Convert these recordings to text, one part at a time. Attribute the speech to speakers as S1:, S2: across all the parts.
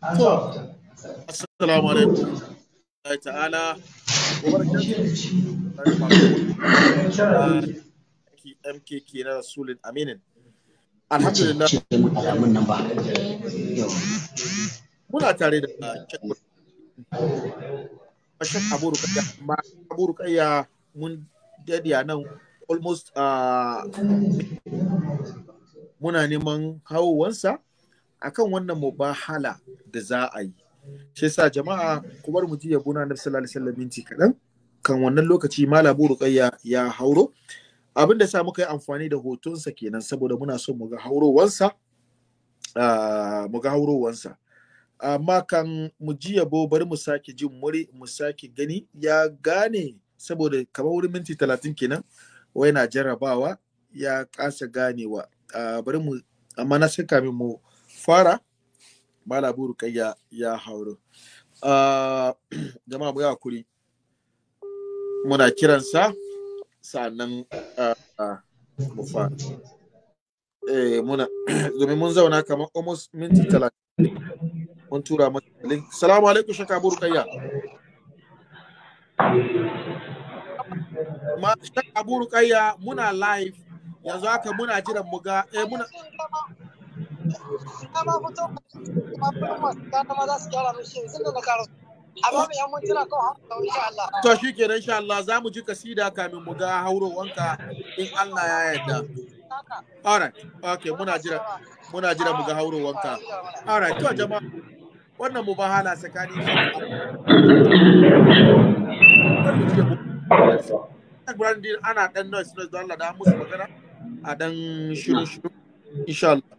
S1: assalamu alaikum. Allah ta'ala, MKK na Rasulun Aminin. Alhamdulillah. Muna tare da Shek Abu Rukayya, amma Abu Rukayya mun dadiya nan almost muna neman hawowansa. akan wannan mubahala da za a yi shi sa jama'a kuma mu ji yabo na annabi sallallahu alaihi wasallam minti kaɗan kan wannan lokaci malam ruqayya ya hauro abin da sa muka yi amfani da hotonsa kenan saboda muna son mu ga haurowansa mu ga haurowansa amma kan mu ji yabo bari mu sake jin muri mu sake gani ya gane saboda kamar wurin minti talatin kenan wai na jarrabawa ya kasa ganewa bari mu amma na saka min mu fara buru kai ya hauro ah, jama'a mu hakuri kuri muna kiransa sannan uh, ah, mu fa eh muna domin mun zauna kamar almost minti 30 mun tura maka link salamu alaikum shaka ya ma shaka ya muna live yanzu haka muna jiran mu ga eh muna ma
S2: fito ma firman ma za su gyara mishi yanzu da na karo amma mu yan mintuna kawai har insha Allah to shikenan
S1: insha Allah za mu ji kasida kamin mu ga haurowanka in Allah ya yarda alright okay muna jira muna jira mu ga haurowanka alright to jama'a wannan mu mubahala tsakanin brandin ana dan noise noise don Allah da musu magana a dan shiru shiru insha Allah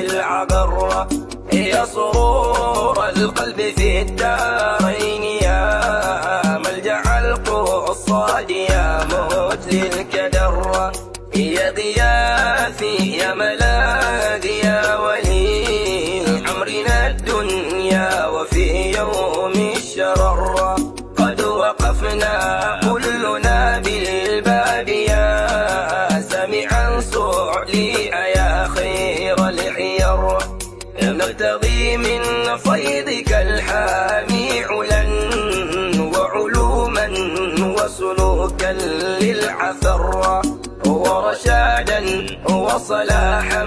S3: العبرة يا صرور القلب في الدارين يا ملجأ القصاد يا موت للكدرة يا ضياء رشادا هو وصلاحا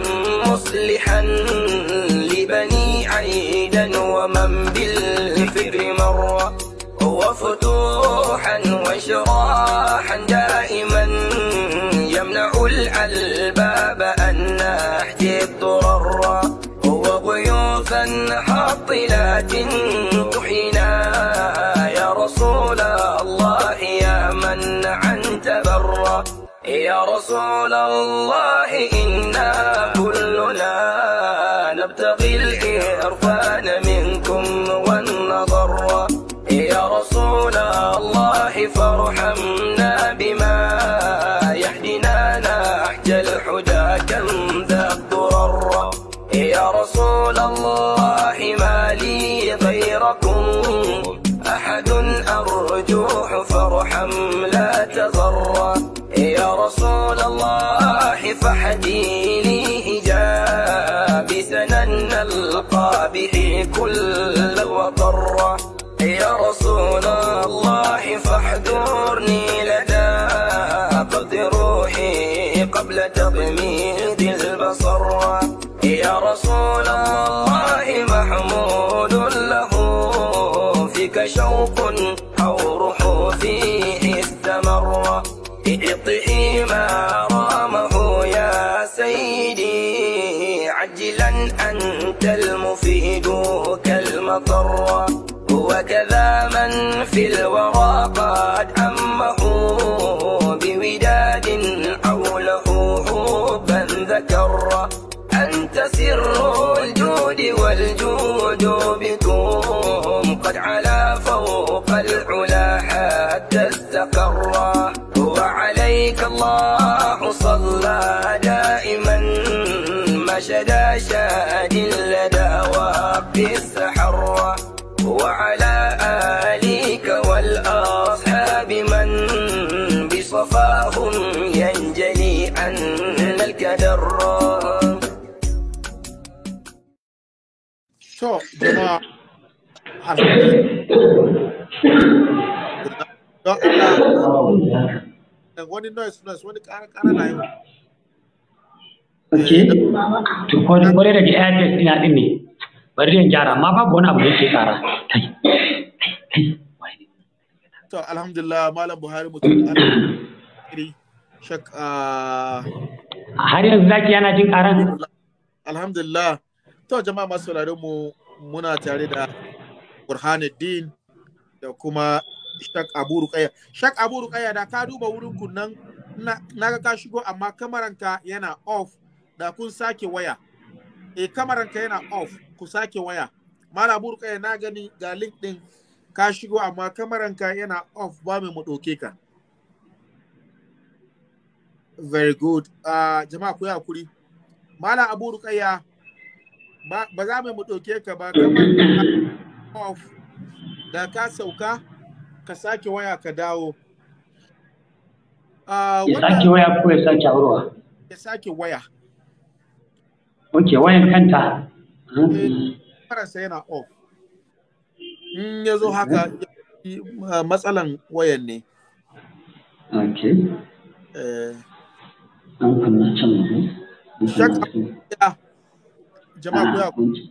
S3: مصلحا لبني عيدا ومن بالفكر هو فتوحا وشراحا دائما يمنع الألباب أن نحجي الضرر غيوثا حاطلات تحينا رسول الله إنا كلنا نبتغي الإرفان منكم والنظر يا رسول الله فرح ضره يا رسول الله فاحذرني لدى قبض روحي قبل تضميد البصر يا رسول الله محمود له فيك شوق أو روح فيه استمر اطحي ما الله صلى دائما ما شدا شاد لدى وقت السحر وعلى آليك والأصحاب من بصفاهم ينجلي عن الكدر
S1: شوف جماعة الحمد لله wani noise noise wani kara kara na yau ok to ko da ke daga ina
S4: din ne bari yin gyara ma babu wani abu da ke kara.
S1: to alhamdulillah malam buhari mutum shakka ah, har yanzu zaki yana jin ƙaran alhamdulillah to jama'a masu sauraron mu muna tare da burhanuddin da kuma Shak Abu Rukaya. Shak Abu Rukaya da ka duba wurin kunnan na ga ka shigo amma kamaranka yana off da kun sake waya. E eh, kamaranka yana off ku sake waya. Mala Abu Rukaya na gani ga link din ka shigo amma kamaranka yana off ba mai mu ɗauke ka. Very good. Uh, jama'a ku hakuri. Mala Abu Rukaya ba za mu ɗauke ka ba kamar off da ka sauka ka sake waya ka dawo. Ah, ya sake waya ko ya sake aurewa? Ya sake waya.
S4: Ok, wayan kanta.
S1: Farasa eh, yana off. In ya zo haka matsalan wayan ne.
S4: Ok.
S5: Eh. An kunna can
S1: Jama'a ku ya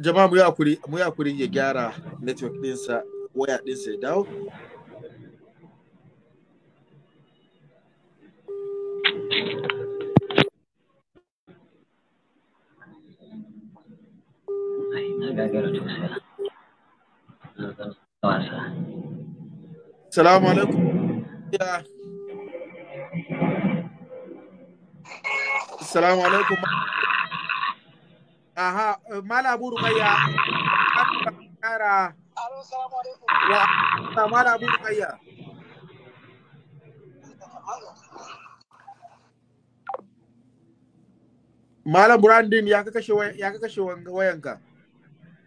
S1: jama'a mu yi hakuri ya gyara network ɗinsa waya ɗinsa ya dawo Salamu alaikum. Ya. Salamu alaikum. Aha, Mala alaikum.
S5: Wa Mala
S1: Malam Brandon ya ka kashe wayanka.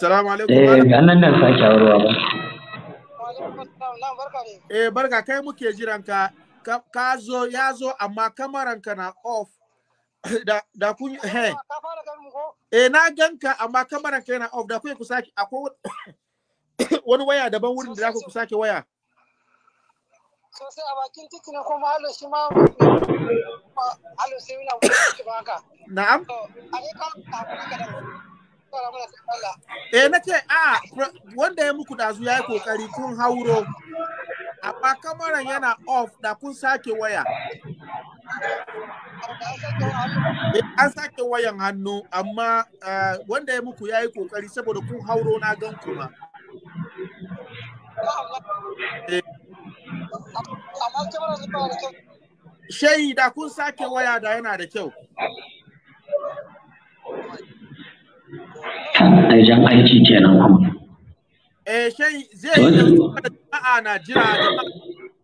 S1: Salamu alaikum. Eh, nan sake aurewa ba. Eh, barka kai muke jiranka, ka. zo ya zo amma kamaranka na off. Da da kun he. Eh na ganka amma kamaranka yana off da kun ku sake akwai wani waya daban wurin da za ku sake waya.
S2: Sosai a bakin titi kuma halo shi ma halo sai wani abu haka. Na'am. A ne ka ka da
S1: Eh na ce a ah, wanda ya muku dazu ya yi kokari kun hauro amma kamaran yana off da kun sake waya. Eh, an sake wayan hannu amma eh, wanda ya muku ya yi kokari saboda kun hauro na gan kuma. Eh. Shayi da kun sake waya da yana da kyau.
S6: aijan jan aiki kenan kuma
S1: eh shan zai yanzu ana jira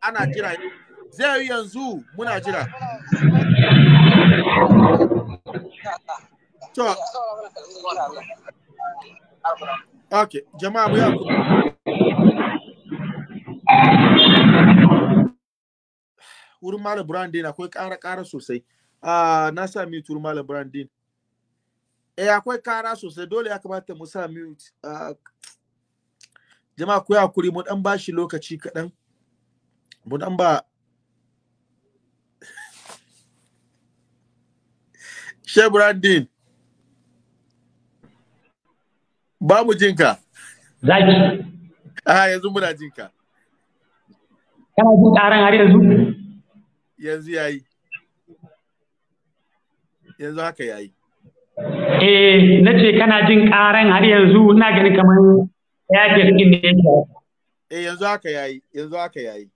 S1: ana jira zai yanzu muna jira to Ok, jama'a mu wurin malam brandin akwai ƙara-ƙara sosai ah, na sa mi turu malam brandin eh akwai kara sosai dole ya kamata mu sa mute ah, jama'a ku hakuri mu dan bashi lokaci kaɗan mu dan ba Shebrandin ba mu jinka zaki ah yanzu muna jinka kana jin karan har yanzu yanzu yayi yanzu haka yayi eh na ce kana jin ƙaran har yanzu ina ganin kamar ya ke cikin da
S6: yake eh
S1: yanzu haka yayi yanzu haka yayi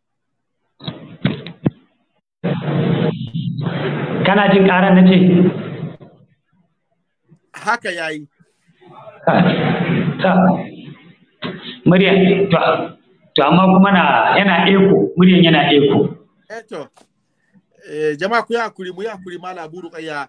S4: kana jin ƙaran na ce
S1: haka yayi
S4: murya to amma kuma na yana eko muryan yana eko eto
S1: eh, eh jama'a ku ya hakuri mu ya hakuri mala buru kayya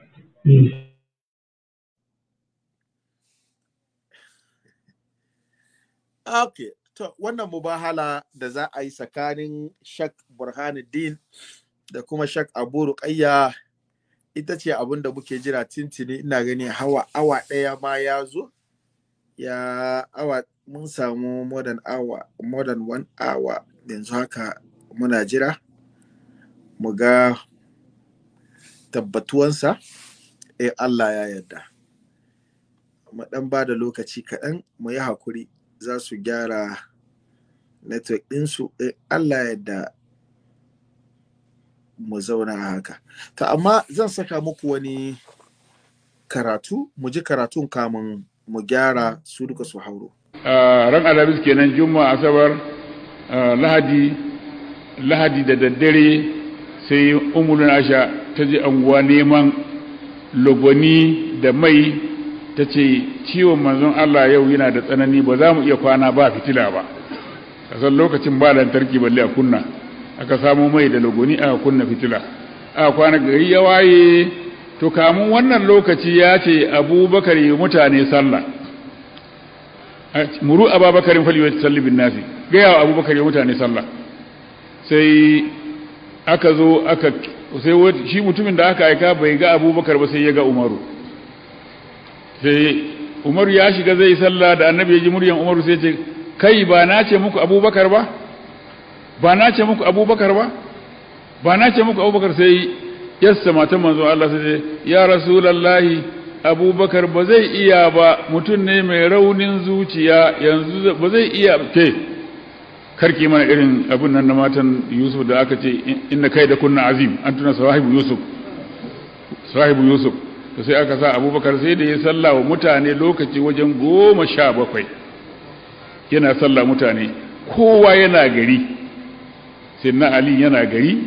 S1: Mm. Okay, to wannan mubahala da za a yi tsakanin Shak Burhanuddin da kuma Shak Abu Ruqayya ita ce abin da muke jira tintini ina gani hawa awa ɗaya ma ya zo ya awa mun samu more than hour more than hour yanzu haka muna jira mu ga tabbatuwansa eh Allah ya yarda mu dan ba da lokaci kaɗan mu yi hakuri za su gyara network ɗinsu eh Allah ya yarda mu zauna haka ta amma zan saka muku wani karatu mu ji karatun kamun mu gyara su duka su hauro
S7: ran alhamis kenan juma'a asabar lahadi lahadi da daddare sai umulun asha ta je anguwa neman logoni da mai ta ce ciwon manzon Allah yau yana da tsanani ba za mu iya kwana ba fitila ba kasan lokacin ba lantarki balle a kunna aka samu mai da logoni aka kunna fitila a kwana gari ya waye to kamun wannan lokaci ya ce abubakar yi mutane sallah muru ta faliwar bin nafi gaya wa abubakar yi mutane sallah sai aka zo aka sai shi mutumin da aka aika bai ga abubakar ba sai ya ga umaru sai umaru ya shiga zai sallah da annabi ya ji muryan umaru sai ce kai ba na ce muku abubakar ba ba na ce muku abubakar ba ba na ce muku abubakar sai yassa matan manzon Allah sai ce ya rasulullahi abubakar ba zai iya ba mutum ne mai raunin zuciya yanzu ba zai iya ke karki mana irin abin nan na matan yusuf da aka ce inna kai da kunna azim an tuna sahibu yusuf sahibu yusuf to sai aka sa abubakar sai da ya sallawa mutane lokaci wajen goma sha bakwai yana salla mutane kowa yana gari sai na ali yana gari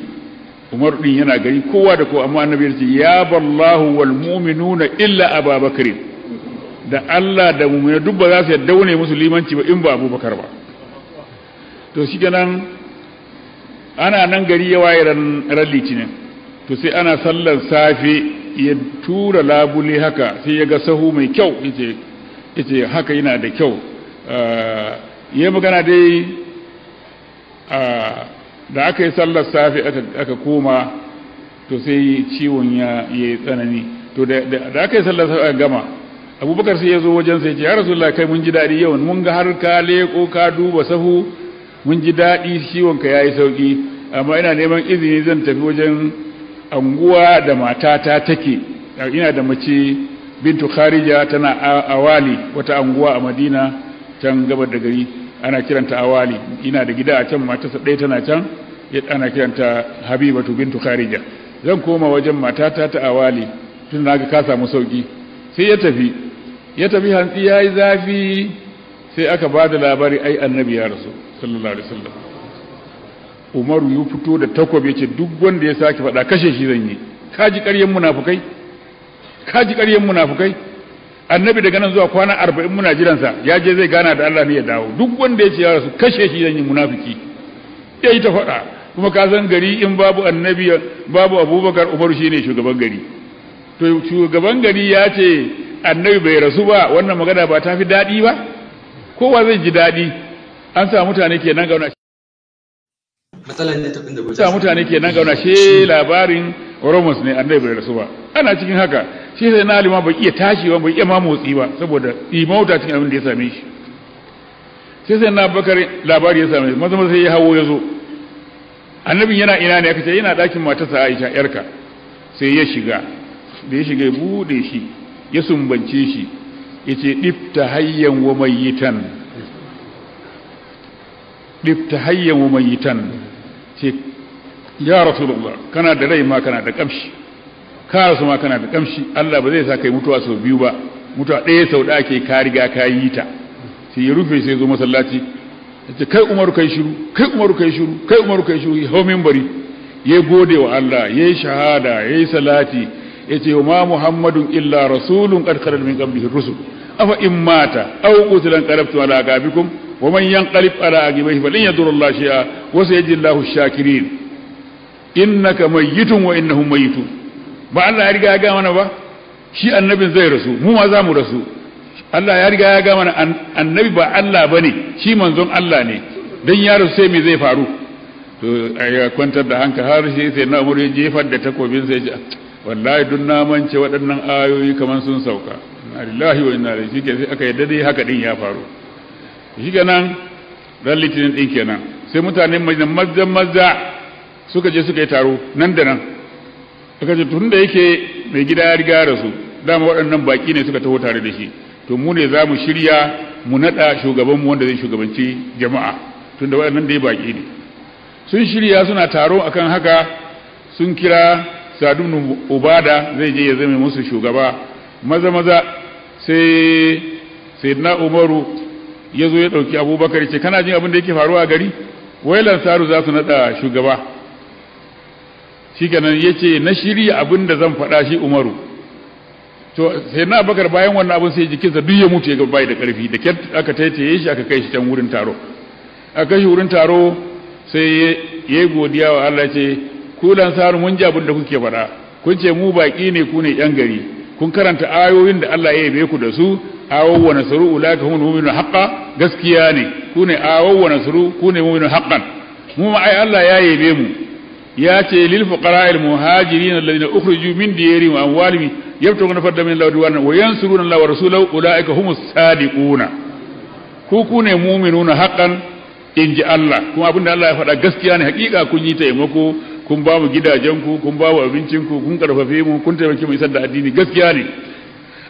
S7: umar din yana gari kowa da kowa amma annabi ya ce ya ballahu wal mu'minuna illa ababakar da Allah da mu'mina duk ba za su yadda ne musulmanci ba in ba abubakar ba to shi kenan ana nan gari ya waye ran litinin to sai ana sallar safe ya tura labule haka sai ya ga sahu mai kyau yace haka yana da kyau eh, ya magana dai eh, da aka yi sallar safe aka koma to sai ciwon ya yi tsanani to da aka yi sallar safe aka gama abubakar sai ya zo wajen sai ce ya rasu kai mun ji daɗi yau mun ga har ka leko ka duba sahu mun ji daɗi ciwonka ya yi sauƙi amma ina neman izini zan tafi wajen anguwa da matata take ina da mace bintu kharija tana awali wata anguwa a madina can gabar da gari ana kiranta awali ina da gida a can matarsa ɗaya tana can ana kiranta habibatu bintu kharija zan koma wajen matata ta awali tun na ga ka samu sauƙi sai ya tafi ya tafi hantsi ya yi zafi sai aka ba da labari ai annabi ya rasu sallallahu alaihi wasallam umaru ya fito da takobi yace duk wanda ya saki faɗa kashe shi zan yi kaji ƙaryen munafukai kaji ƙaryen munafukai annabi daga nan zuwa kwana arba'in muna jiransa ya je zai gana da Allah ne ya dawo duk wanda ya ce ya rasu kashe shi zan yi munafiki ya yi ta faɗa kuma ka san gari in babu annabi babu abubakar umar shi ne shugaban gari to shugaban gari ya ce annabi bai rasu ba wannan magana ba ta fi daɗi ba kowa zai ji daɗi an sa mutane ke nan gauna shi ne sa mutane ke nan gauna she labarin romans ne annai bai rasu ba ana cikin haka shi sai na alima bai iya tashi ba bai iya ma motsi ba saboda imauta cikin abin da ya same shi sai sai na bakar labari ya same shi maza maza sai ya hawo ya zo annabin yana ina ne aka ce yana ɗakin matarsa aisha yarka sai ya shiga da ya shiga ya buɗe shi ya sumbance shi ya ce ɗifta hayyan wa mayitan liftahayyamu mayitan ce ya rasulullah kana da rai ma kana da kamshi ka rasu ma kana da kamshi Allah ba zai sa kai mutuwa sau biyu ba mutuwa ɗaya sau ɗaya ke ka riga ka yi ta sai ya rufe sai zo masallaci yace kai Umaru kai shiru kai Umaru kai shiru kai Umaru kai shiru hau minbari ya gode wa Allah yayi shahada yayi salati yace ma Muhammadun illa rasulun qad khalat min qablihi rusul afa in mata aw qutilan qalabtu ala gabikum ومن ينقلب على عقبيه فلن يضر الله شيئا وسيجزي الله الشاكرين إنك ميت وإنهم ميتون ba Allah ya riga ya ga mana ba shi annabin zai rasu mu ma za mu rasu Allah ya riga ya ga mana annabi ba Allah bane shi manzon Allah ne dan ya rasu sai me zai faru to ya kwantar da hanka har shi sai na umar ya jefar da takobin sai ya wallahi dun na mance waɗannan ayoyi kamar sun sauka inna lillahi wa inna sai aka yadda dai haka din ya faru shi kenan ran litinin din kenan sai mutanen majina mazza mazza suka je suka yi taro nan da nan suka ce tun da yake mai gida ya riga rasu dama waɗannan baƙi ne suka taho tare da shi to mu ne za mu shirya mu naɗa shugabanmu wanda zai shugabanci jama'a tun da waɗannan dai baƙi ne sun shirya suna taro akan haka sun kira sadun ubada zai je ya zama musu shugaba maza maza sai sayyidina umaru ya zo ya ɗauki abubakar ce kana jin abin da yake faruwa a gari wai lansaru za su naɗa shugaba shi kenan ya ce na shirya abin da zan faɗa shi umaru to sai na bakar bayan wannan abin sai jikinsa duk ya mutu ya ga bai da ƙarfi da kyar aka taitaye shi aka kai shi can wurin taro aka kai shi wurin taro sai ya yi godiya wa Allah ce ku lansaru mun ji abin da kuke faɗa kun ce mu baƙi ne ku ne yan gari kun karanta ayoyin da Allah ya yi ku da su awaw suru nasru ulaka hum mu'minu haqqan gaskiya ne ku ne awaw suru nasru ku ne mu'minu haqqan mu ma ai Allah ya yabe mu ya ce lil fuqara al muhajirin alladhina ukhriju min diyari wa amwalihim yabtaguna fadlan min Allah wa yansuruna Allah wa rasulahu ulaika humus sadiquna ku ku ne mu'minuna haqqan in ji Allah kuma abinda Allah ya faɗa gaskiya ne haƙiƙa kun yi taimako kun ba mu gidajenku kun ba mu abincinku kun karfafe mu kun taimake mu isar da addini gaskiya ne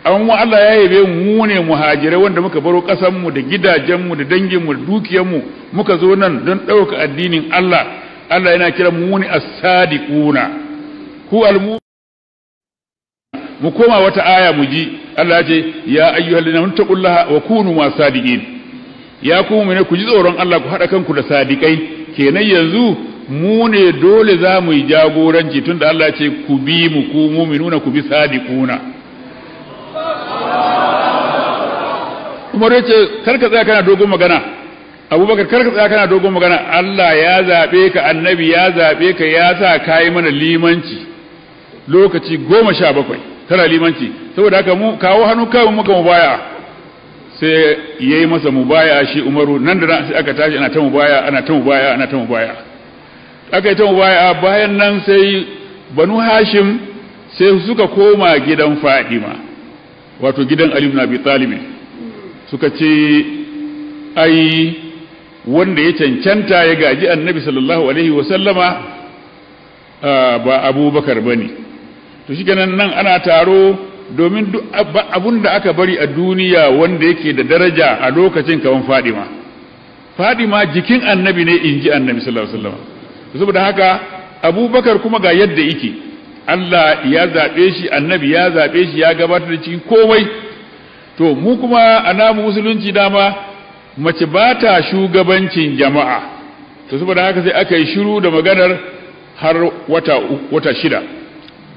S7: amma Allah ya yabe mu ne muhajirai wanda muka baro kasan mu da gidajen mu da dangin mu da dukiyar mu muka zo nan don ɗauka addinin Allah Allah yana kira mu ne as-sadiquna ku al mu koma wata aya mu ji Allah ya ce ya ayyuhallina muttaqullaha wa kunu masadiqin ya ku mu ne ku ji tsoron Allah ku hada kanku da sadiqai kenan yanzu mu ne dole za mu yi jagoranci tun da Allah ce ku bi mu ku muminuna ku bi sadiquna Umar ya ce karka tsaya kana dogon magana Abubakar karka tsaya kana dogon magana Allah ya zabe ka annabi ya zabe ka ya sa kai mana limanci lokaci goma sha bakwai tana limanci saboda haka mu kawo hannu kawo muka mubaya sai ya yi masa mubaya shi umaru nan da nan sai aka tashi ana ta mubaya ana ta mubaya ana ta mubaya aka yi ta mubaya bayan nan sai banu hashim sai suka koma gidan fadima wato gidan ali na bi suka ce ai wanda ya cancanta ya gaji annabi sallallahu alaihi wasallama ba abubakar ne to shikenan nan ana taro domin duk abun da aka bari a duniya wanda yake da daraja a lokacin kamar fadima fadima jikin annabi ne in ji annabi sallallahu alaihi wasallama saboda haka abubakar kuma ga yadda yake Allah ya zaɓe shi annabi ya zaɓe shi ya gabatar da cikin komai to mu kuma a namu musulunci dama mace ba ta shugabancin jama'a to saboda haka sai aka yi shiru da maganar har wata, wata shida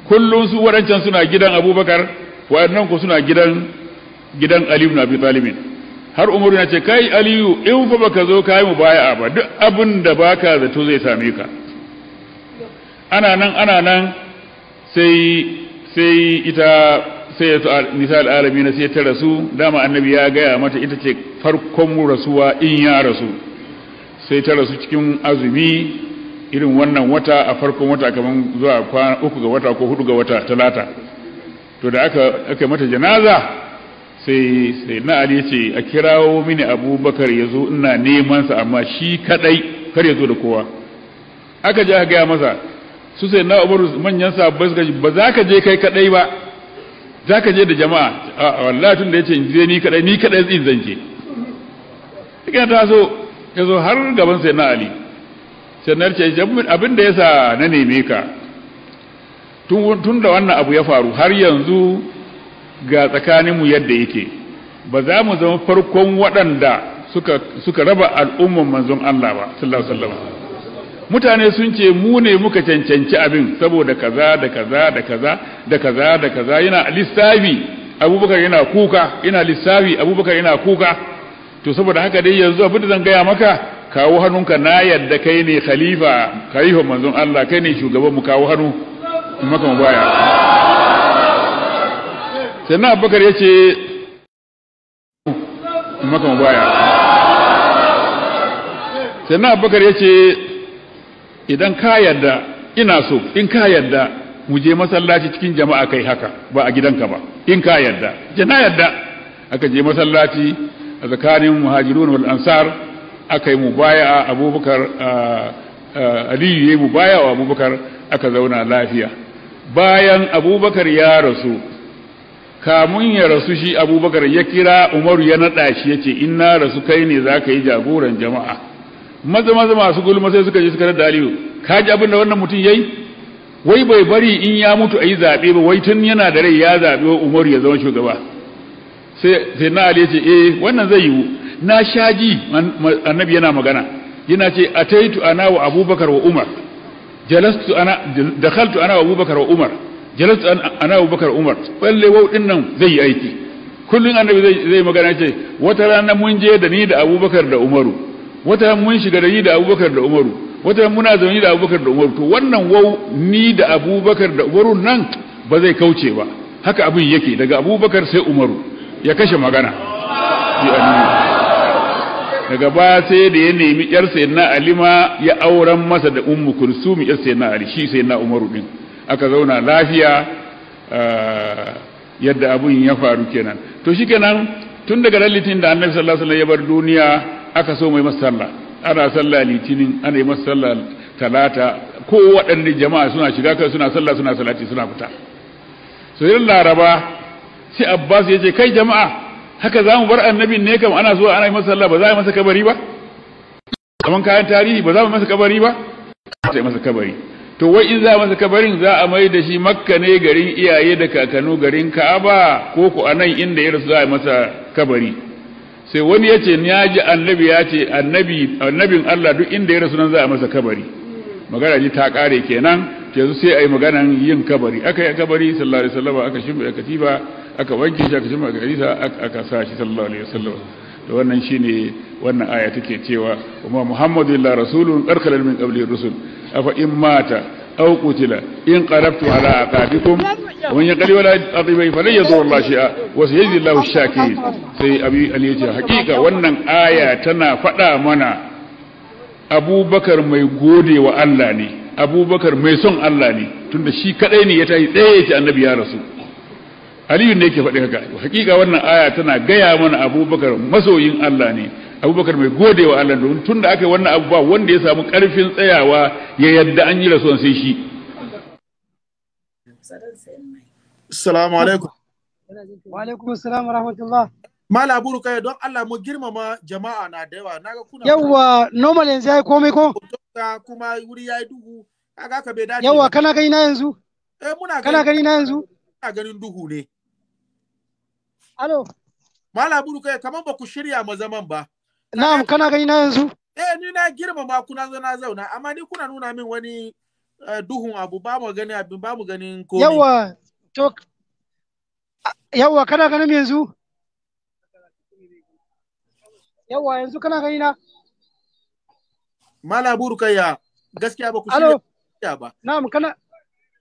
S7: kullum su waɗancan suna gidan abubakar waɗannan ku suna gidan gidan ali ibn abi talibin har umar ya ce kai aliyu in fa baka zo kai mu baya ba duk abin da baka zato zai same ka ana nan ana nan sai sai ita sai nisa al'alami na sai ta rasu dama annabi ya gaya mata ita ce farkon rasuwa in ya rasu sai ta rasu cikin azumi irin wannan wata a farkon wata kamar zuwa kwana uku ga wata ko hudu ga wata talata to da aka aka mata janaza sai sai na ali ce a kirawo mini abubakar ya zo ina neman sa amma shi kadai kar ya zo da kowa aka je aka gaya masa su sai na umaru manyan sahabbai suka ba za ka je kai kadai ba za ka je da jama'a a wallahi tun da yace in je ni kadai ni kadai zan zan je kika ta so ya zo har gaban sai na ali sannan ce abin da yasa na neme ka tun da wannan abu ya faru har yanzu ga tsakaninmu yadda yake ba za mu zama farkon waɗanda suka raba al'umman manzon Allah ba sallallahu alaihi wasallam mutane sun ce mu ne muka cancanci abin saboda kaza da kaza da kaza da kaza da kaza yana lissafi abubakar yana kuka yana lissafi abubakar yana kuka to saboda haka dai yanzu abin da zan gaya maka kawo hannunka na yadda kai ne khalifa khalifa manzon Allah kai ne shugaban mu kawo hannu maka mu baya sai na abubakar ya ce maka mabaya sai na abubakar ya ce idan ka yarda ina so in ka yarda mu je masallaci cikin jama'a kai haka ba a gidanka ba in ka yarda je na yarda aka je masallaci a tsakanin muhajirun wal ansar aka yi mubaya abubakar aliyu ya yi mubaya wa abubakar aka zauna lafiya bayan abubakar ya rasu kamun ya rasu shi abubakar ya kira umaru ya naɗa shi ya ce in na rasu kai ne za ka yi jagoran jama'a maza maza masu gulma sai suka je suka da aliyu ka ji abin da wannan mutum ya yi wai bai bari in ya mutu a yi zaɓe ba wai tun yana da rai ya zaɓe wa umaru ya zama shugaba sai na ali ce eh wannan zai yiwu na shaji annabi yana magana yana ce ataitu ana wa abubakar wa umar jalastu ana dakhaltu ana wa abubakar wa umar jalastu ana abubakar umar balle wau din nan zai yi aiki kullum annabi zai magana ce wata rana mun je da ni da abubakar da umaru wata rana mun shiga da ni da abubakar da umaru wata rana muna zaune da abubakar da umaru to wannan wau ni da abubakar da umaru nan ba zai kauce ba haka abin yake daga abubakar sai umaru ya kashe magana daga ba sai da ya nemi yar sayyidina alima ya auren masa da ummu kulsum yar sayyidina ali shi sayyidina umaru din aka zauna lafiya eh, yadda abun ya faru kenan to shikenan tun daga ran litinin da annabi sallallahu alaihi wasallam ya bar duniya aka so mai masa sallah ana sallah litinin ana masa sallah talata ko waɗanne jama'a suna shiga kai suna sallah suna salati suna fita so yin laraba sai abbas ya ce kai jama'a haka za mu bar annabin ne kam ana zuwa ana masa sallah ba za a yi masa kabari ba kaman kayan tarihi ba za mu masa kabari ba ta yi masa kabari to wai in za masa kabarin za a mai da shi makka ne garin iyaye da kakanu garin ka'aba ko ku a nan inda ya rasu za a masa kabari sai wani ya ce ya ji annabi ya ce annabin Allah duk inda ya rasu nan za a masa kabari magana ji ta kare kenan yanzu sai a yi maganan yin kabari aka yi kabari sallallahu alaihi wasallam aka shimfiɗa katifa aka wanke shi aka shimfiɗa katifa aka sa shi sallallahu alaihi wasallam da wannan shine wannan aya take cewa kuma muhammadu illa rasulun qarqalal min qabli rusul afa in mata aw qutila in qarabtu ala aqabikum wa in yaqli wala adibai falan yadur Allah shay'a wa sayajzi Allahu shakirin sai abi ali yace hakika wannan aya tana fada mana abubakar mai gode wa Allah ne abubakar mai son Allah ne tunda shi kadai ne ya tayi daya ce annabi ya rasu aliyu ne yake faɗi haka hakika wannan aya tana gaya mana abubakar masoyin Allah ne abubakar mai gode wa Allah domin tun da aka yi wannan abu ba wanda ya samu karfin tsayawa ya yadda an yi rasuwan sai shi Assalamu alaikum
S2: wa alaikum assalam wa rahmatullah Mala
S1: buru kai don Allah mu girmama jama'a na da yawa
S2: naga kuna normal yanzu yayi komai ko
S1: kuma wuri yayi duhu kaga ka bai dace kana gani na yanzu Eh muna kana gani na yanzu Kana ganin duhu ne Alo Mala buru kai kaman ba ku shirya ma zaman ba
S2: Na'am kana gani na yanzu?
S1: Eh ni na girmama kuna zo na zauna amma ni kuna nuna min wani eh, duhun abu ba mu gani abin ba mu ganin komai. Yawa
S2: to yawa kana ganin yanzu? Yawa yanzu kana gani na? Mala
S1: Burkaya gaskiya ba ku shirya ba. Na'am kana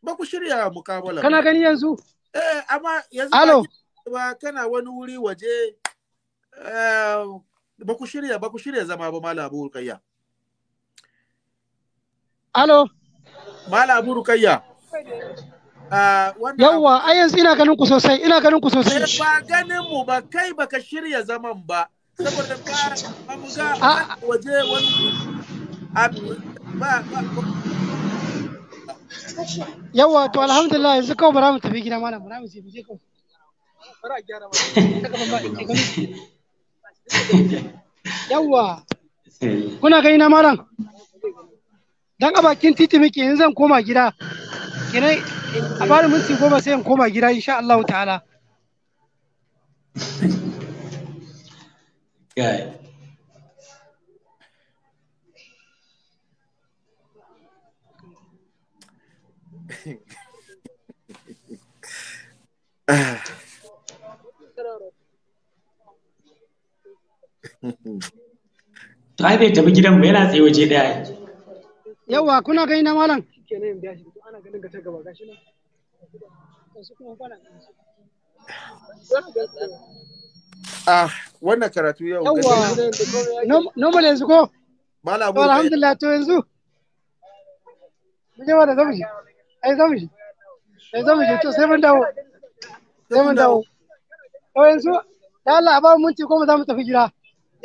S1: ba ku shirya mukabala. Kana gani yanzu? Eh amma yanzu ba kana wani wuri waje eh, ba ku shirya ba ku shirya zama ba mala Abu Rukayya.
S2: Alo. mala Abu Rukayya. Ah, Yawwa, a yanzu ina ganin ku sosai, ina ganin ku sosai. Eh,
S1: ba ganin mu ba kai ba ka shirya zaman ba. Saboda ba ba mu ga ah. waje wani
S2: ba Yawwa, to alhamdulillah yanzu kawai ba mu tafi gida malam, bara mu je mu je kawai. Yawwa. Eh. Kuna gani na malam? Dan a bakin titi muke yanzu zan koma gida. kina a bari minti goma sai in koma gida insha Allah ta'ala.
S4: Ah. To ai bai tafi gidan ba yana tsaye waje daya.
S7: Yawwa kuna
S2: gani na malam? Ah,
S1: wannan karatu yau.
S2: Yawa.
S1: Normal yanzu ko? Malam Abu. Alhamdulillah
S2: to yanzu. Muje wanda zamu shi. Ai zamu shi. Ai zamu shi to sai mun dawo. Sai mun dawo. To yanzu, ya Allah a ba mu minti ko mu za mu tafi gida.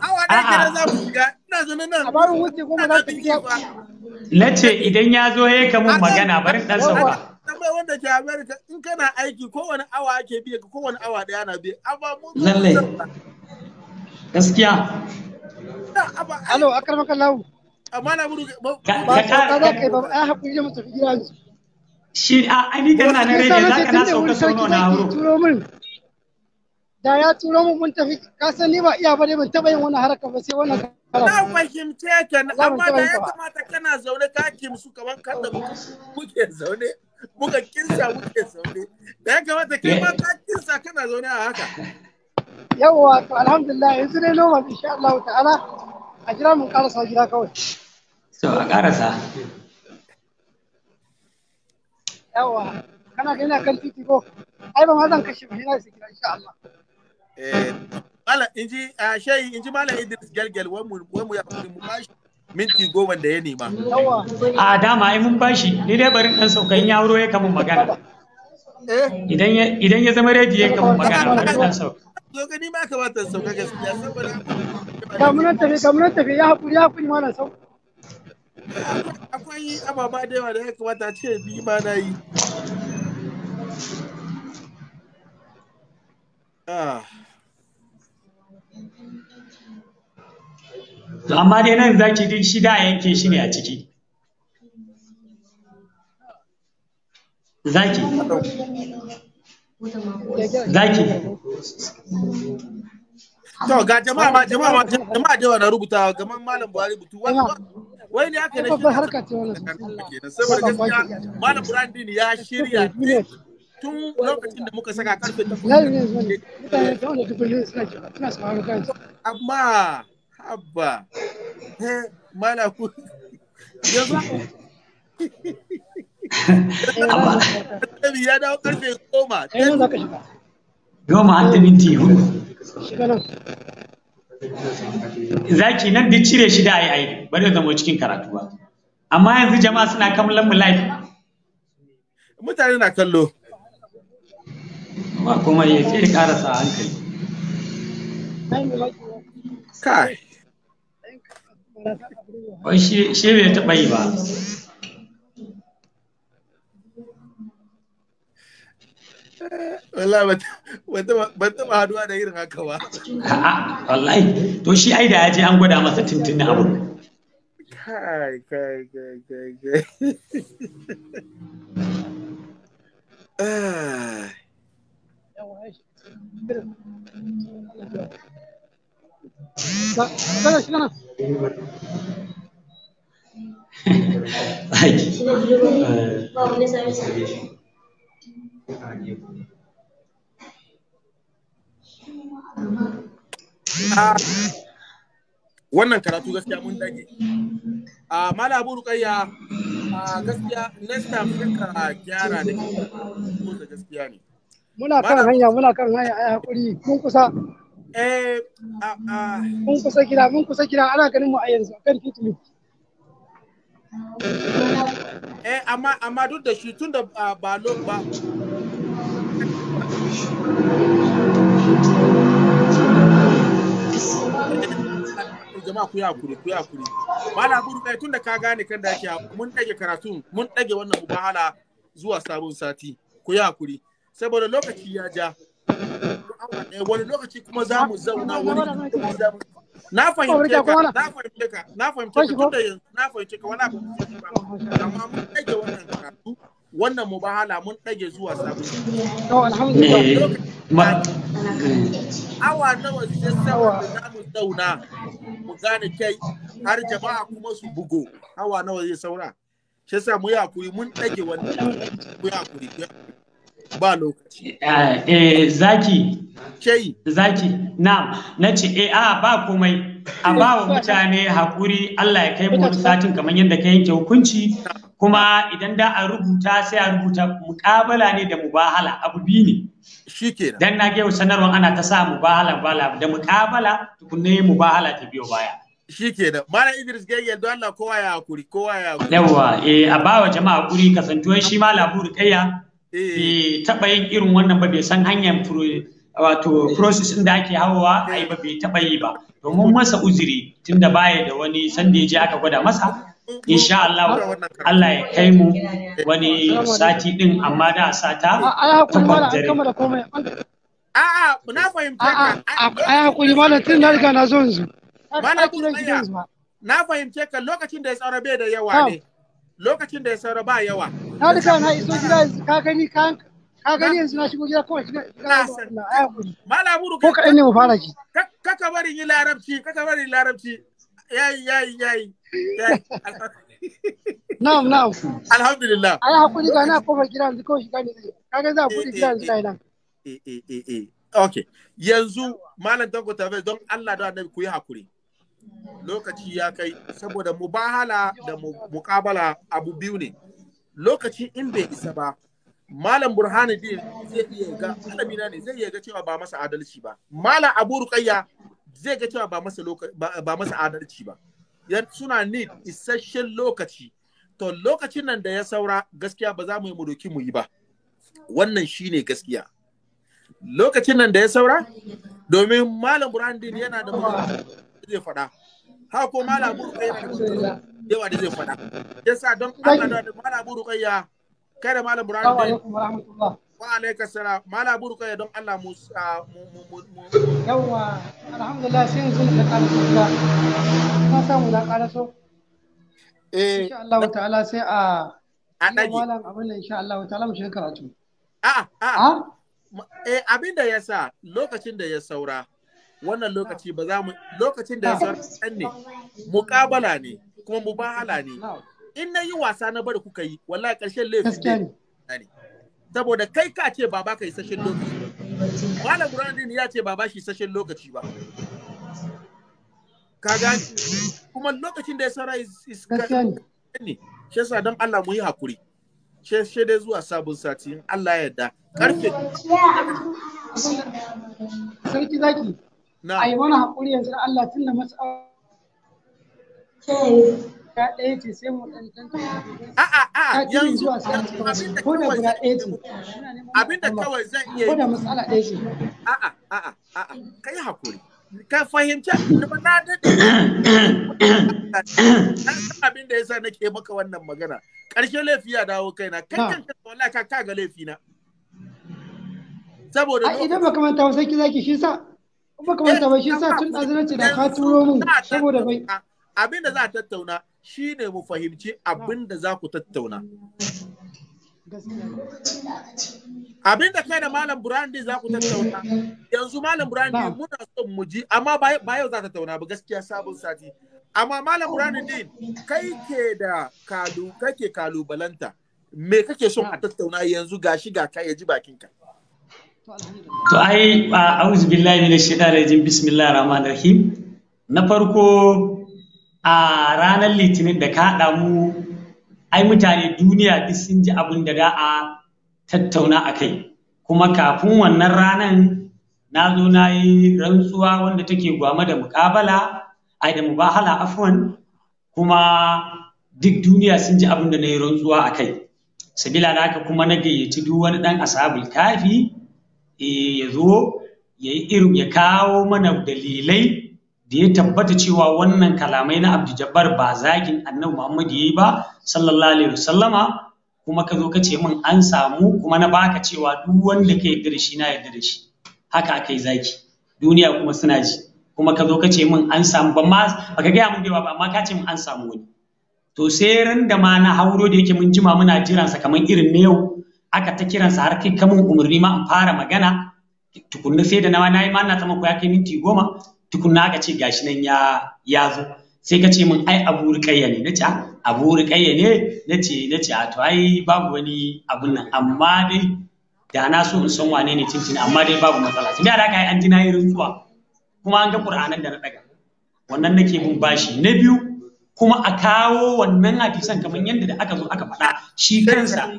S1: Awa
S4: idan ya zo ya ka mun magana bari dan sauka.
S1: Tambayar wanda ke America in kana aiki kowane awa ake biya ka kowane awa ɗaya na biya. Amma
S4: mu. Lalle. Gaskiya.
S2: Alo, akar maka lawu. Amma na buru. Ka ka ka ka ba a hakuri da mutum gidan.
S8: Shi a ni kana na rage za ka na sauka sono na hauro.
S2: da ya turo mu mun tafi ka san ni ba iya ba ban taba yin wani haraka ba sai wannan na fahimce ka amma da ya kamata
S1: kana zaune ka kimsu kamar kan da muke zaune muka kinsa muke zaune da ya kamata kai ma ka kinsa kana zaune a haka
S2: yawwa to alhamdulillah yanzu ne noma insha Allah ta'ala a jira mun karasa gida kawai
S4: to a karasa
S2: yawwa kana gani kan titi ko ai ba ma zan kashe mahina su gida insha Allah
S1: A shayi Idris Gelgel wai mu ya mu bashi
S4: minti goma da ya nema. A dama ai mun bashi ni dai barin ɗan saukan ya ya kamun magana. Eh? Idan ya zama rediyo ya kamun magana barin saukan.
S2: Zo gani ma kamata sauka gaskiya saboda kamunan tafi kamunan tafi ya hakuri ya hakuri sau.
S1: Akwai ababa da yawa da ya kamata ce bi ma na yi.
S5: Ah.
S4: to amma dai nan zaki din shi da yanke shi ne a ciki zaki
S1: zaki to ga jama'a ma jama'a ma jama'a da wannan rubuta malam Buhari butu wai ne aka nake harka ce wannan
S5: saboda gaskiya
S1: malam Buhari ya shirya tun lokacin da muka saka karfe amma Habba. Eh, mala ku. Ya dawo karfe goma.
S4: Goma har da minti hudu. Zaki nan duk cire shi da ai ai bari da zama cikin karatu ba. Amma yanzu jama'a suna kallon mu live. Mutane na kallo. Ba kuma ya ce ƙarasa
S2: hankali.
S4: Kai. shi bai taɓa yi ba
S1: wallahi ban taɓa haduwa da irin haka ba
S4: wallahi to shi ai da ya je an gwada masa tuntun abu
S5: kai kai kai kai kai Sana, sana, sana.
S1: wannan karatu gaskiya mun dage a malabu rukayya a gaskiya nesta time ka
S5: gyara da gaskiya ne
S2: muna kan hanya muna kan hanya ai hakuri mun kusa Eh, mun kusa gida mun kusa gida ana ganin mu a yanzu a kan tituli.
S1: Eh, amma amma duk da shi tun da
S5: ba lo ba. jama'a ku yakuri ku yakuri
S1: bana gudu kai eh, tunda ka gane kan da mun ɗage karatun mun ɗage wannan wahala zuwa sabon sati ku yakuri saboda lokaci ya ja Eh, wani lokaci kuma za mu zauna wani na fahimce ka na fahimce ka na fahimce ka tunda yanzu na fahimce ka wani abu amma mun ɗage wannan karatu wannan mubahala mun ɗage zuwa sabon eh, eh. awa nawa zai sawa da za mu zauna mu gane kai har jama'a kuma su bugo awa nawa zai saura shi yasa mu yi hakuri mun ɗage wannan
S4: mu yi hakuri ba lokaci. Eh, eh zaki. Kei. Zaki. Na na ce eh a ba komai. A ba wa mutane haƙuri Allah ya kai mu satin kamar yadda ka yanke hukunci kuma idan da a rubuta sai a rubuta muƙabala ne da mubahala abu biyu ne. Shi kenan. Dan na ga sanarwar ana ta sa mubahala bala da muƙabala tukunne mubahala ta biyo baya. shi ke malam idris
S1: gayyar don allah kowa ya hakuri kowa ya hakuri yawa
S4: eh a bawa jama'a hakuri kasantuwan shi ma laburu kayya Eh. bai taɓa yin irin wannan ba bai san hanyar wato eh. process da ake hawa ai ba bai taɓa yi ba domin masa uzuri tunda baya da wani sanda ya je aka gwada masa insha Allah Allah ya kai mu eh. wani sati din amma da sata ta kwamjare
S2: a'a na fahimta ka ai hakuri malam tun na riga na zo yanzu na fahimce
S1: ka lokacin da ya tsara bai da yawa ne lokacin da ya tsara ba yawa
S2: na riga na iso gida ka gani ka ka gani yanzu na shigo gida kawai shiga mala buru ko kaɗan ne mu fara ki?
S1: Ka kaka bari yi larabci kaka bari larabci yayi yayi yayi
S2: na'am na'am alhamdulillah ai hakuri ga na kofar gida yanzu kawai shiga ne ka ga za ku gida yanzu kai nan
S1: eh eh eh eh okay yanzu malam dango tabe don Allah da annabi ku yi hakuri lokaci ya kai saboda mubahala da mukabala abu biyu ne lokaci in bai isa ba malam burhani zai iya ga ne zai iya ga cewa ba masa adalci ba malam abu ruqayya zai ga cewa ba masa adalci ba yan suna need isasshen lokaci to lokacin nan da ya saura gaskiya ba za mu yi mu mu yi ba wannan shine gaskiya lokacin nan da ya saura domin malam burhani yana da zai faɗa ha ko malamu ruqayya da yawa da zai faɗa yasa don Allah da malamu ruqayya kai da malam burhan da wa alaika salam malam burhan don Allah mu mu
S2: yawa alhamdulillah sai yanzu da karatuka na samu na karaso eh insha Allah ta'ala sai a a dage malam abin da insha Allah ta'ala mu shiga karatu a a ah?
S1: eh abin da ya sa lokacin da ya saura wannan lokaci ba za mu lokacin da ya san ne mukabala ne kuma mu bahala ne in na yi wasa na bari kuka yi wallahi ƙarshen laifin ne saboda kai ka ce baba ka yi lokaci wala burhanuddin ya ce baba shi sashen lokaci ba ka gani kuma lokacin da ya sara ne shi yasa don Allah mu yi hakuri she she dai zuwa sabon sati in Allah ya yarda karfe
S2: ki zaki a yi mana haƙuri yanzu Allah tun da masu ya ɗaya ce sai mu ɗan A'a yanzu ko da guda ɗaya ce. Abinda kawai zan iya yi. Ko da matsala ɗaya ce. A'a a'a ka yi haƙuri. Ka fahimci na daɗe. Na
S1: san abin da yasa nake maka wannan magana. Ƙarshen laifi ya dawo kaina. Kan kanka kan wallahi ka kaga laifina.
S2: Saboda. Ai idan baka manta wasu ki zaki shi sa Kuma kamar ta bai shi sa tun azalaci da ka turo mun saboda bai
S1: abin da za a tattauna shine mu fahimci abin da za ku tattauna abin da kai da malam burandi za ku tattauna yanzu malam burandi muna son mu ji amma ba yau za ta tattauna ba gaskiya sabon sati amma malam burandi din kai ke da kalu kake kalubalanta me kake son a tattauna yanzu gashi ga kai ya ji bakinka
S4: To ai auzu billahi minash shaitanir rajim bismillahir rahmanir rahim na farko a ranar litinin da ka haɗa mu ai mutane duniya duk sun ji abin da da'a tattauna a kai kuma kafin wannan ranar na zo na yi rantsuwa wanda take gwama da mukabala ai da mubahala afwan kuma duk duniya sun ji abin da na yi rantsuwa a kai sabila da haka kuma na gayyaci duk wani ɗan ashabul kafi Eh, ya zo ya yi irin ya kawo mana dalilai da ya tabbata cewa wannan kalamai na Abdu Jabbar ba zagin Annabi Muhammad yayi ba sallallahu alaihi wasallama kuma ka zo ka ce min an samu kuma na baka cewa duk wanda ka yarda da shi na yarda da shi haka akai zaki duniya kuma suna ji kuma ka zo ka ce min an samu ba ma baka gaya min ba amma ka ce min an samu wani to sai ran da ma na hauro da yake mun jima muna jiran sa kamar irin na yau aka ta kiransa har kai kamun umarni ma in fara magana tukunna sai da na nayi ma ina ta ko ya kai minti goma tukunna aka ce gashi nan ya ya zo sai ka ce min ai abu rikayya ne nace ah, abu rikayya ne nace nace a ah, to ai babu wani abun nan amma dai da na so in san wane ne tintin amma dai babu matsala tunda da kai an ji nayi rutsuwa kuma an ga qur'anan da na daga wannan nake bin bashi na biyu kuma a kawo wannan hadisan kamar yadda da aka zo aka faɗa shi kansa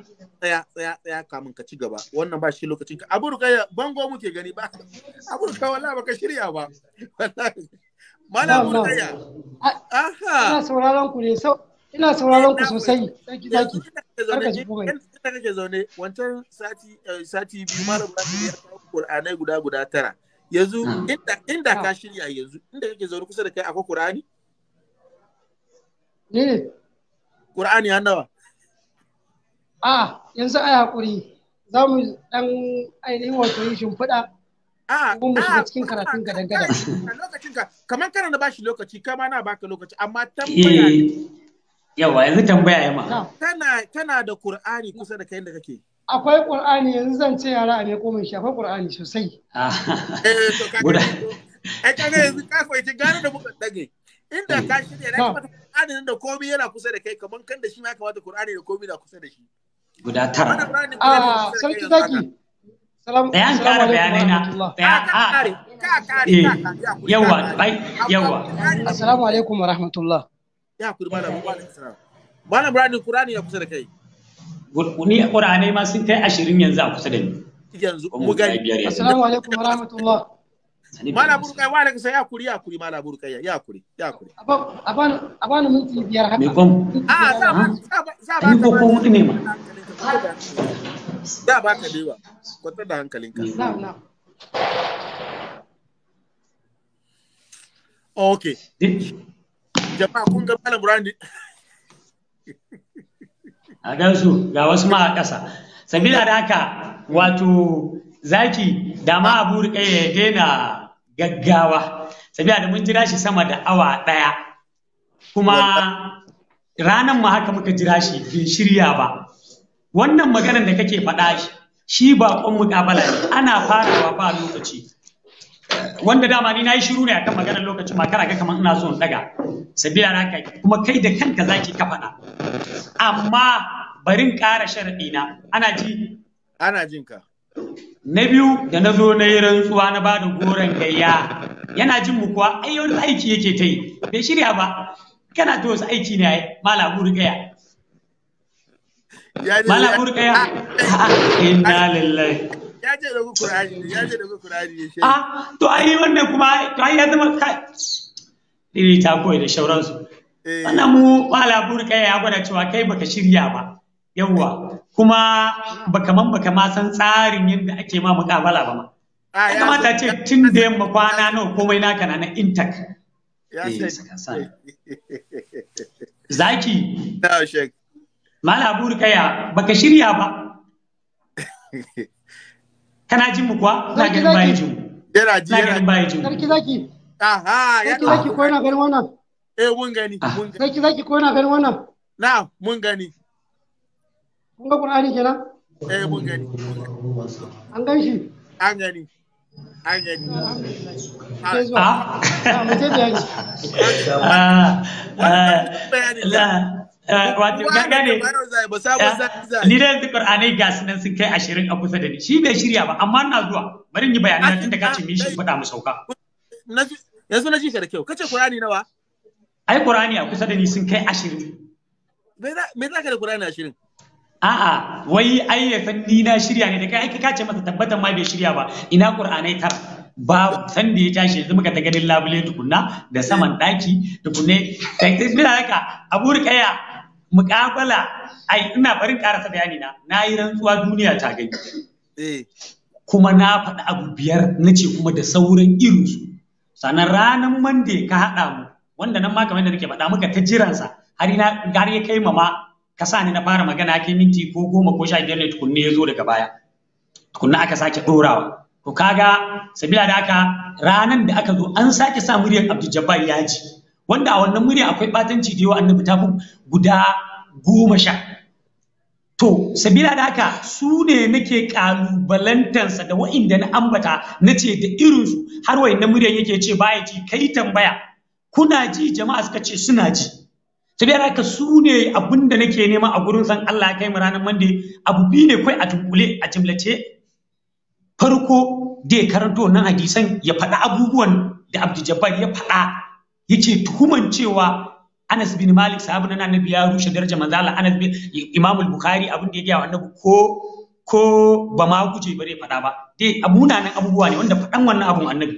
S4: tsaya tsaya
S1: tsaya kamun ka ci gaba wannan ba shi lokacin ka
S4: abu ruka bango muke gani ba
S1: abu rukaya wallahi baka shirya ba mala abu
S5: aha
S1: ina
S2: sauraron ku ne sau ina sauraron ku sosai daki daki
S1: ina kake zaune wancan sati eh, sati biyu mala buraki ya kawo qur'anai guda guda tara yanzu ah. inda ka ah. shirya yanzu inda kake zaune kusa da kai akwai qur'ani
S2: ne qur'ani nawa a yanzu ai hakuri za mu dan ainihin wato yin shimfiɗa kuma mu shiga cikin
S1: karatun gadan gadan lokacin ka kamar kana na bashi lokaci kai na baka lokaci amma tambaya eh,
S4: yawa yanzu tambaya ma
S2: kana kana da qur'ani kusa da kai da kake akwai qur'ani yanzu zan ce yara ne ko mun shi akwai qur'ani sosai
S4: ah. eh
S2: ai kaga yanzu ka fahimci gane da muka dage inda ka shirya na kamata Qur'ani
S1: da komai yana kusa da kai kamar kan da shi ma kamata Qur'ani da komai na kusa da shi guda tara
S4: a
S5: ah, sarki
S2: zaki
S1: bayan kara bayanai
S4: na
S3: yawa bai yawa
S2: assalamu alaikum wa rahmatullah ya
S1: kuri malam malam brani qur'ani ya kusa da kai ni qur'ani ma sun kai ashirin
S4: yanzu a kusa da ni yanzu mu gani assalamu
S2: alaikum wa rahmatullah
S1: Mala burkai wa daga sai yakuri yakuri mala burkai yakuri yakuri. Aban aban minti
S9: biyar haka. Me kom? Ah, a za ba za ba. Ni ko ko hudu
S1: ma. Da ba ka dewa. Kwatar da hankalinka.
S4: Okay. Jama'a kun ga malam Brandi. A gansu ga wasu ma a ƙasa. Sabila da haka wato zaki da ma abu ya daina gaggawa sabiya da mun jira shi sama da awa ɗaya kuma ranan ma haka muka jira shi bin shirya ba wannan maganar da kake faɗa shi shi kun mukabala ne ana farawa ba lokaci wanda dama ni na yi shiru ne akan maganar lokacin ma kana ga kamar ina so in daga sabiya na kai kuma kai da kanka zaki ka faɗa amma barin ƙara sharaɗi na ana ji ana jin ka na biyu da na zo na yi rantsuwa na ba da goron gayya yana jin mu kuwa ai wani aiki yake ta yi bai shirya ba kana ta wasu aiki ne ai mala burgaya
S10: mala burgaya
S4: inna lillahi
S1: ya ce da ku kurani ya ce da ku kurani ya ah
S4: to ai wannan kuma to ai ya zama kai diri ta koyi da shauransu eh. wannan mu mala burgaya ya gwada cewa kai baka shirya ba yawwa kuma ba kaman baka ma san tsarin yadda ake ma mukabala ba ma
S5: ya kamata
S4: ce tun da yamma kwana nawa komai naka na intak. zaki mala abur kaya baka shirya ba kana jin mu kuwa na zaki? bayan jin yana ji yana ji. bayan
S2: sarki zaki aha ya zaki ko yana ganin wannan eh mun ah. gani sarki zaki ko yana ganin wannan na mun gani Kun ga kurani kenan? Eh mun gani. An gan shi? An gani. An gani. Ah. ah, ah
S4: ni da nan sun kai ashirin a kusa da ni shi bai shirya ba amma na bari in yi bayanan tunda faɗa mu sauka ai a kusa da ni sun kai ashirin a'a wai ai ya san ni na shirya ne da kai aiki ce masa tabbatan ma bai shirya ba ina qur'anai tar ba san da ya tashi yanzu muka ta ganin labule tukunna da saman daki tukunne ina haka abu rikaya muqabala ai ina barin karasa bayani na na yi rantsuwa duniya ta gani eh. kuma na faɗi abu biyar na ce kuma da sauran irinsu sannan ranar mande ka haɗa mu wanda nan ma kamar da nake faɗa muka ta jiransa har ya kai mama ka sa ni na fara magana kai minti ko goma ko sha biyar ne tukunne ya zo daga baya tukunna aka sake ɗorawa to kaga sabila da aka ranan da aka zo an sake sa muryar abdu Jabbar ya ji wanda a wannan murya akwai batanci da yawa annabi ta guda goma sha To, sabila da aka su ne nake kalubalantansa da wa'inda na ambata na ce da irinsu har wa'inda muryar yake ce baya ji kai tambaya kuna ji jama'a suka ce suna ji. saboda haka su ne abin da nake nema a gurin san Allah ya kai mu ranar Monday abu biyu ne kai a tukule a jimlace farko da ya karanto nan hadisan ya faɗa abubuwan da Abdul Jabbar ya faɗa yace tuhuman cewa Anas bin Malik sahabi na Annabi ya rushe darajar manzo Allah Anas bin Imam Bukhari abin da ya ga Annabi ko ko ba ma guje bare faɗa ba dai abuna nan abubuwa ne wanda faɗan wannan abun Annabi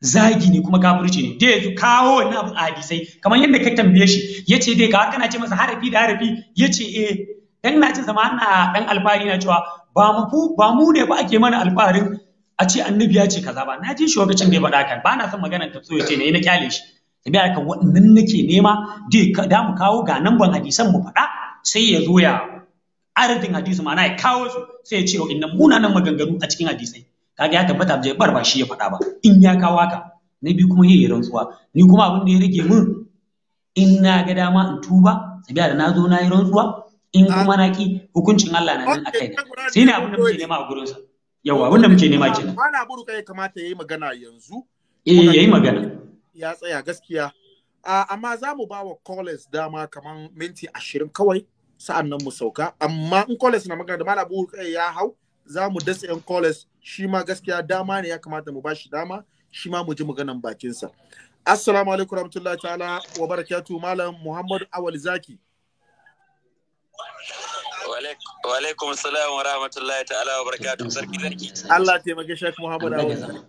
S4: zagi ne kuma kafirci ne da yanzu kawo wani abu a hadisai kamar yadda ka tambaye shi ya ce dai ka kana ce masa harafi da harafi ya ce eh dan na ce zama na dan alfahari na cewa ba mu ku ba mu ne ba ake mana alfaharin a ce annabi ya ce kaza ba na ji shi lokacin da ya faɗa kan ba na son maganar ta so ya ce ne na kyale shi tabi aka waɗannan nake nema dai da mu kawo ga nan ban hadisan mu faɗa sai ya zo ya aradin hadisi ma'ana ya kawo su sai ya ce wa munanan maganganu a cikin hadisai kaga ya tabbata bai bar ba shi ya faɗa ba in ya kawo haka na biyu kuma yayi rantsuwa ni kuma abin da ya rage mun in na ga dama in tuba sabiya da na zo na yi rantsuwa in kuma na ki hukuncin Allah na nan akai kaina sai ne abin da muke nema a gurin sa yawa abin da muke nema kenan
S1: mana buru kai kamata yayi magana yanzu
S4: eh yayi magana
S5: ya
S1: tsaya gaskiya amma za mu ba wa callers dama kamar minti ashirin kawai sa'an nan mu sauka amma in callers na magana da malabu ya hau za mu dasa yan college shi ma gaskiya dama ne ya kamata mu bashi dama shi ma mu ji maganan bakinsa assalamu alaikum rahmatullahi ta'ala wa barakatu malam muhammad awal zaki
S8: wa alaikum salam wa rahmatullahi ta'ala wa barakatu sarki Zarki.
S1: Allah taimake shek muhammad awal zaki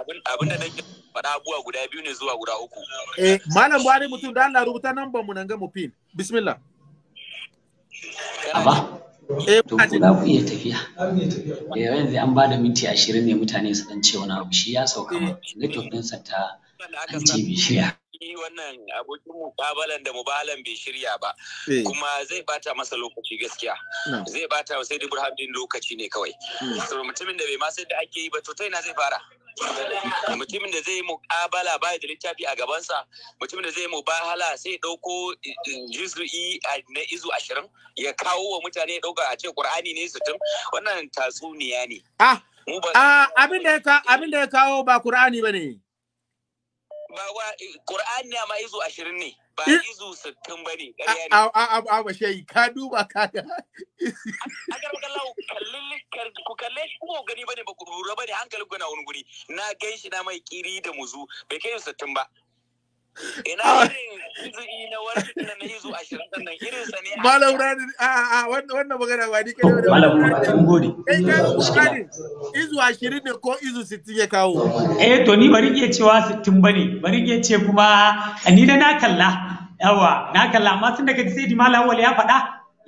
S8: abin da nake faɗa abuwa guda biyu ne zuwa guda
S1: uku eh malam buhari mutum da Allah rubuta number mu nan ga mu pin bismillah
S4: amma eh to ku za ku iya tafiya Yawan eh, yanzu an bada minti ashirin ne mutane su dan ce wani abu shi ya sauka ma eh. network din sa ta an ce bi shirya wannan abokin mu mukabalan da mubalan bai shirya ba eh. kuma
S8: zai bata masa lokaci gaskiya zai bata wa sai da burhan lokaci ne kawai hmm. mutumin da bai ma sai da ake yi ba to ta ina zai fara mutumin da zai muƙabala ba da littafi a gabansa mutumin da zai mu hala sai dauko eh, eh, juz'i na izu ashirin ya kawo wa mutane dauka a ce Kur'ani ne sittin wannan tatsuniya ne
S1: ya abin da ya kawo ba Kur'ani ba ne
S8: ba ƙur'ani eh, ma izu ashirin ne ba eh, izu sittin ba ne
S1: a a ba shayi ka duba ka ga a
S8: ga magana ku kalle shi kuma gani bane ba ku lura bane hankalin ku na wani guri na gan shi na mai kiri da muzu bai kai sattun
S1: ba ina ah. irin juzu'i na na na izu ashirin sannan ne malam rani a a wannan magana ba ni kai
S4: da malam mun
S1: gode kai ka kokari izu ashirin ne ko izu sittin ya
S4: kawo eh to ni bari iya cewa sittin bane bari iya ce kuma ni da na kalla yawa na kalla amma tun da kaji sai di malam wal ya faɗa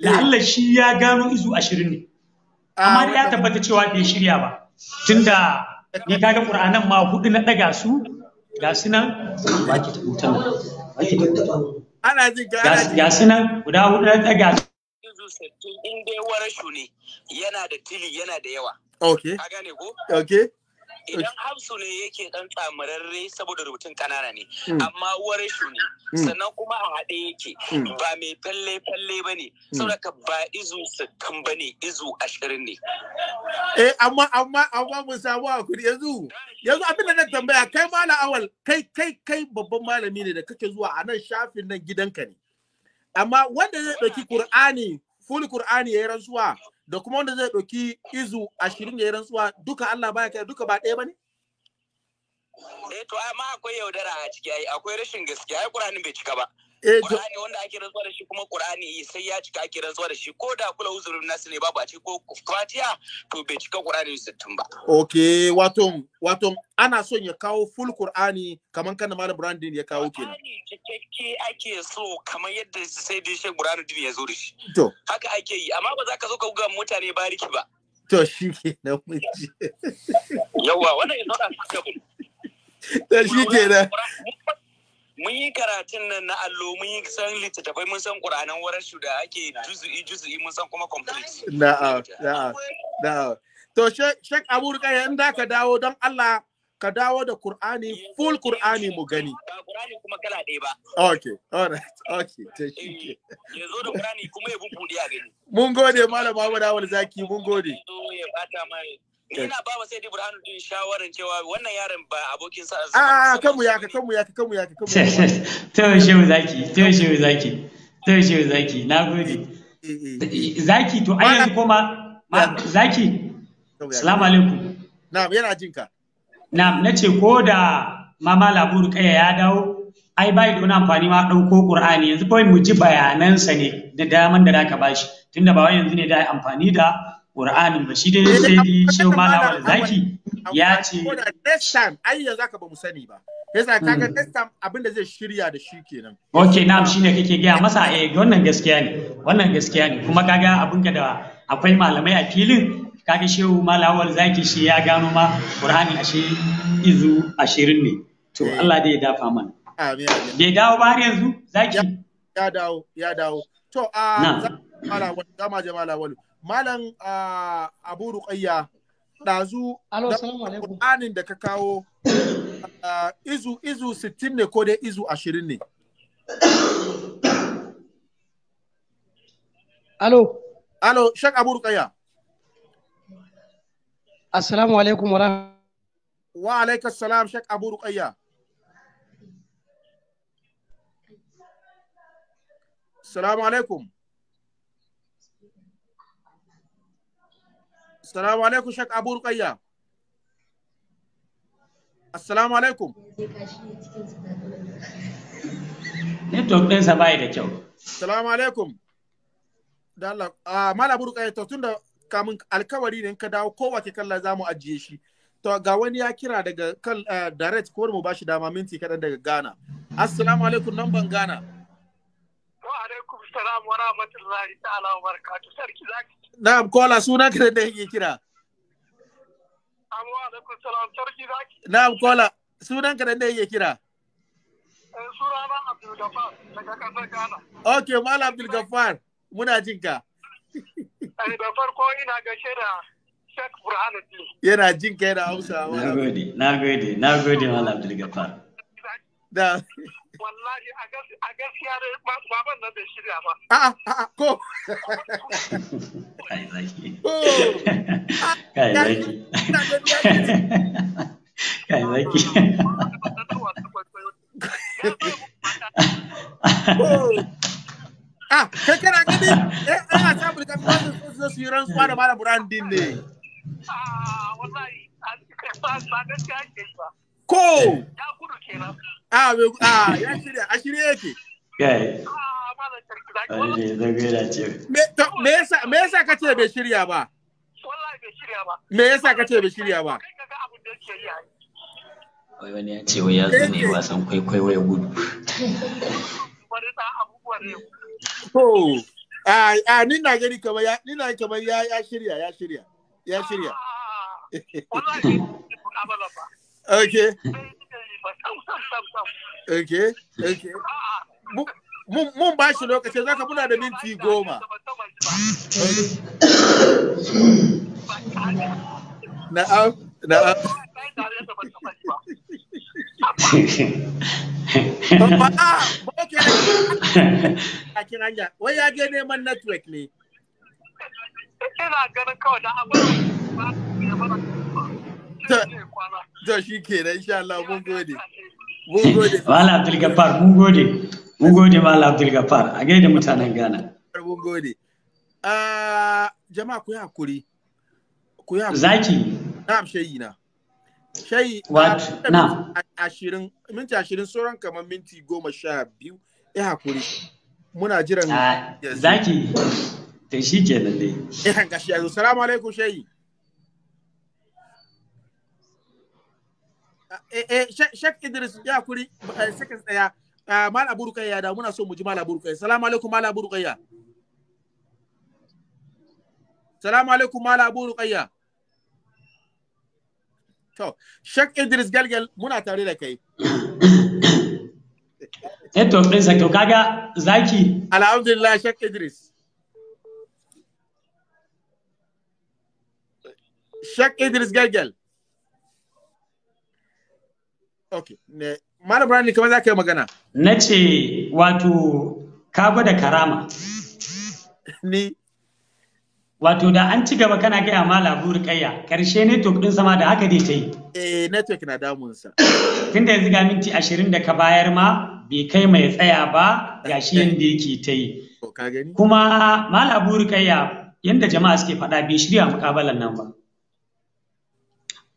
S4: la'alla shi ya gano izu ashirin ne ah, amma ya tabbata cewa bai shirya ba tunda ni kaga qur'anan ma hudu na daga su ga nan ba ki taɓa wutan ba ki taɓa ana ji ga nan guda hudu na ɗaga in dai warashu ne yana da tili yana da yawa
S9: gane ko idan
S8: hamsu ne yake dan tsamararre saboda rubutun kanana ne mm. amma shi ne mm. sannan kuma a haɗe yake mm. ba mai falle falle ba ne saboda ba izu sittin ba ne izu ashirin ne
S1: eh amma amma amma mun samu hakuri yanzu yanzu abin da na tambaya kai mala awal kai kai kai babban malami ne da kake zuwa a nan shafin nan gidanka ne amma wanda zai ɗauki Kur'ani, ful Kur'ani ya yi rantsuwa da kuma wanda zai ɗauki izu ashirin da ya rantsuwa duka Allah baya kai duka ba ɗaya ba ne?
S8: Eh to amma akwai yaudara a ciki ai akwai rashin gaskiya ai Qur'anin bai cika ba. Kur'ani, eh, wanda ake rantsuwa da shi kuma Qur'ani eh, sai ya cika ake rantsuwa da shi ko da kula uzurin nasu ne babu a ce ko Fatiha to bai cika Qur'ani sittin ba.
S1: Okay, wato wato ana son ya kawo full kur'ani kaman kan Malam Brandin ya kawo kenan. Kur'ani cikakke ake so
S8: kamar yadda sai dai shi Qur'ani din ya zo da shi. To. Haka ake yi amma ba za ka zo ka ga mutane bariki ba.
S1: To shi ke nan mun
S8: ji. Yawwa wannan is not acceptable.
S11: shi ke nan.
S8: mun yi karatun nan na allo mun yi san littattafai mun san ƙuranan warashu da ake juzu'i juzu'i mun
S1: san kuma complete Na'a na'a na'a to shek abu rukaya in da ka dawo don Allah ka dawo da Kur'ani full Kur'ani mu gani. Ba ƙur'ani kuma
S11: kala ɗaya ba. Okay, alright, okay, ta shi eh, Ya zo da
S1: ƙur'ani kuma ya bubuɗe a gani. Mun gode Malam Muhammad Awal Zaki, mun gode. Ya mai ina ba wa sai di burhanu din shawaran cewa wannan yaron ba abokin sa ah, ah, a a kanmu ya ka kanmu ya ka
S4: kanmu ya ka kanmu to shehu zaki to shehu zaki to shehu zaki na gode. zaki to ai yanzu kuma zaki assalamu alaikum na'am yana jin na'am nace ko da mama laburu kaya ya dawo ai bai da wani amfani ma ɗauko Qur'ani yanzu kawai mu ji bayanansa ne da daman da zaka bashi tunda ba wai yanzu ne da amfani da Qur'anin ba shi dai sai shi malama da zaki ya ce
S1: next time ai yanzu aka ba mu sani ba yasa kaga hmm. next time abin da zai shirya da shi kenan
S4: okay na'am shine kake gaya masa eh wannan gaskiya ne wannan gaskiya ne kuma kaga abin ka da akwai malamai a filin kaga shehu malawal zaki shi ya gano ma Qur'ani ashe izu ashirin ne to eh. Allah dai ya dafa mana amin bai dawo ba har yanzu zaki
S1: ya dawo ya dawo to a zama jama'a walu Malam uh, Abu Ruqayya ɗazu Qur'anin da ka kawo uh, izu izu 60 ne ko dai izu 20 ne. Alo. Alo, Shek Abu Ruqayya.
S2: Assalamu alaikum wa
S1: Wa alaikas salam Shek Abu Ruqayya. Assalamu alaikum. Assalamu alaikum Shek Abu Ruqayya. Assalamu alaikum.
S4: Network ɗinsa bai da kyau.
S1: Assalamu alaikum. Da Allah, uh, Mala Abu to tunda kamun alkawari ne ka dawo kowa ke kalla za ajiye shi. ga wani ya kira daga kan uh, direct ko mu bashi dama minti kaɗan daga Gana. Assalamu alaikum nan ban Ghana. Wa
S10: alaikum salam wa rahmatullahi ta'ala wa
S1: barakatuh. Sarki zaki. Na'am kola suna ka da yake kira. da salam zaki. Na'am kola sunan ka da yake kira.
S2: Eh sura na Abdul Gaffar daga kasar
S1: Ghana. Okay, Malam Abdul Gaffar muna jin ka.
S10: Eh, da farko ina gaishe da Sheikh Burhanuddin.
S4: Yana jin ka yana Hausa. Na gode, na gode, na gode Malam Abdul Gaffar. Da.
S1: wallahi a gaskiya
S10: dai baban nan bai shirya ba a'a a'a ko
S4: kai zaki kai zaki kai
S1: ah, kai kana gani eh ana samu da kuma su su su yi rantsuwa da malam Buran ne.
S8: Ah, wallahi, ba gaskiya ke ba.
S1: ko ya kenan a a ya shirya a shirya yake
S9: kai ah,
S1: me yasa me yasa kace bai shirya ba wallahi bai shirya ba me yasa kace bai shirya ba
S8: wai wani ya ce wai ya zo ne wasan kwaikwayo ya gudu
S1: ko a a ni na gani kamar ya ni na kamar ya ya shirya ya shirya ya shirya ah, wallahi Okay. Okay. Okay. Mun ba shi lokaci za ka muna da minti goma. Na'am, na'am. a ya, wai ya neman network ne. Ina ganin kawai da abin da To shi ke kenan insha Allah mun gode. Mun
S4: gode. Malam Abdul Gaffar mun gode. Mun gode Malam Abdul Gaffar a gaida mutanen Ghana. Mun gode. Ah,
S1: jama'a ku yi hakuri. Ku yi hakuri. Zaki. Na'am shayi na. Shayi. Ah, What? Na. Ashirin minti ashirin sauran kamar minti goma sha biyu. Ya hakuri. Muna jiran. Ah, Zaki.
S4: To shi kenan dai.
S1: Eh, ya shi. Assalamu alaikum shayi. eh, eh Sheikh Idris ya kuri eh, sakin tsaya eh, Mal Abu Rukayya da muna so mu ji Mal Abu Rukayya Assalamu alaikum Mal Abu Rukayya Assalamu alaikum Mal Abu Rukayya To Sheikh Idris Galgal muna tare da kai
S4: Eto ɗinsa to
S1: kaga zaki Alhamdulillah Sheikh Idris Sheikh Idris Galgal Okay.
S4: Malam kamar za ka yi magana. Na ce wato ka gwada karama. Ni. Wato da an ci gaba kana gaya ma labur kayya karshe network ɗin sama da haka dai ta yi. Eh network na damunsa. Tun da yanzu ga minti ashirin da ka bayar ma bai kai mai tsaya ba gashi yadda yake ta yi. Kuma ma labur kayya yadda jama'a suke faɗa bai shirya mukabalan nan ba.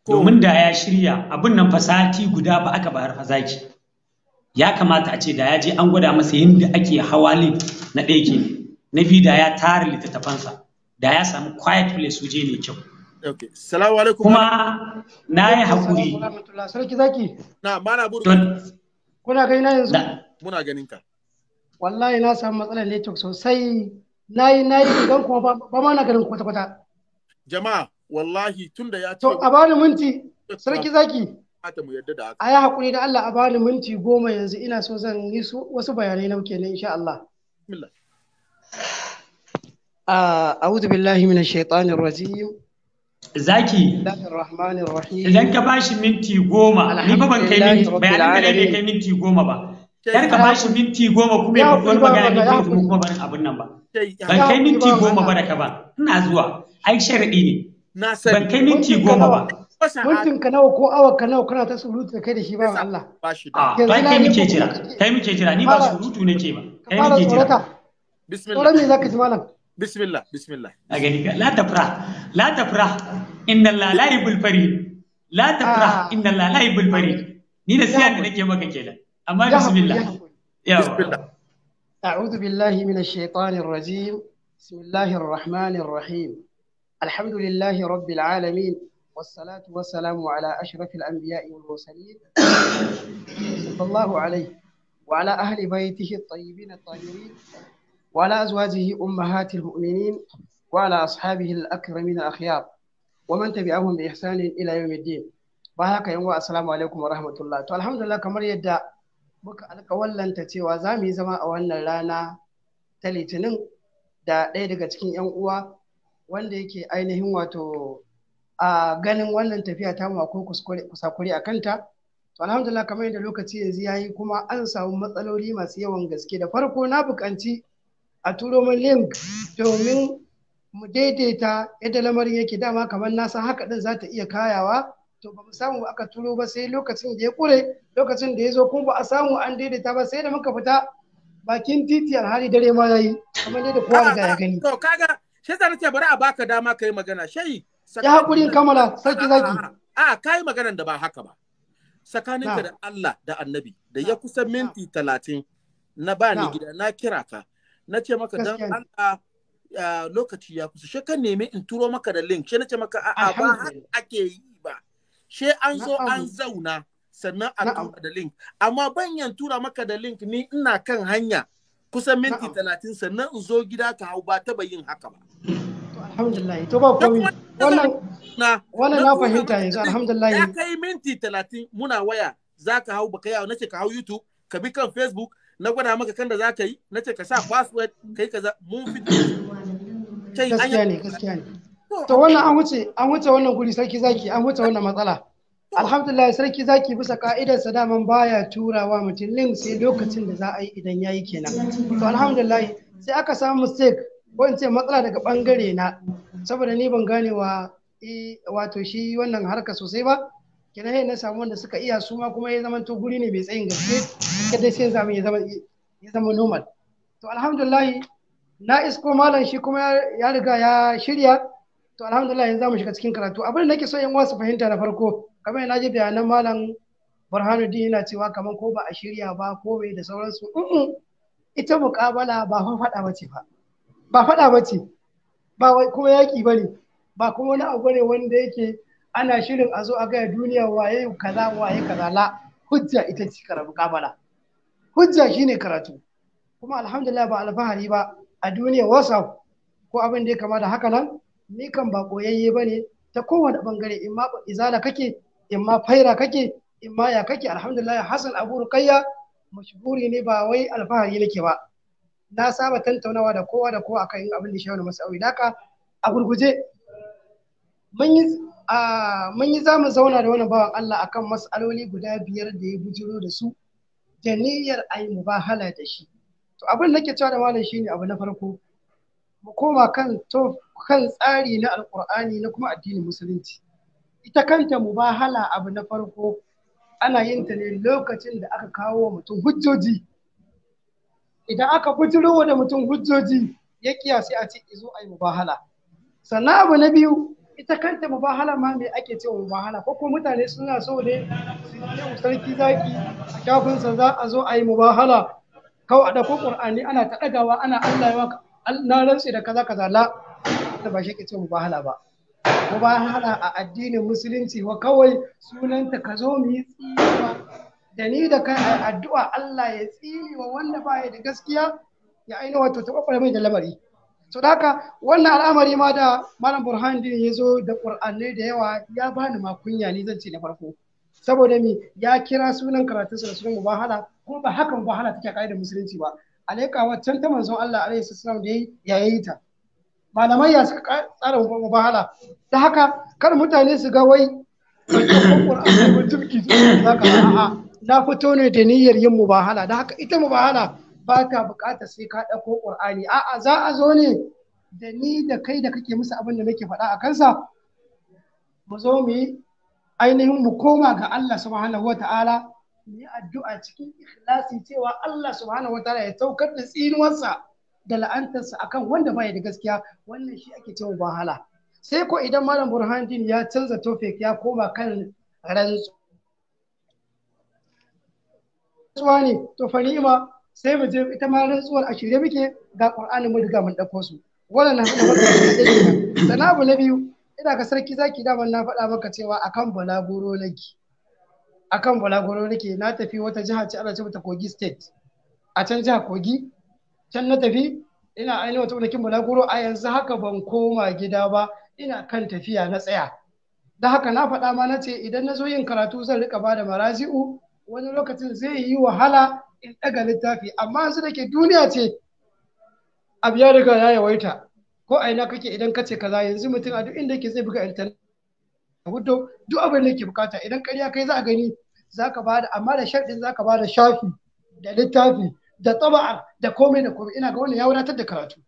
S4: domin da ya shirya abin nan fasati guda ba aka bayar zaki. ya kamata a ce da ya je an gwada masa yadda ake hawali na ɗaya ke na biyu da ya tara littattafansa da ya samu quiet place waje mai kyau Kuma na yi haƙuri.
S2: Na Kuna gani na yanzu? Muna ganin ka. Wallahi na samu matsalar network sosai. Na yi na yi idan kuma ba ma na ganin kwata-kwata.
S1: Jama'a wallahi
S2: tun da ya ce to a bani minti sarki zaki A ya haƙuri da Allah a bani minti goma yanzu ina so zan yi wasu bayanai na kenan insha Allah bismillah ah, a'udhu billahi minash shaitanir rajim zaki idan ka
S4: bashi minti goma ni ba ban kai minti bayanin ka ne kai minti goma ba kar ka bashi minti goma kuma ya ba magana ne kuma kuma barin abun nan ba
S5: ban kai minti
S4: goma ba da ka ba ina zuwa ai sharadi ne na sani ban kai minti goma ba
S2: mutum ka nawa ko awa ka nawa kana ta surutu da kai da shi ba Allah ba shi da ah, kai kai
S4: muke jira kai muke jira ni ba surutu ce ba kai muke jira
S2: bismillah tsoron me zaka ji
S4: malam bismillah bismillah a gani la tafra la tafra inna la la yibul farid la tafra ah. inna la la yibul farid ni da siya da nake maka kenan amma bismillah
S5: yawa
S2: أعوذ بالله من الشيطان الرجيم بسم الله الرحمن الرحيم الحمد لله رب العالمين والصلاة والسلام على أشرف الأنبياء والمرسلين صلى الله عليه وعلى أهل بيته الطيبين الطاهرين وعلى أزواجه أمهات المؤمنين وعلى أصحابه الأكرمين الأخيار ومن تبعهم بإحسان إلى يوم الدين بارك يوم السلام عليكم ورحمة الله تو الحمد لله كمر يدى muka alƙawallanta cewa za mu yi zama a wannan rana ta litinin da ɗaya daga cikin 'yan uwa wanda yake ainihin wato a ganin wannan tafiya ta mu akwai kusakuri a kanta to alhamdulillah kamar yadda lokaci yanzu ya yi kuma an samu matsaloli masu yawan gaske da farko na bukanci a turo min link domin mu daidaita yadda lamarin yake dama kamar nasa haka din za ta iya kayawa to ba mu samu aka turo ba sai lokacin da ya kure lokacin da ya zo kuma ba a samu an daidaita ba sai da muka fita bakin titi alhali dare ma yayi kamar yadda kowa da ya gani
S1: to Shi yasa nace bari a baka dama kai magana. Shai. Ya hakurin kamala sarki zaki. A kai magana da ba haka ba. Tsakaninka da Allah da Annabi da ya kusa minti talatin na ba ni gida na kira ka. Na ce maka dan Allah lokaci ya kusa. Shi ka nemi in turo maka da link. Shai na ce maka a'a ba ake yi ba. Shai an zo an zauna. sannan a tura da link amma banyan tura maka da link ni ina kan hanya kusan minti talatin sannan in zo gida ka hau ba taba yin haka ba
S2: alhamdulillah to ba komai wannan wannan na fahimta yanzu alhamdulillah ya
S1: kai minti 30 muna waya zaka hau baka yawo nace ka hau youtube ka bi kan facebook na gwada maka kan da zaka yi nace ka sa password kai kaza mun fi
S2: gaskiya ne gaskiya ne to wannan an wuce an wuce wannan guri sarki zaki an wuce wannan matsala alhamdulillah sarki zaki bisa ka'idar sa daman baya turawa mutum link sai lokacin da za a yi idan yayi kenan to alhamdulillah sai aka samu mistake ko in ce matsala daga bangare na saboda ni ban gane wa wato shi wannan harka sosai ba Kina kenan na samu wanda suka iya su ma kuma ya zama to guri ne mai tsayin gaske dai sai zamu ya zama ya zama normal to alhamdulillah na isko malam shi kuma ya riga ya shirya to alhamdulillah yanzu zamu shiga cikin karatu abin da nake so yan wasu su fahimta na farko kamar yana ji bayanan malam Burhanuddin yana cewa kamar ko ba a shirya ba ko bai da sauransu ita mukabala ba fa faɗa ba ce ba ba faɗa ba ce ba kuma yaƙi ba ne ba kuma wani abu ne wanda yake ana shirin a zo a gaya duniya waye kaza waye kaza la hujja ita ce karatu kamala hujja shine karatu kuma alhamdulillah ba alfahari ba a duniya wasa ko abin da ya kama da haka nan ni kan ba koyayye ba ne ta kowane bangare in ma izala kake in ma faira kake in ma ya kake alhamdulillah hasan abu rukayya mashhuri ne ba wai alfahari nake ba na saba tantaunawa da kowa da kowa akan yin abin da shehu masawi daka a gurguje mun yi mun yi zamu zauna da wani bawan Allah akan mas'aloli guda biyar da ya bujiro da su da niyyar ayi mubahala da shi to abin da nake cewa da malam shine abu na farko mu koma kan to kan tsari na alqur'ani na kuma addinin musulunci ita kanta mubahala abu na farko ana yin ta ne lokacin da aka kawo mutum hujjoji idan aka bujiro da mutum hujjoji ya kiyasi a ce izo ai mubahala sannan abu na biyu ita kanta mubahala ma me ake ce mubahala ko kuma mutane suna so ne su yi sarki zaki a kafinsa za a zo a yi mubahala kawai da ko qur'ani ana ta dagawa ana Allah ya na rantsi da kaza kaza la da ba shi ke ce mubahala ba mubahala a addinin musulunci wa kawai sunanta ka zo mu yi tsiwa da ni da kai a addu'a Allah ya tsiri wa wanda ba ya da gaskiya ya aina wato taɓa mai da lamari To da haka wannan al'amari ma da malam burhan din ya zo da ƙur'ani da yawa ya bani ma kunya ni zan ce na farko saboda me ya kira sunan karatun sa da sunan mubahala kuma ba haka mubahala take da musulunci ba alaika waccan ta manzon Allah alaihi salam da ya yi ta malamai ya suka tsara mubahala Da haka kar mutane su ga wai Ƙur'an ko turki ka a'a na fito ne da niyyar yin mubahala da haka ita mubahala ba ta bukata sai ka ɗauko ƙur'ani a'a za a zo ne da ni da kai da kake musu abin da nake faɗa a kansa mu zo mu yi ainihin mu koma ga Allah subhanahu wata'ala mu yi addu'a cikin ikhlasi cewa Allah subhanahu wata'ala ya taukar da tsinuwarsa da la'antarsa akan wanda baya da gaskiya wannan shi ake cewa mubahala sai ko idan malam burhanuddin ya canza tofik ya koma kan rantsu rantsuwa ne to fa ni'ima sai mu je ita ma rantsuwar a shirye muke ga Qur'ani mun riga mun dauko su wannan na faɗa maka sannan abu na biyu ina ka sarki zaki daman na faɗa maka cewa akan balaguro nake akan balaguro nake na tafi wata jiha ce ana ce mata Kogi state a can jiha Kogi can na tafi ina ainihin wata wadakin balaguro a yanzu haka ban koma gida ba ina kan tafiya na tsaya da haka na faɗa ma na ce idan na zo yin karatu zan rika bada marazi'u wani lokacin zai yi wahala in ɗaga littafi amma su da ke duniya ce abu ya riga ya yawaita ko a ina kake idan kace kaza yanzu mutum a duk inda ke zai buga intanet hudu duk abin da ke bukata idan karya kai za a gani za ka ba da amma da sharɗin za ka ba da shafi da littafi da tsaba'a da komai da komai ina ga wani ya wadatar da karatu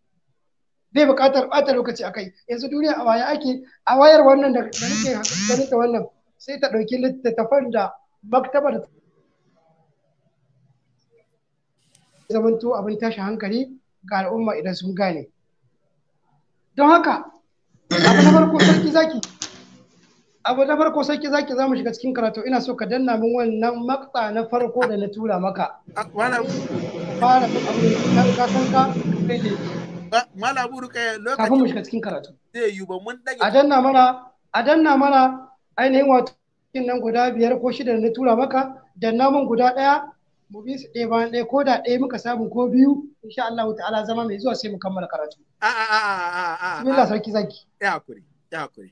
S2: Zai buƙatar ɓata lokaci a kai yanzu duniya a waya ake a wayar wannan da nake ganin wannan sai ta ɗauki littattafan da maktaba da zamanto abin tashi hankali ga al'umma idan sun gane don haka abu na farko sarki zaki abu na farko sarki zaki za mu shiga cikin karatu ina so ka danna min wannan makta na farko da na tura maka ah, fara abin ka san ka ah, mala lokacin kafin mu shiga cikin karatu zai yi ba mun dage a danna mana a danna mana ainihin wato nan guda biyar ko shida da na tura maka danna mun guda daya mu bi su ɗaya bayan ɗaya ko da ɗaya muka samu ko biyu insha Allah ta'ala zama mai zuwa sai mu kammala karatu a
S3: a a
S1: a a bismillah sarki zaki ya hakuri ya hakuri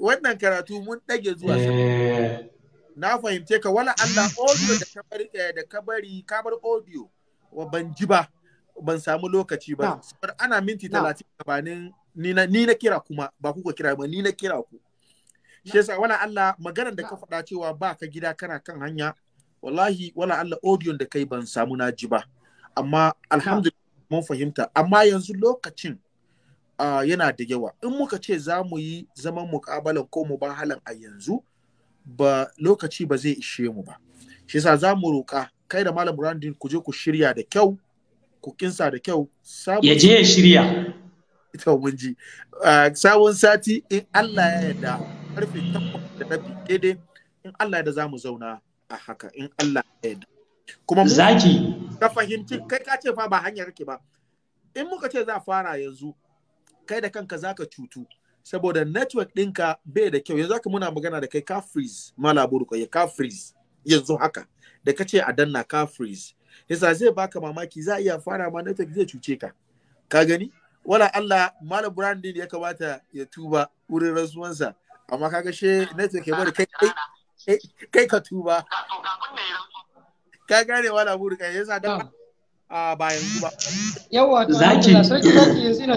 S1: wannan karatu mun ɗage zuwa eh. na fahimce ka wala Allah audio da kabari eh, da kabari kabar audio wa ban ji ba ban samu lokaci ba ana minti talatin gabanin ni na kira kuma ba kuka kira ba ni na kira ku shi yasa wala Allah maganar da ka faɗa cewa ba ka gida kana kan hanya wallahi wala Allah audio da kai ban samu na ji ba amma alhamdulillah mun fahimta amma yanzu lokacin uh, yana da yawa in muka ce za mu yi zaman muƙabalan ko mu bahalan a yanzu ba lokaci ba zai ishe mu ba shi yasa za mu roƙa kai da malam brandin ku je ku shirya da kyau ku kinsa da kyau ya je ya shirya ita mun ji sabon sati in Allah ya yarda karfe 8 da rabi daidai in Allah ya da za mu zauna a haka in Allah ya yarda
S4: kuma zaki
S1: ka fahimci kai ka ce fa ba hanyar ki ba in muka ce za fara yanzu kai da kanka zaka cutu saboda network ɗinka bai da kyau yanzu haka muna magana da kai ka freeze malaburu ya ka freeze yanzu haka da ka ce a danna ka freeze yasa zai baka mamaki za iya fara ma network zai cuce ka ka gani wala Allah malam branding ya kamata ya tuba wurin rasuwansa amma kaga she network ya bari kai kai ka tuba ah, ka gane wala burka ya sa dama a bayan ba yawa to zaki eh, zaki yanzu
S2: ina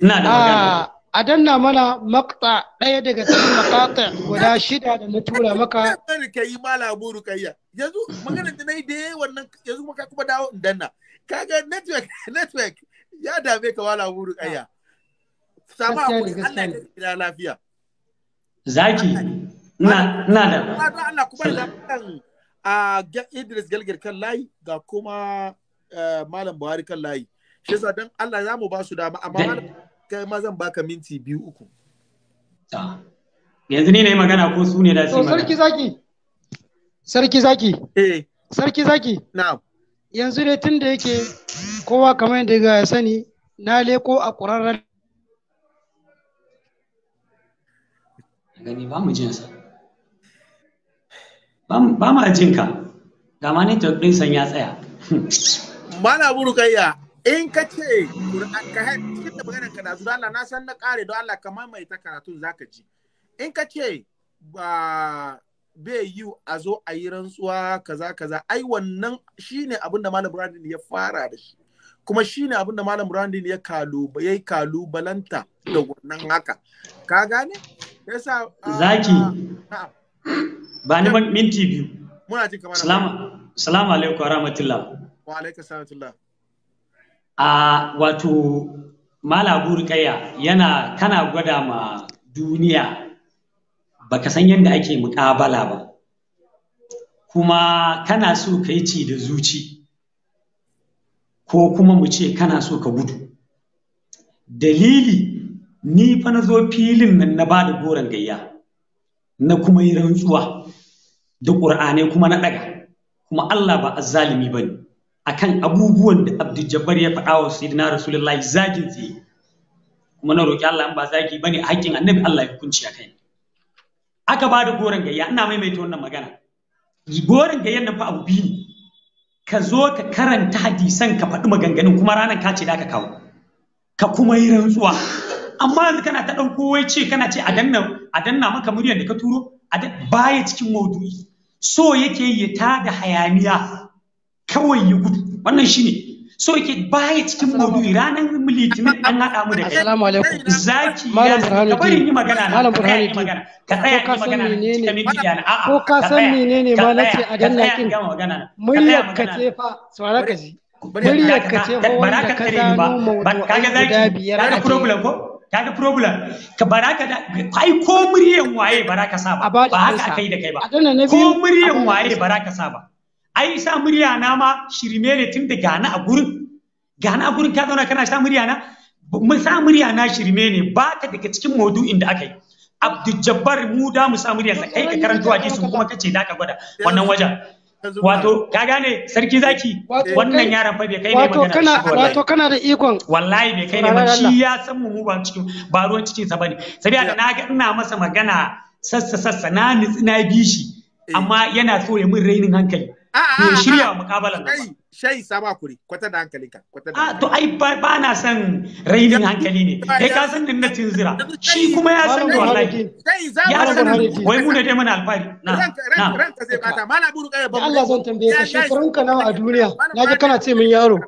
S4: ina da ah,
S2: a danna mana makta ɗaya daga cikin makata guda shida da na tura maka. Kan ka yi
S1: mala buru kayya. Yanzu magana da nayi da wannan yanzu maka kuma dawo in danna. Kaga network network ya dame ka wala buru kayya. Sama akwai Allah ya lafiya.
S4: zaki na ina da Allah
S1: kuma idan a Idris Galgir kan layi ga kuma eh, Malam Buhari kan layi shi yasa dan Allah ya mu ba su dama amma kai ma zan baka minti biyu uku
S4: yanzu ne na magana ko su ne da su sarki
S2: zaki sarki zaki eh sarki zaki na'am yanzu ne tun da yake kowa kamar yadda ya sani na leko a ƙurarren
S4: gani ba mu jin sa ba ma jin ka da ma to din san ya tsaya mana burukayya in
S1: ka ce Qur'an ka cikin da maganar ka da Allah na san na kare don Allah kamar mai ta karatun zaka ji in ka ce ba be yi a zo a yi rantsuwa kaza kaza ai wannan shine abin da malam Brandon ya fara da shi kuma shine abin da malam Brandon ya kaluba yayi kalubalanta da wannan haka ka gane Ah, Zaki.
S4: Ba ni minti biyu. Muna jin kamar. Salamu alaikum wa rahmatullah.
S1: Wa alaikum salatullah.
S4: A ah, wato Malabu Rukaya yana kana gwada ma duniya baka san yadda ake muƙabala ba. Kuma kana so ka yi ci da zuci ko kuma mu ce kana so ka gudu. Dalili ni fa na zo filin nan na ba da goron gayya na kuma yi rantsuwa da ƙur'ani kuma na ɗaga kuma Allah ba azzalimi ba ne akan abubuwan da Abdul ya faɗa wa Sayyidina Rasulullahi zagin tsaye kuma na roƙi Allah ba zagi bane a haƙƙin Annabi Allah ya hukunci a kai aka ba da goron gayya ina maimaita wannan magana goron gayyan nan fa abu biyu ka zo ka karanta hadisan ka faɗi maganganun kuma ranar ka ce da ka kawo ka kuma yi rantsuwa amma yanzu kana ta ɗan wai ce kana ce a danna a danna maka muryar da ka turo a baya cikin maudu'i so yake ya da hayaniya kawai ya gudu wannan shine so yake baya cikin maudu'i ranar litinin an haɗa mu da kai assalamu alaikum zaki ya ka bari yi magana na ka tsaya yi magana ka tsaya ka magana ne ne a'a ko ka san menene ma nace a danna kin muryar ka ce fa saurara ka ji Bari ka kace fa wanda ka gano maudu'ai guda biyar a ce kaga problem ka baraka da ai ko muryan waye baraka sa ba ba haka akai da kai ba ko muryan waye baraka sa ba ai sa murya na ma shirme ne tun da gana a gurin gana a gurin ka zauna kana sa murya na mun sa murya na shirme ne ba ka daga cikin maudu'in da akai Abdul Jabbar mu da mu sa murya sa kai ka karanto hadisi kuma kace da ka gwada wannan wajen Wato, ka gane sarki zaki wannan yaran fa bai kai ne magana shi wato
S2: kana da ikon
S4: wallahi bai kai ne ba shi ya san mu ba cikin ba ruwan cikin sa bane da na ga ina masa magana sassa sassa na nitsi na bi shi eh. amma yana so ya min rainin hankali ya shirya mukabalan nan shai sama kuri kwata da hankalinka kwata da ah to ai ba na san rainin hankali ne kai ka san din na tunzira shi kuma ya san da wallahi
S1: ya san wai mu ne
S4: dai muna alfari na na ranka
S2: zai bata mala buru kai ba Allah zan tambaye ka shekarunka nawa a duniya naji kana ce min yaro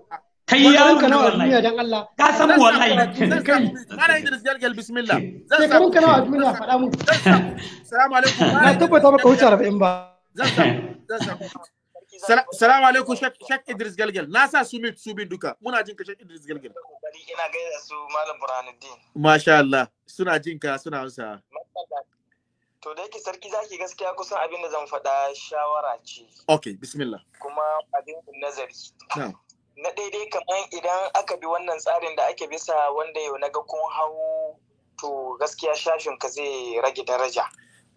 S2: kai yaro ka nawa a duniya dan Allah ka san wallahi kai
S1: mala Idris galgal bismillah
S2: shekarunka nawa a duniya faɗa mu
S1: assalamu alaikum na tabbata
S2: baka huce 40 ba
S1: zan zan Salamu alaikum شك Idris ادريس Na sa su mit su bin duka. شك ادريس
S6: جلجل Idris Galgal. Ina gaida su Malam Burhanuddin.
S1: Masha Allah. Suna jinka suna amsa.
S6: To da yake sarki zaki gaskiya kusan abin da zan faɗa shawara ce.
S1: Ok, bismillah.
S6: Kuma abin nazari. Na daidai kamar idan aka bi wannan tsarin da ake bisa wanda yau na ga kun hau to gaskiya shashin ka zai rage daraja.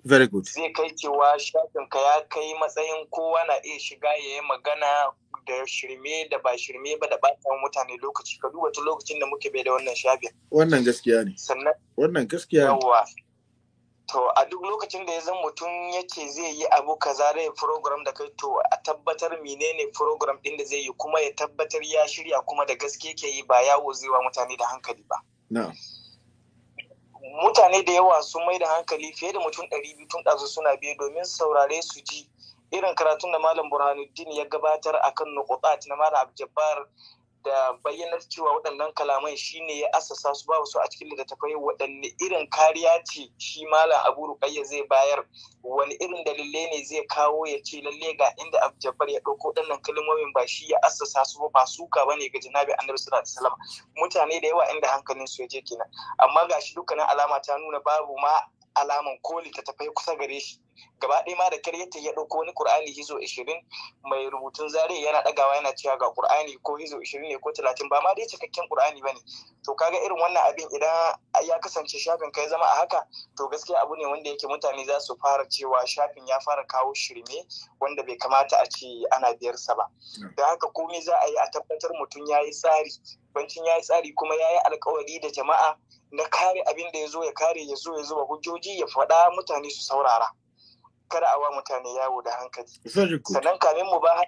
S6: very good zai kai cewa shafin ka ya kai matsayin kowa na iya shiga ya yi magana da shirme da ba shirme ba da ba ta mutane lokaci ka duba lokacin da muke bai da wannan shafin
S1: wannan gaskiya ne sannan wannan gaskiya ne
S6: to a duk lokacin da ya zan mutum ya ce zai yi abu kaza da ya program da kai to a tabbatar menene program ɗin da zai yi kuma ya tabbatar ya shirya kuma da gaske ke yi ba yawo zai wa mutane da hankali ba na'am mutane da yawa sun mai da hankali fiye da mutum ɗari biyu tun ɗazu suna biye domin saurare su ji irin karatun da malam burhanuddin ya gabatar akan nukutat na malam abjabbar da bayyanar cewa waɗannan kalaman ne ya asasa su babu su a cikin littattafai waɗanne irin kariya ce shi malam abu rukayya zai bayar wani irin dalilai ne zai kawo ya ce lalle ga inda abjabar jabbar ya ɗauko waɗannan kalmomin ba shi ya asasa su ba suka ne ga jinabi annabi sallallahu da Salama? mutane da yawa inda hankalin su ya je kenan amma ga shi dukkanin alama ta nuna babu ma alaman ko littattafai kusa gare shi gaba ɗaya ma da karyata ya ɗauko wani Kur'ani hizo ishirin mai rubutun zare yana ɗagawa yana cewa ga Kur'ani ko hizo ishirin ne ko talatin ba ma dai cikakken Kur'ani ba ne. To kaga irin wannan abin idan ya kasance shafin kai zama a haka to gaskiya abu ne wanda yake mutane za su fara cewa shafin ya fara kawo shirme wanda bai kamata a ce ana biyarsa ba. Da haka komai za a yi a tabbatar mutum ya yi tsari bancin ya yi tsari kuma ya yi alkawari da jama'a na kare abin da ya zo ya kare ya zo ya zuba hujjoji ya faɗa mutane su saurara. kada a wa mutane yawo da hankali sannan kamin mu ba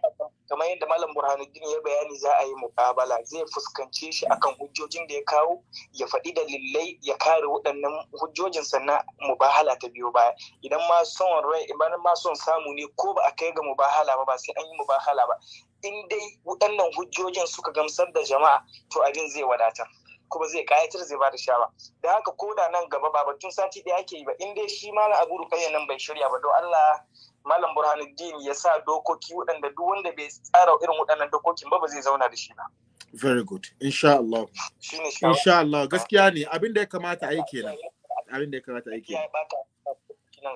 S6: kamar yadda malam burhanuddin ya bayani za a yi mukabala zai fuskance shi akan hujjojin da ya kawo ya faɗi dalilai ya kare waɗannan hujjojin sannan mubahala ta biyo baya idan ma son rai idan ma son samu ne ko ba a kai ga mu ba ba sai an yi mubahala ba in dai waɗannan hujjojin suka gamsar da jama'a to abin zai wadatar kuma zai kayatar zai bada shawa da haka ko da nan gaba ba batun sati ɗaya ake yi ba in dai shi malam abu rukayya nan bai shirya ba don Allah malam burhanuddin ya sa dokoki waɗanda duk wanda bai tsara irin waɗannan dokokin ba ba zai zauna da shi ba
S1: very good insha Allah insha Allah gaskiya ne abin da ya kamata a yi kenan abin da ya kamata a yi kenan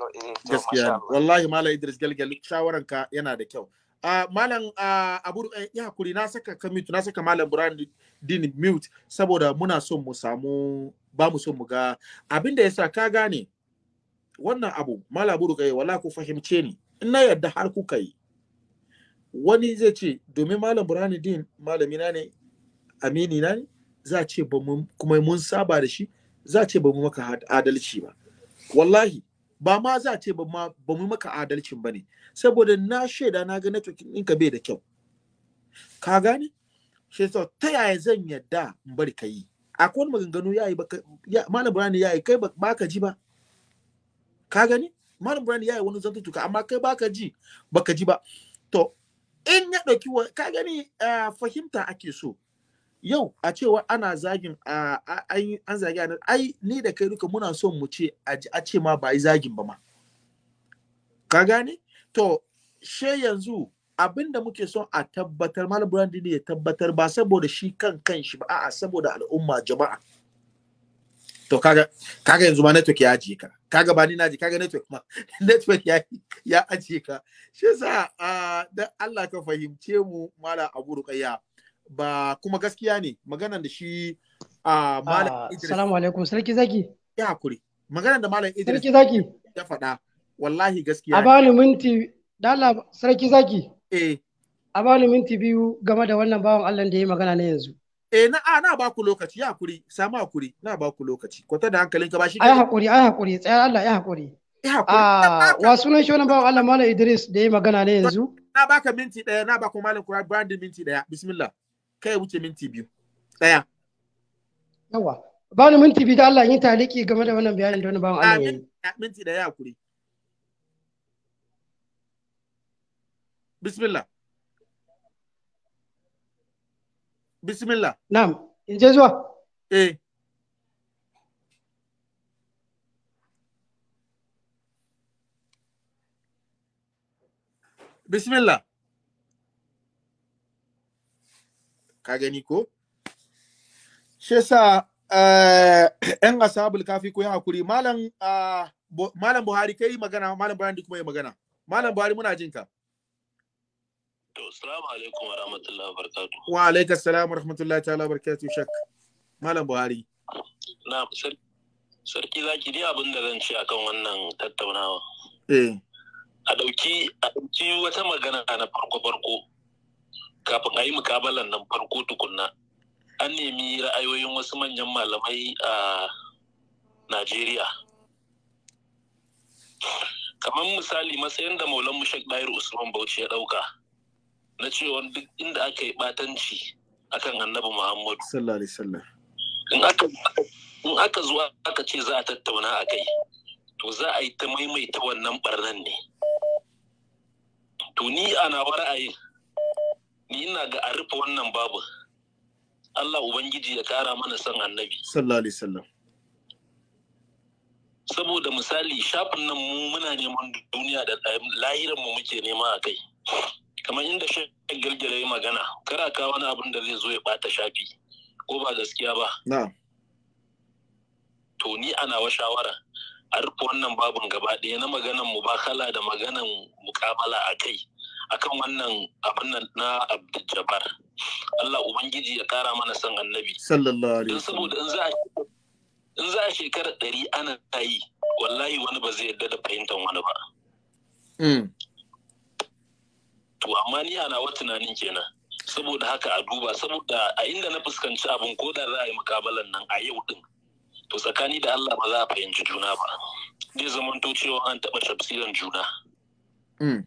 S1: gaskiya wallahi malam Idris Galgal shawaranka yana da kyau Uh, malam uh, abu eh, ya hakuri na saka ka mute na saka malam brand din mute saboda muna son mu samu ba mu son mu ga abin da yasa ka gane wannan abu malam abu kai wala ku fahimce ni in na yarda har kuka yi wani zai ce domin malam burhani din malami na ne amini na ne za ce ba kuma mun saba da shi za ce ba mu maka adalci ba wallahi ba ma za ce ba mu maka adalcin ba ne saboda na shaida na ga network ɗinka bai da kyau ka gane shi ta yaya zan yadda in bari ka yi akwai wani maganganu ya yi malam burani ya yi kai ba ka ji ba ka gane malam burani ya yi wani tuka, amma kai ba ka ji ba ka ji ba to in ya ɗauki ka gani eh, fahimta ake so yau a cewa ana zagin an zagi a ai ni da kai duka muna son mu ce a ce ma ba yi zagin ba ma ka gane to she yanzu abin da muke son a tabbatar malam brandi ne ya tabbatar ba saboda shi kan kan shi ba a'a saboda al'umma jama'a to kaga kaga yanzu ma network ya ajiye ka kaga ba ni naji kaga network ma network ya ya ajiye ka shi yasa da Allah ka fahimce mu malam Abu Ruqayya ba kuma gaskiya ne maganan da shi a malam ah, Idris. Salamu
S2: alaikum sarki zaki.
S1: Ya hakuri. Maganan da malam Idris. Sarki zaki. Ya faɗa. Wallahi gaskiya.
S2: A bani minti dala sarki zaki. Eh. A bani minti biyu game da wannan bawan Allah da ya magana na yanzu. Eh na
S1: a na ba ku lokaci ya hakuri samu hakuri na ba ku lokaci kwata da hankalin ka ba shi. Ai hakuri ai
S2: hakuri tsayar Allah ya hakuri. Ya ah, wa sunan shi wannan bawan Allah malam Idris da ya magana na yanzu.
S1: Na baka minti ɗaya na baka malam Kura Brandon minti ɗaya bismillah. kai wuce minti biyu daya
S2: yawa ba ni minti biyu da Allah yin taliki game da wannan bayanin da wani bawan Allah
S1: ya yi minti da ya kure bismillah bismillah na'am in je zuwa eh bismillah ka gani ko shi yasa eh, yan asabul kafi ko hakuri malam ah, malam Buhari kai magana malam Buhari kuma ya magana malam Buhari muna jin ka
S12: to assalamu alaikum wa rahmatullahi wa barakatuh
S1: wa alaikum assalam wa rahmatullahi ta'ala wa barakatuh shak malam Buhari
S12: na sarki zaki dai abin da zan ce akan wannan tattaunawa eh. a ɗauki wata magana na farko-farko kafin a yi mukabalan nan farko tukunna an nemi ra'ayoyin wasu manyan malamai a najeriya kamar misali matsayin da maulan mushek Bayar usman bauchi ya ɗauka na cewa duk inda aka yi ɓatanci akan annabi muhammadu
S11: in aka zuwa aka ce za a tattauna a kai
S12: to za a yi ta maimaita wannan barnan ne to ni a nawa ra'ayin ni ina ga a rufe wannan babu Allah ubangiji ya kara mana son annabi saboda misali shafin nan mu muna neman duniya da lahiran mu muke nema a kai kamar inda shafin girgira yi magana kara ka wani abin da zai zo ya bata shafi ko ba gaskiya ba na to ni ana wa shawara a rufe wannan babin gaba ɗaya na maganan mu kala da maganan mukabala a kai akan wannan abin nan na Abdul Allah ubangiji ya kara mana san annabi sallallahu alaihi saboda in za a in za a shekara ɗari ana yi wallahi wani ba zai yarda da fahimtar wani ba hmm. to amma ni ana wa tunanin kenan saboda haka a duba saboda a inda na fuskanci abin ko da za a yi mukabalan nan a yau din to tsakani da Allah ba za a fahimci juna ba zai zamanto cewa an taɓa tafsirin juna hmm.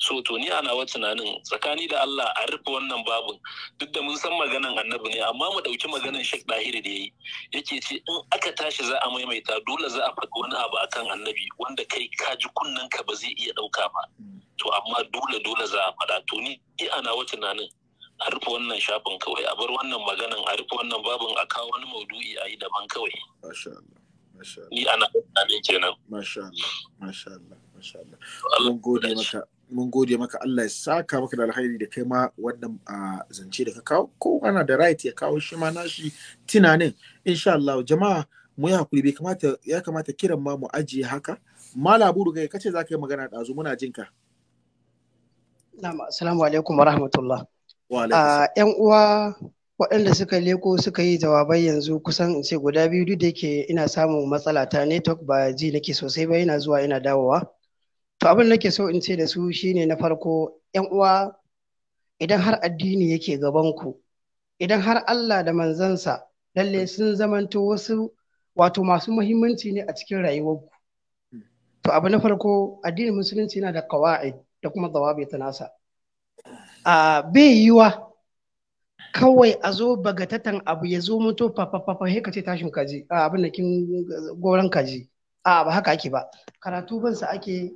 S12: so to ni ana wa tunanin tsakani da Allah a rufe wannan babin duk da mun san maganan annabi ne amma mu dauki maganan Sheikh Dahiri da yayi yake ce in aka tashi za a maimaita dole za a faɗi wani abu akan annabi wanda kai ka ji kunnen ka ba zai iya dauka ba to amma dole dole za a faɗa to ni ana wa tunanin a rufe wannan shafin kawai a bar wannan maganan a rufe wannan babin a kawo wani maudu'i a yi daban kawai ni ana tunanin kenan
S1: masha Allah
S10: masha Allah
S12: masha Allah Allah gode
S1: maka mun gode maka Allah ya saka maka da alhairi da kai ma wannan zance da ka kawo ko ana da right ya kawo shi ma nashi tunanin insha Allah jama'a mu yi hakuri bai kamata ya kamata kiran ma mu ajiye haka mala buru kai kace zaka yi magana dazu muna jin ka
S2: assalamu alaikum wa rahmatullah wa alaikum yan uwa waɗanda suka leko suka yi jawabai yanzu kusan in ce guda biyu duk da yake ina samun matsala ta network ba ji nake sosai ba yana zuwa ina dawowa to abin da nake so in ce da su shine na farko yan uwa idan har addini yake gabanku idan har Allah da manzansa lalle sun zamanto wasu wato masu muhimmanci ne a cikin rayuwarku to abu na farko addinin musulunci yana da kawa'id da kuma zawabi ta nasa a bai yiwa kawai a zo bagatatan abu ya zo mutu fafafafa he ka ce tashin kaji abin da kin goron kaji a ba haka ake ba karatu bansa ake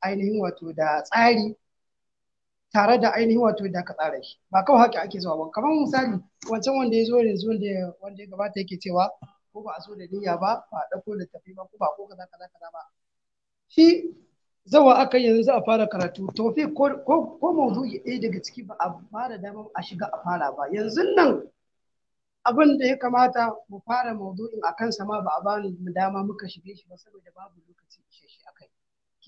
S2: ainihin wato da tsari tare da ainihin wato da ka tsara shi ba kawai haka ake zuwa ba kamar misali wancan wanda ya zo yanzu wanda ya gabata yake cewa ko ba a so da niyya ba ba a ɗauko da tafi ba ko ba ko kaza kaza kaza ba shi zawa aka yanzu a fara karatu tofi ko mawdu'i ɗaya daga ciki ba a fara dama a shiga a fara ba yanzu nan abin da ya kamata mu fara mawdu'in a kansa ma ba a bani dama muka shige shi ba saboda babu lokaci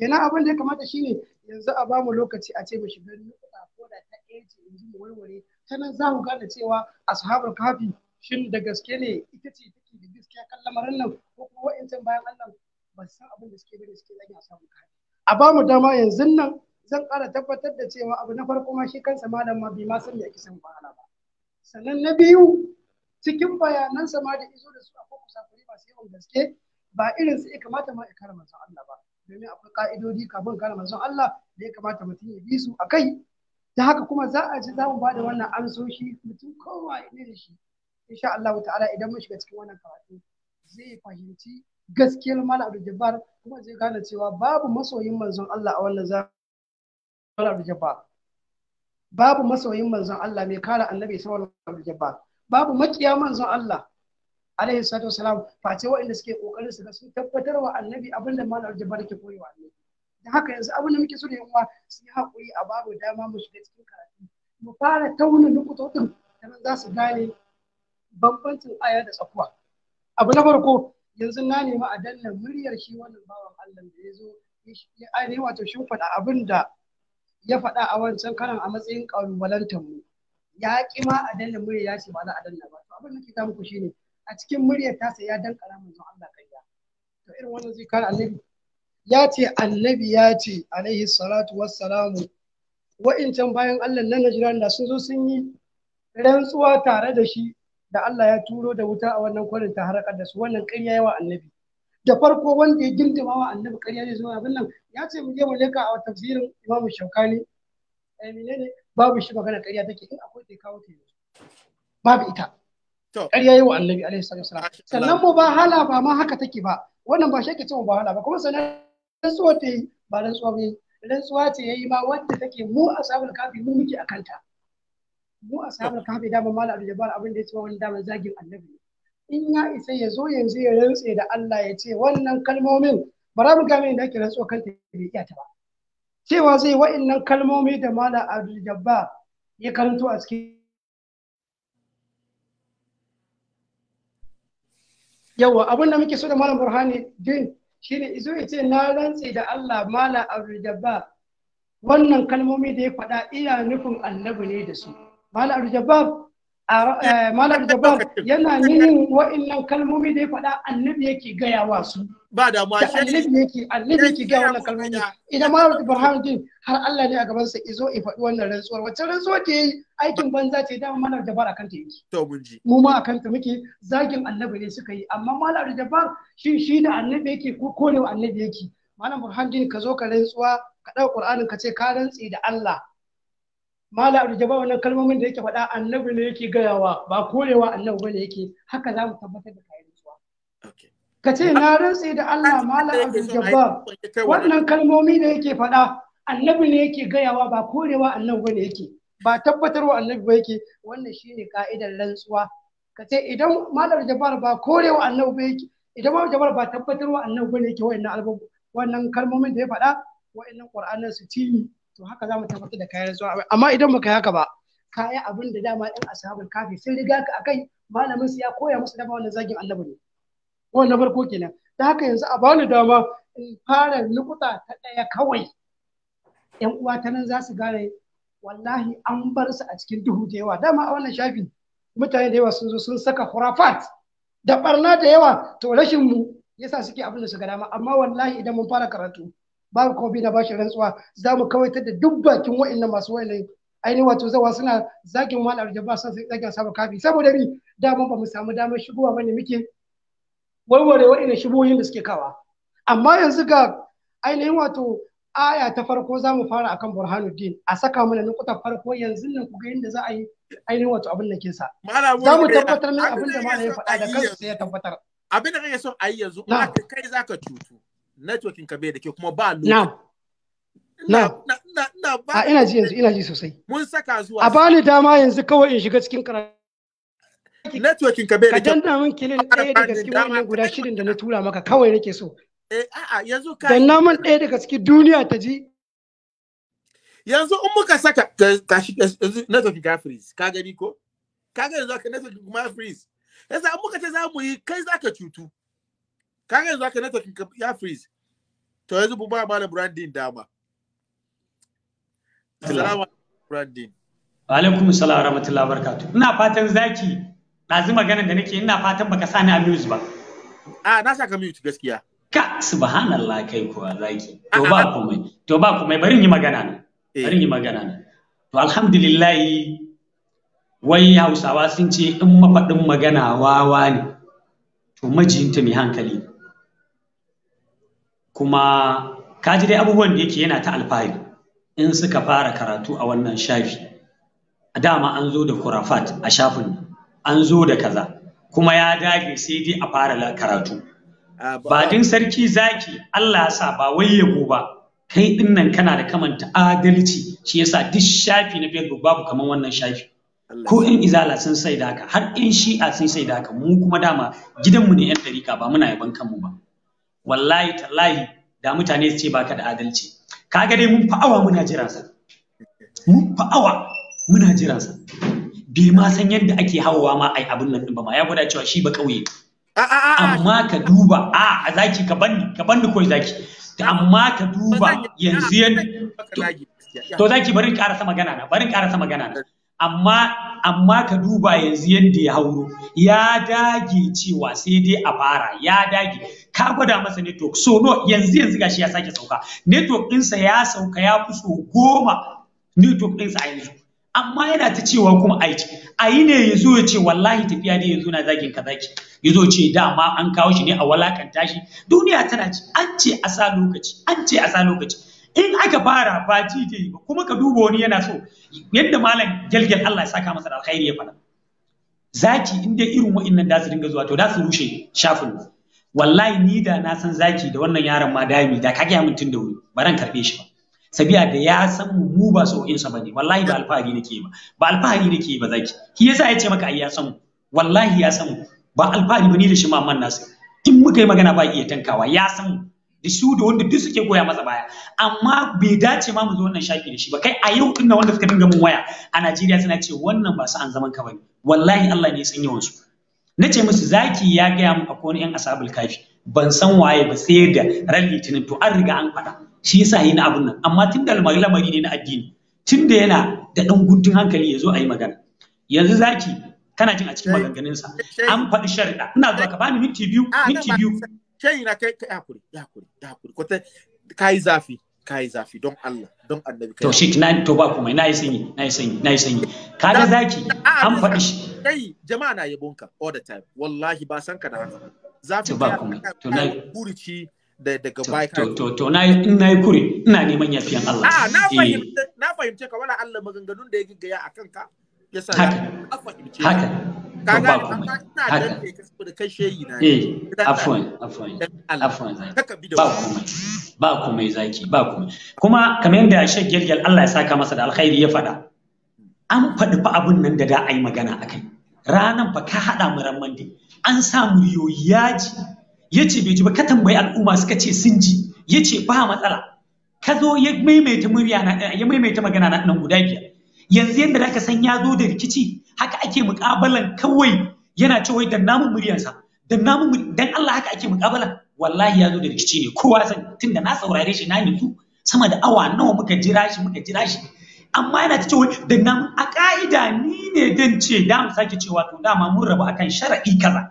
S7: kenan abin da ya kamata shine
S2: yanzu a bamu lokaci a ce mu shiga nukuta ko da ta ɗaya ce yanzu mu warware ta nan za mu gane cewa ashabul kafi shin da gaske ne ita ce take da gaskiya kan lamarin nan ko kuma wa'ancan bayan Allah ba san abin da suke bane suke a ashabul kafi a bamu dama yanzu nan zan ƙara tabbatar da cewa abu na farko ma shi kansa malam ma bai ma san me ake san wahala ba sannan na biyu cikin bayanansa ma da izo da su akwai kuri masu yawan gaske ba irin su ya kamata ma ya kare Allah ba domin akwai ka'idodi kafin gane manzon Allah da ya kamata mutum ya bi su a kai ta haka kuma za a ji za mu bada wannan amsoshi mutum kowa ne da shi insha Allah ta'ala idan mun shiga cikin wannan karatu zai fahimci gaskiyar Malam Abdul Jabbar kuma zai gane cewa babu masoyin manzon Allah a wannan zamanin Malam Abdul Jabbar babu masoyin manzon Allah mai kare annabi sallallahu alaihi wasallam babu makiya manzon Allah alaihi salatu wasalam face waɗanda suke kokarin su ga su tabbatar wa annabi abin da malam jabar ke koyewa annabi da haka yanzu abin da muke so ne yanwa su yi haƙuri a babu dama mu shiga cikin karatu mu fara tauna nukutotin da nan za su gane bambancin aya da tsakuwa abu na farko yanzu na nemi a danna muryar shi wannan bawan Allah da ya zo ya aine wato shi faɗa abin da ya faɗa a wancan karan a matsayin ƙalubalantar mu ya ƙi ma a danna muryar ya ce ba za a danna ba abin da ke muku shine a cikin ta sai ya dankara manzon Allah ƙarya to irin wannan zai kare annabi ya ce annabi ya ce alaihi salatu wa in can bayan Allah na Najran da sun zo sun yi rantsuwa tare da shi da Allah ya turo da wuta a wannan kwarin ta harakar da su wannan ƙarya yawa annabi da farko wanda ya gindima wa annabi ƙarya ne zuwa abin nan ya ce mu je mu leka a tafsirin Imam Shaukani eh menene babu shi magana ƙarya take in akwai ta kawo ta babu ita ƙarya yi wa annabi alaihi salam sannan mu ba hala ba ma haka take ba wannan ba shi ke cewa ba hala ba kuma sannan rantsuwa ta yi ba rantsuwa ba rantsuwa ce yayi ma wanda take mu a sabon kafi mu muke kanta. mu ashabul kafi da ba mallam Abdul Jabbar abin da ya ce wani da zagin annabi in ya isa ya zo yanzu ya rantse da Allah ya ce wannan kalmomin ba za mu game da ake rantsuwa kanta ya bai iya ta ba cewa zai wa'annan kalmomi da Malam Abdul Jabbar ya karanto a cikin yawa abin da muke so da malam burhani din shine izo ya ce na rantse da Allah malam abdul wannan kalmomi da ya faɗa iya nufin annabi ne da su malam abdul Eh, Malam Jabbar yana nihin wa'innan kalmomi da ya faɗa annabi yake gaya wa su. Ba da ma shi. Annabi yake annabi yake gaya wannan kalmomi. Idan Malam Burhanuddin har Allah ne a gaban sa izo ya faɗi wannan rantsuwar. Wacce rantsuwa ke yi aikin banza ce dama Malam Jabbar akan ta yake. To mun ji. Mu ma akan ta muke zagin annabi ne suka yi amma Malam Jabbar shi shi da annabi yake ko korewa annabi yake. Malam Burhanuddin ka zo ka rantsuwa ka ɗau Qur'anin ka ce ka rantsi da Allah. mala abu jaba wannan kalmomin da yake faɗa annabi ne yake gayawa ba korewa annabi bane yake haka za mu tabbatar da kayan rantsuwa ka ce na rantse da Allah mala abu jaba wannan kalmomi da yake faɗa annabi ne yake gayawa ba korewa annabi bane yake ba tabbatarwa annabi ba yake wannan shine ka'idar rantsuwa ka ce idan malar Jabbar ba korewa annabi ba yake idan malar Jabbar ba tabbatarwa annabi bane yake wannan kalmomin da ya faɗa wa'annan qur'anin su tini to haka za mu tabbatar da kayan zuwa amma idan baka yi haka ba ka yi abin da dama ɗan ashabul kafi sun riga ka akai malamin su ya koya musu dama wannan zagin Allah ne wannan farko kenan Ta haka yanzu a bani dama in fara nukuta ta ɗaya kawai yan uwa ta nan za su gane wallahi an bar su a cikin duhu da yawa dama a wannan shafin mutane da yawa sun zo sun saka khurafat da barna da yawa to rashin mu yasa suke abin da su ga dama amma wallahi idan mun fara karatu babu kofi na bashi rantsuwa za mu kawaitar da duk bakin wa'annan masu wa'annan ainihin wato zawa suna zagin wani ba sun sai zagin samun kafi saboda ni daman ba mu samu damar shigowa bane muke warware wa'annan shigoyin da suke kawa amma yanzu ga ainihin wato aya ta farko za mu fara akan burhanuddin a saka mana nukutar farko yanzu nan ku ga yadda za a yi ainihin wato abin da sa za mu tabbatar mai abin da malam ya faɗa da kansa
S1: sai ya tabbatar abin da kake son a yi yanzu kai za ka cutu networking ka bai da kyau kuma ba lokaci. Na.
S2: Na. A ina ji yanzu ina ji sosai.
S1: Mun saka zuwa. A bani
S2: dama yanzu kawai in shiga cikin karatu. Networking ka bai da kyau. Ka danna min kilin ɗaya daga cikin wannan guda shirin da na tura maka kawai nake so.
S1: Eh a'a yanzu ka. Danna min
S2: ɗaya daga cikin duniya ta ji.
S1: Yanzu in muka saka kashi networking ka freeze ka gani ko? Ka gani yanzu ka networking kuma freeze. Yasa in muka ce za mu yi kai za ka cutu. ga yanzu haka networking ya freeze to yanzu bu ba malam branding dama
S4: assalamu alaikum wa alaikum assalam wa rahmatullahi wa barakatuh ina fatan zaki ɗazu maganar da nake ina fatan baka sa ni amuse ba a ah, na saka mute gaskiya ka subhanallah kai kuwa zaki ah, to ba ah, komai to ba komai bari in yi magana na eh. bari in yi magana na to alhamdulillah wai hausawa sun ce in mafaɗin magana wawa ne to majiyinta mai hankali kuma ka ji dai abubuwan da yake yana ta alfahari in suka fara karatu a wannan shafi a dama an zo da kurafat a shafin an zo da kaza kuma ya dage sai dai a fara karatu ba din sarki zaki Allah sa ba wai yabo ba kai din nan kana da kamanta adalci shi yasa duk shafi na Facebook babu kaman wannan shafi ko in izala sun sai da haka har in shi'a sun sai da haka mu kuma dama gidanmu ne yan dariƙa ba muna yaban kanmu ba wallahi tallahi da mutane su ce baka da adalci kaga dai mun fa'awa muna jira sa mun fa'awa muna jira sa bai ma san yadda ake hawawa ma ai abin nan din ba ma ya gwada cewa shi ba kauye amma ka duba a zaki ka bani ka bani koi zaki amma ka duba yanzu yadda to zaki bari karasa magana na bari karasa magana na amma amma ka duba yanzu yadda ya hauro ya dage cewa sai dai a fara ya dage ka gwada masa network so no yanzu yanzu gashi ya sake sauka network sa ya sauka ya fi goma network ɗinsa a yanzu amma yana ta cewa kuma aiki ayi ne ya zo ya ce wallahi tafiya ne zo na zagin ka zaki ya zo ce dama an kawo shi ne a walakanta shi duniya tana ci an ce a sa lokaci an ce a sa lokaci in aka fara ba ci ba kuma ka duba wani yana so yadda malam gelgel Allah ya saka masa alkhairi ya fara. zaki inda irin wa'annan da su dinga zuwa to da su rushe shafin wallahi ni da na san zaki da wannan yaron ma dami da ka gaya min da wuri ba ran karbe shi ba sabiya da ya san mu mu ba so ba bane wallahi ba alfahari nake ba ba alfahari nake ba zaki ki yasa ya ce maka ai ya san mu wallahi ya san mu ba alfahari bane da shi mamman nasu in muka yi magana ba iya tankawa ya san mu da su da wanda duk suke koya masa baya amma bai dace ma mu zo wannan shaki da shi ba kai a yau din wanda suka dinga mun waya a Najeriya suna ce wannan ba su an zaman ka bane wallahi Allah ne ya san yawan na ce musu zaki ya gaya mu akwai wani yan asabul kafi ban san waye ba sai da ran litinin to an riga an faɗa shi yasa yi na abun nan amma tun da lamari ne na addini tun da yana da ɗan guntun hankali ya zo a yi magana yanzu zaki kana jin a cikin maganganunsa an faɗi shari'a. ina zuwa ka bani minti biyu minti biyu shayi
S1: na kai ka yi zafi kai zafi don Allah don annabi
S4: kai to shi na to ba kuma yi sanyi na yi sanyi na yi sanyi ka ga zaki an faɗi shi
S1: kai jama'a na yabon ka all the time wallahi ba san ka da haka zafi ba kuma to na kurici
S4: da daga bai kai to to na nayi in yi kure ina neman yafiyan Allah a na eh. fahimta
S1: na fahimce ka wala Allah maganganun da ya giggaya akan ka yasa haka
S4: haka Ka kaga ina
S1: dan ne ka
S4: da kashe yi na eh afwan afwan afwan ba komai ba komai zaki ba komai kuma kamar yadda Sheikh Gelgel Allah ya saka masa da alkhairi ya faɗa an faɗi fa abun nan da da yi magana a kai. ranan fa ka haɗa muramman ramande an sa muryoyi ya ji ya ce bai ji ba ka tambayi al'umma suka ce sun ji ya ce ba matsala ka zo ya maimaita murya na ya maimaita magana na nan guda biyar yanzu yadda zaka san ya zo da rikici haka ake mukabalan kawai yana cewa da namun muryarsa dan namun dan Allah haka ake mukabala wallahi ya zo da rikici ne kowa san tunda na saurare shi na nutsu sama da awa nawa muka jira shi muka jira shi amma yana ta cewa da nan a ka'ida ni ne dan ce da mu sake cewa to dama mun rabu akan shara'i kaza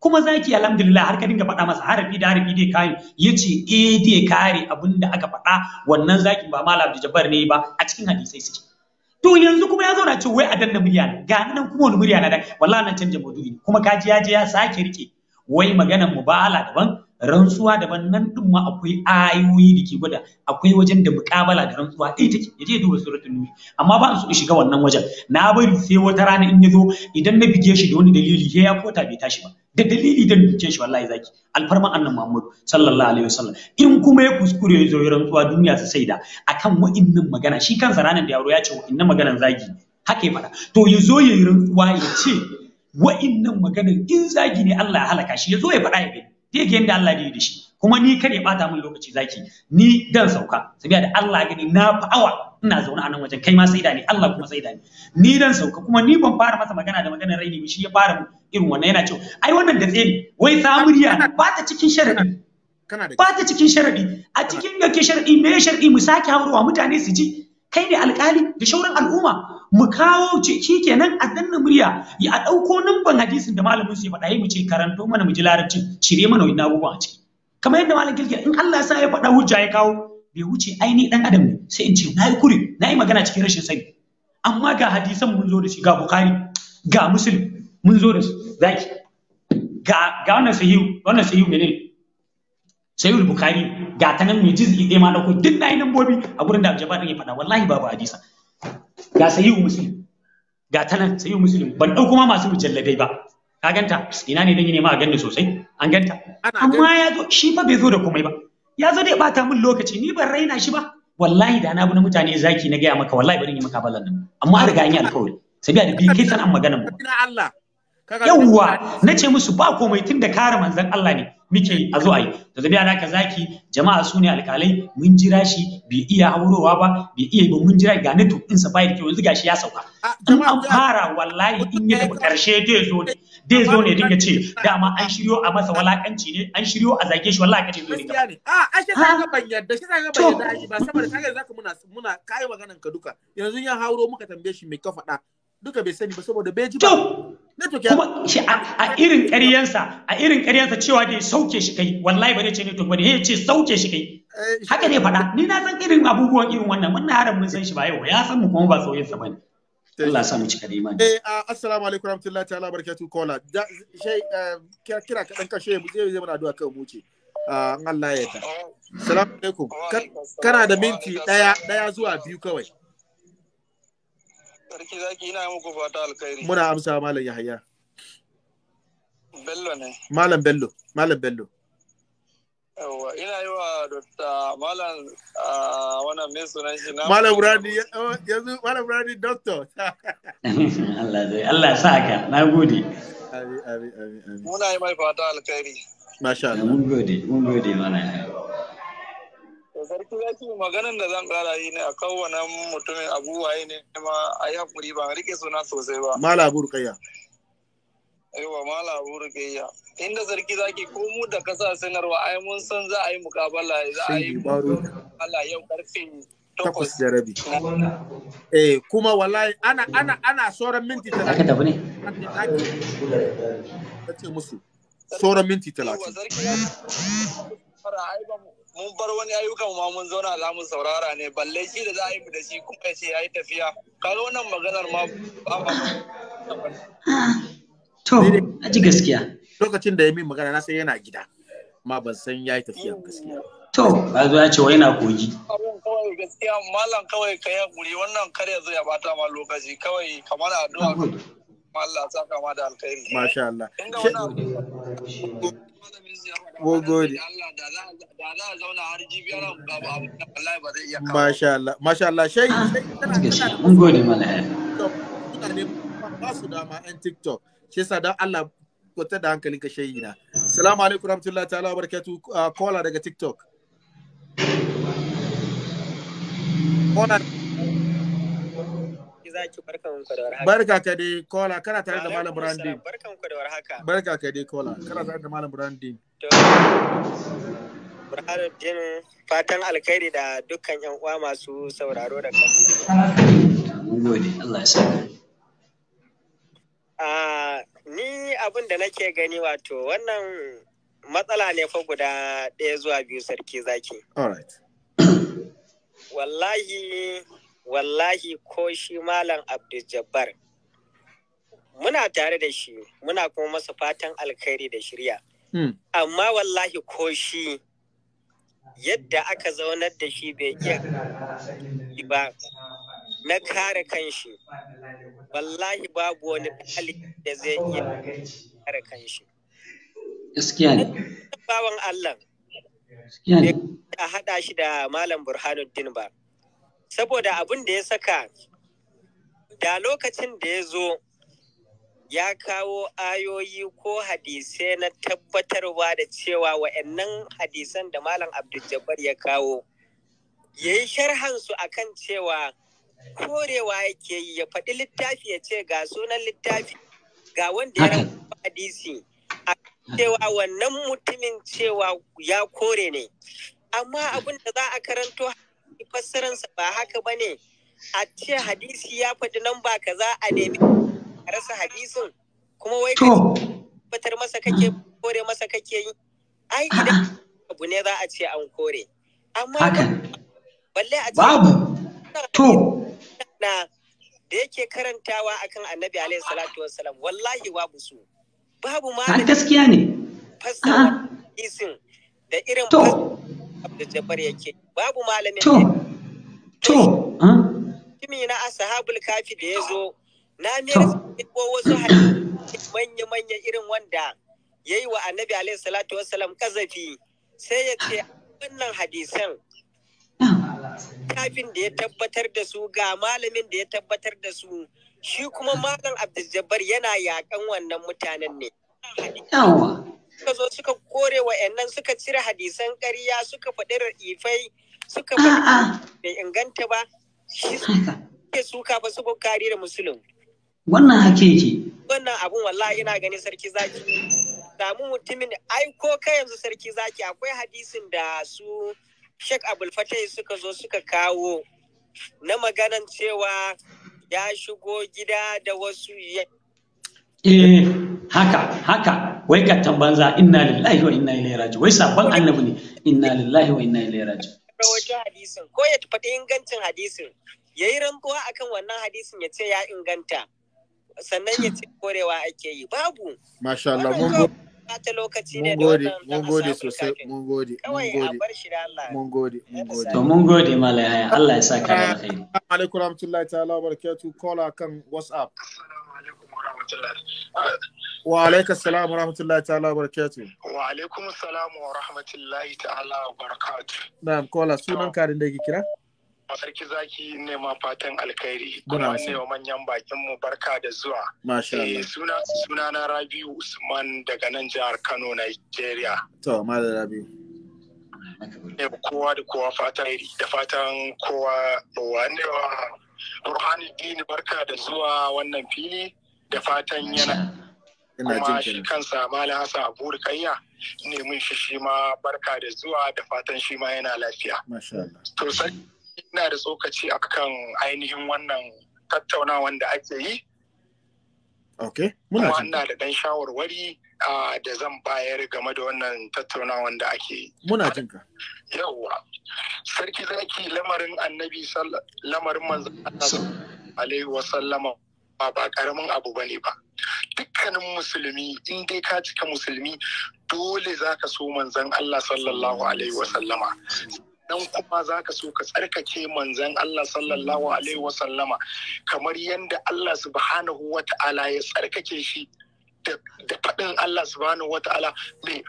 S4: kuma zaki alhamdulillah har ka dinga faɗa masa harafi da harafi dai kayan yace eh dai kare abinda aka faɗa wannan zaki ba malam Jabbar ne ba a cikin hadisai suke to yanzu kuma ya zauna ce wai a danna murya na ga nan kuma wani murya na da wallahi nan canja maudu'i kuma kaji ya je ya sake rike wai maganar mubala daban rantsuwa daban nan din ma akwai ayoyi da ke gwada akwai wajen da muƙabala da rantsuwa ɗaya take ya je duba suratul nur amma ba su shiga wannan wajen na bari sai wata rana in ya zo idan na bige shi da wani dalili ya kota bai tashi ba da dalili dan duke shi wallahi zaki alfarman annan Muhammad sallallahu alaihi wasallam in kuma ya kuskure ya zo ya rantsuwa duniya su saida akan wa'innan magana shi kansa ranar da yaro ya ce wa'innan maganan zagi haka ya faɗa to ya zo ya yi rantsuwa ya ce wa'innan maganan in zagi ne Allah ya halaka shi ya zo ya faɗa ya gani zai ga yadda Allah ya da shi kuma ni kar ya bata min lokaci zaki ni dan sauka sabiya da Allah gani na fa'awa. ina zaune a nan wajen kai ma sai da ni Allah kuma sai da ni ni dan sauka kuma ni ban fara masa magana da maganar raini ba shi ya fara irin wannan yana cewa ai wannan da tseni wai samuriya ba ta cikin sharadi ba ta cikin sharadi a cikin gake sharadi me sharadi mu sake haurowa mutane su ji kai ne alkali da shauran al'umma mu kawo shi kenan a danna murya ya a ɗauko numban hadisin da malamin su ya faɗa mu ce karanto mana mu ji larabcin cire mana wani abubuwan a ciki kamar yadda malam kirkir in Allah ya sa ya faɗa hujja ya kawo bai wuce aini dan adam ne sai in ce na yi nayi na yi magana cikin rashin sani amma ga hadisan mun zo da shi ga bukhari ga muslim mun zo da su zaki ga ga wannan sahihu wannan sahihu ne sayyid bukhari ga ta nan mai jizgi ɗaya ma na ko duk nayi nambobi a gurin da aljaba ya faɗa wallahi babu hadisa ga sahihu muslim ga ban ɗau kuma masu mujalladai ba ka ganta ina ne dan yi ma a ganta sosai an ganta amma ya zo shi fa bai zo da komai ba ya zo dai bata min lokaci ni ban raina shi ba wallahi da na bi na mutane zaki na gaya maka wallahi bari yi maka ballan nan amma har riga an yi alkawari sabiya da bi kai sanan maganar mu Allah yawwa na ce musu ba komai tun da kare manzon Allah ne muke a zo a yi da zabi ana ka zaki jama'a su ne alkalai mun jira shi bai iya haurowa ba bai iya ba mun jira ga in ɗinsa bai ke yanzu gashi ya sauka in an fara wallahi in ya da karshe dai zo ne dai zo ne dinga ce dama an shiryo a masa walakanci ne an shiryo a zage shi wallahi ce zo ne a
S1: ashe ta ga ban yadda shi ta ga ban yadda ba saboda ta ga zaka muna muna kai maganan ka duka yanzu ya hauro muka tambaye shi me ka faɗa duka bai sani ba saboda bai ji ba
S4: kuma shi a irin ƙaryansa a irin ƙaryansa cewa dai sauke shi kai wallahi ba ne ce network ba ne ya ce sauke shi kai eh, haka ne faɗa ni na san irin abubuwan irin wannan mun na haram mun san shi ba yau ya san mu kuma ba sauyin sa bane eh, Allah ya sa mu cika da imani eh
S1: ah, assalamu alaikum warahmatullahi ta'ala barakatuh kola shi eh, kira dan kashe mu zai zai muna addu'a kan mu ah, Allah ya yarda assalamu alaikum kana da minti daya daya zuwa biyu kawai sarki zaki ina muku fata alkhairi muna amsa malam yahaya bello ne malam bello malam bello yawa ina yi wa dokta malam wannan mai sunan shi na
S4: malam buradi
S1: oh, yanzu malam buradi doctor
S4: Allah zai Allah sa ka
S11: na gode muna yi mai fata alkhairi masha Allah mun gode mun gode malam sarki ce maganan da zan kara yi ne a kowane mutumin abu waye ne ma a yi haƙuri ba rike suna sosai ba
S1: mala abu rukaiya aiwa mala abu rukaiya inda sarki za ki komo da kasa sanarwa ai mun san za a yi mukabala za a yi mukabala yau karfe takwas da rabi eh kuma wallahi ana ana ana sauran minti talatin musu sauran minti talatin
S3: mun bar wani ayyukan ma mun zauna za mu saurara ne balle shi da za a yi da shi kuma ya ce ya yi tafiya kaga wannan maganar ma
S4: ba to a ji gaskiya
S1: lokacin da ya min magana na sai yana gida amma ban san
S4: ya yi tafiya gaskiya to ba zo ya ce wai na kogi kawai gaskiya mallam kawai ka yi wannan kar ya zo ya bata ma lokaci kawai kamar addu'a Allah
S1: saka ma da alkhairi masha Allah ko gode masha Allah masha Allah shai ah, mun gode malaya ba su dama yan tiktok shi yasa dan Allah kwata da hankalin ka shayi na assalamu alaikum rahmatullahi ta'ala wa barakatuh kola uh, daga tiktok kola daga
S6: zaki barkan ku da warhaka. Barka ka
S1: dai kola kana tare da Malam Branding. Barkan ku da warhaka. Barka ka dai kola kana tare da Malam Branding. Burhanuddin fatan
S9: alkhairi da dukkan yan uwa masu sauraro da kan. Gode Allah ya saka. Ah, ni abin da nake gani wato wannan matsala ne fa guda ɗaya zuwa biyu sarki zaki. All right. Wallahi wallahi ko shi malam abdul muna tare da shi muna kuma masa fatan alkhairi da shirya hmm. amma wallahi ko shi yadda aka zaunar da shi bai iya ba na kare kan shi, wallahi babu wani ɗalibi da zai iya kare kanshi gaskiya ne bawan Allah a haɗa shi da malam burhanuddin ba saboda abin da ya saka da lokacin da ya zo ya kawo ayoyi ko hadisai na tabbatarwa da cewa wa'annan hadisan da malam abdul ya kawo ya yi sharhansu a kan cewa korewa yake yi ya faɗi littafi ya ce ga sunan littafi ga wanda ya rabu hadisi a cewa wannan mutumin cewa ya kore ne amma abin da za a karanto fassaransa ba haka ba ne a ce hadisi ya faɗi nan ba kaza a nemi a rasa hadisin kuma wai ka fatar masa kake kore masa kake yi ai idan abu ne za a ce an kore amma balle a ce babu
S4: to na da yake karantawa akan annabi alaihi salatu wassalam wallahi babu su babu ma gaskiya ne fassara
S9: hadisin da irin fassara da jabar yake babu malamin to to kimi na ashabul kafi da yazo na mai ko wasu manya manya irin wanda yayi wa annabi alaihi salatu wassalam kazafi sai ya ce wannan hadisan ah. kafin da ya tabbatar da su ga malamin da ya tabbatar da su shi kuma malam abdul yana yakan wannan mutanen ne suka zo suka kore wa suka cire hadisan ƙarya suka faɗi ifai suka ba da inganta ba shi suka ba su bukari da musulun wannan hakiki wannan abun wallahi ina gani sarki zaki samu mutumin ai ko kai yanzu sarki zaki akwai hadisin da su Sheikh Abul Fatai suka zo suka kawo na maganan cewa ya shigo gida da wasu ya
S4: Eh, haka, haka, wai ka tambanza inna lillahi wa inna ilaihi raji, wai sabon annabi ne, inna lillahi wa inna ilaihi raji.
S9: wajen hadisin ko ya faɗi ingancin hadisin ya yi rantsuwa akan wannan hadisin ya ce ya inganta sannan ya ce korewa ake yi babu
S1: masha Allah mun gode
S9: lokaci ne da mun gode sosai
S1: mun gode mun gode mun gode mun gode to mun gode malai Allah ya da alheri assalamu alaikum warahmatullahi ta'ala kan whatsapp assalamu alaikum warahmatullahi Wa alaikas salam wa rahmatullahi ta'ala wa barakatu. Wa
S10: alaikum salam wa rahmatullahi ta'ala wa barakatu.
S1: Na'am, kola sunan karin da yake kira?
S10: Sarki zaki ne ma fatan
S1: alkhairi. Kuna ne wa manyan bakin mu barka da zuwa. Masha Allah. Eh, suna suna na Rabiu Usman daga nan jihar Kano, Nigeria. To, malam Rabiu. Ne kowa da kowa fatan da fatan kowa
S10: wa ne wa barka da zuwa wannan fili da fatan yana kuma shi kansa malam Hassan Abu Rukayya ne mun shi shi ma barka da zuwa da fatan shi ma yana lafiya. To sai ina da tsokaci akan ainihin wannan tattauna wanda ake yi.
S5: Okay. Muna
S10: ina da ɗan shawarwari da zan bayar game da wannan tattauna wanda ake yi. Muna jinka. Yawwa. Sarki zaki lamarin annabi lamarin manzon Allah alaihi wasallama ba ba karamin abu bane ba dukkanin musulmi in dai ka cika musulmi dole za ka so manzan Allah sallallahu alaihi wasallama dan kuma za ka so ka tsarkake manzan Allah sallallahu alaihi wasallama kamar yadda Allah subhanahu wa ta'ala ya tsarkake shi da faɗin Allah subhanahu wa ta'ala mai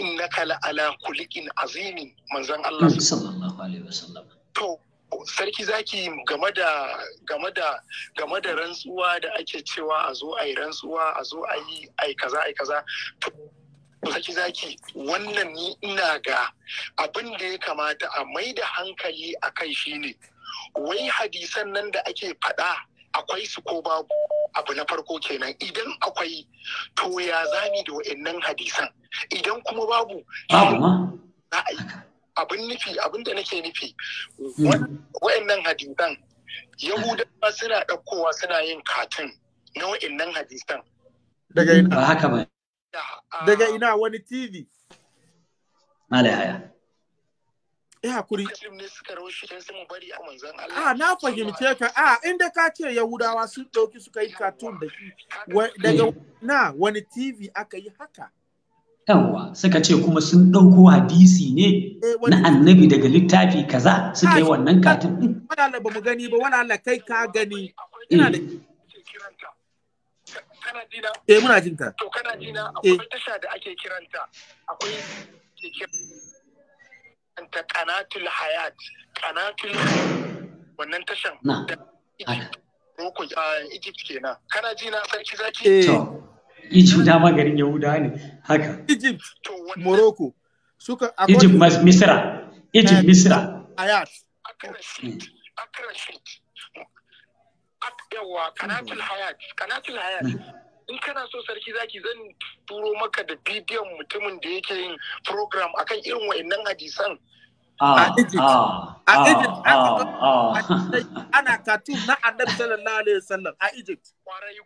S10: innaka la ala kulikin azimin manzan Allah
S9: sallallahu
S8: alaihi
S10: wasallama to sarki zaki game da game da game da rantsuwa da ake cewa a zo a yi rantsuwa a zo a yi ai kaza ai kaza sarki zaki wannan ni ina ga abin da ya kamata a mai da hankali a kai shi ne. wai hadisan nan da ake faɗa akwai su ko babu abu na farko kenan idan akwai to ya zami da wa'annan hadisan idan kuma babu za abin nufi abin da nake nufi
S5: hmm.
S10: wa'annan hadisan yahudawa suna ɗaukowa suna yin katin na wa'annan hadisan
S4: daga ina haka ba
S1: daga ina wani tv malaya ya eh, hakuri
S10: a ah, na fahimce
S1: ka a ah, inda ka ce yahudawa sun ɗauki suka yi katun da daga na wani tv aka yi haka
S4: yawwa suka ce kuma sun ɗauko hadisi ne eh, na annabi daga littafi kaza suka yi wannan katin din
S1: wani ba mu gani ba wani Allah kai ka gani eh. ina da eh muna jin ka to
S10: kana jina akwai eh. tasha da ake kiranta akwai ke kiranta qanatul hayat qanatul wannan tashan
S4: na ko Egypt kenan kana jina sarki zaki Egypt dama garin Yahuda ne haka. Egypt,
S1: Morocco. Suka, Egypt, Misra.
S4: Egypt, eh, Misra.
S1: Ayat. Hmm.
S10: Yawa, kanatul hmm. hayat, kanatul hayat. Hmm. In kana so sarki zaki zan turo maka da bidiyon mutumin da yake yin program akan irin
S1: wa'annan hadisan.
S4: Ah, a Egypt. Ah, a ah, Egypt
S1: ana katun na annabi sallallahu alaihi wasallam a Egypt.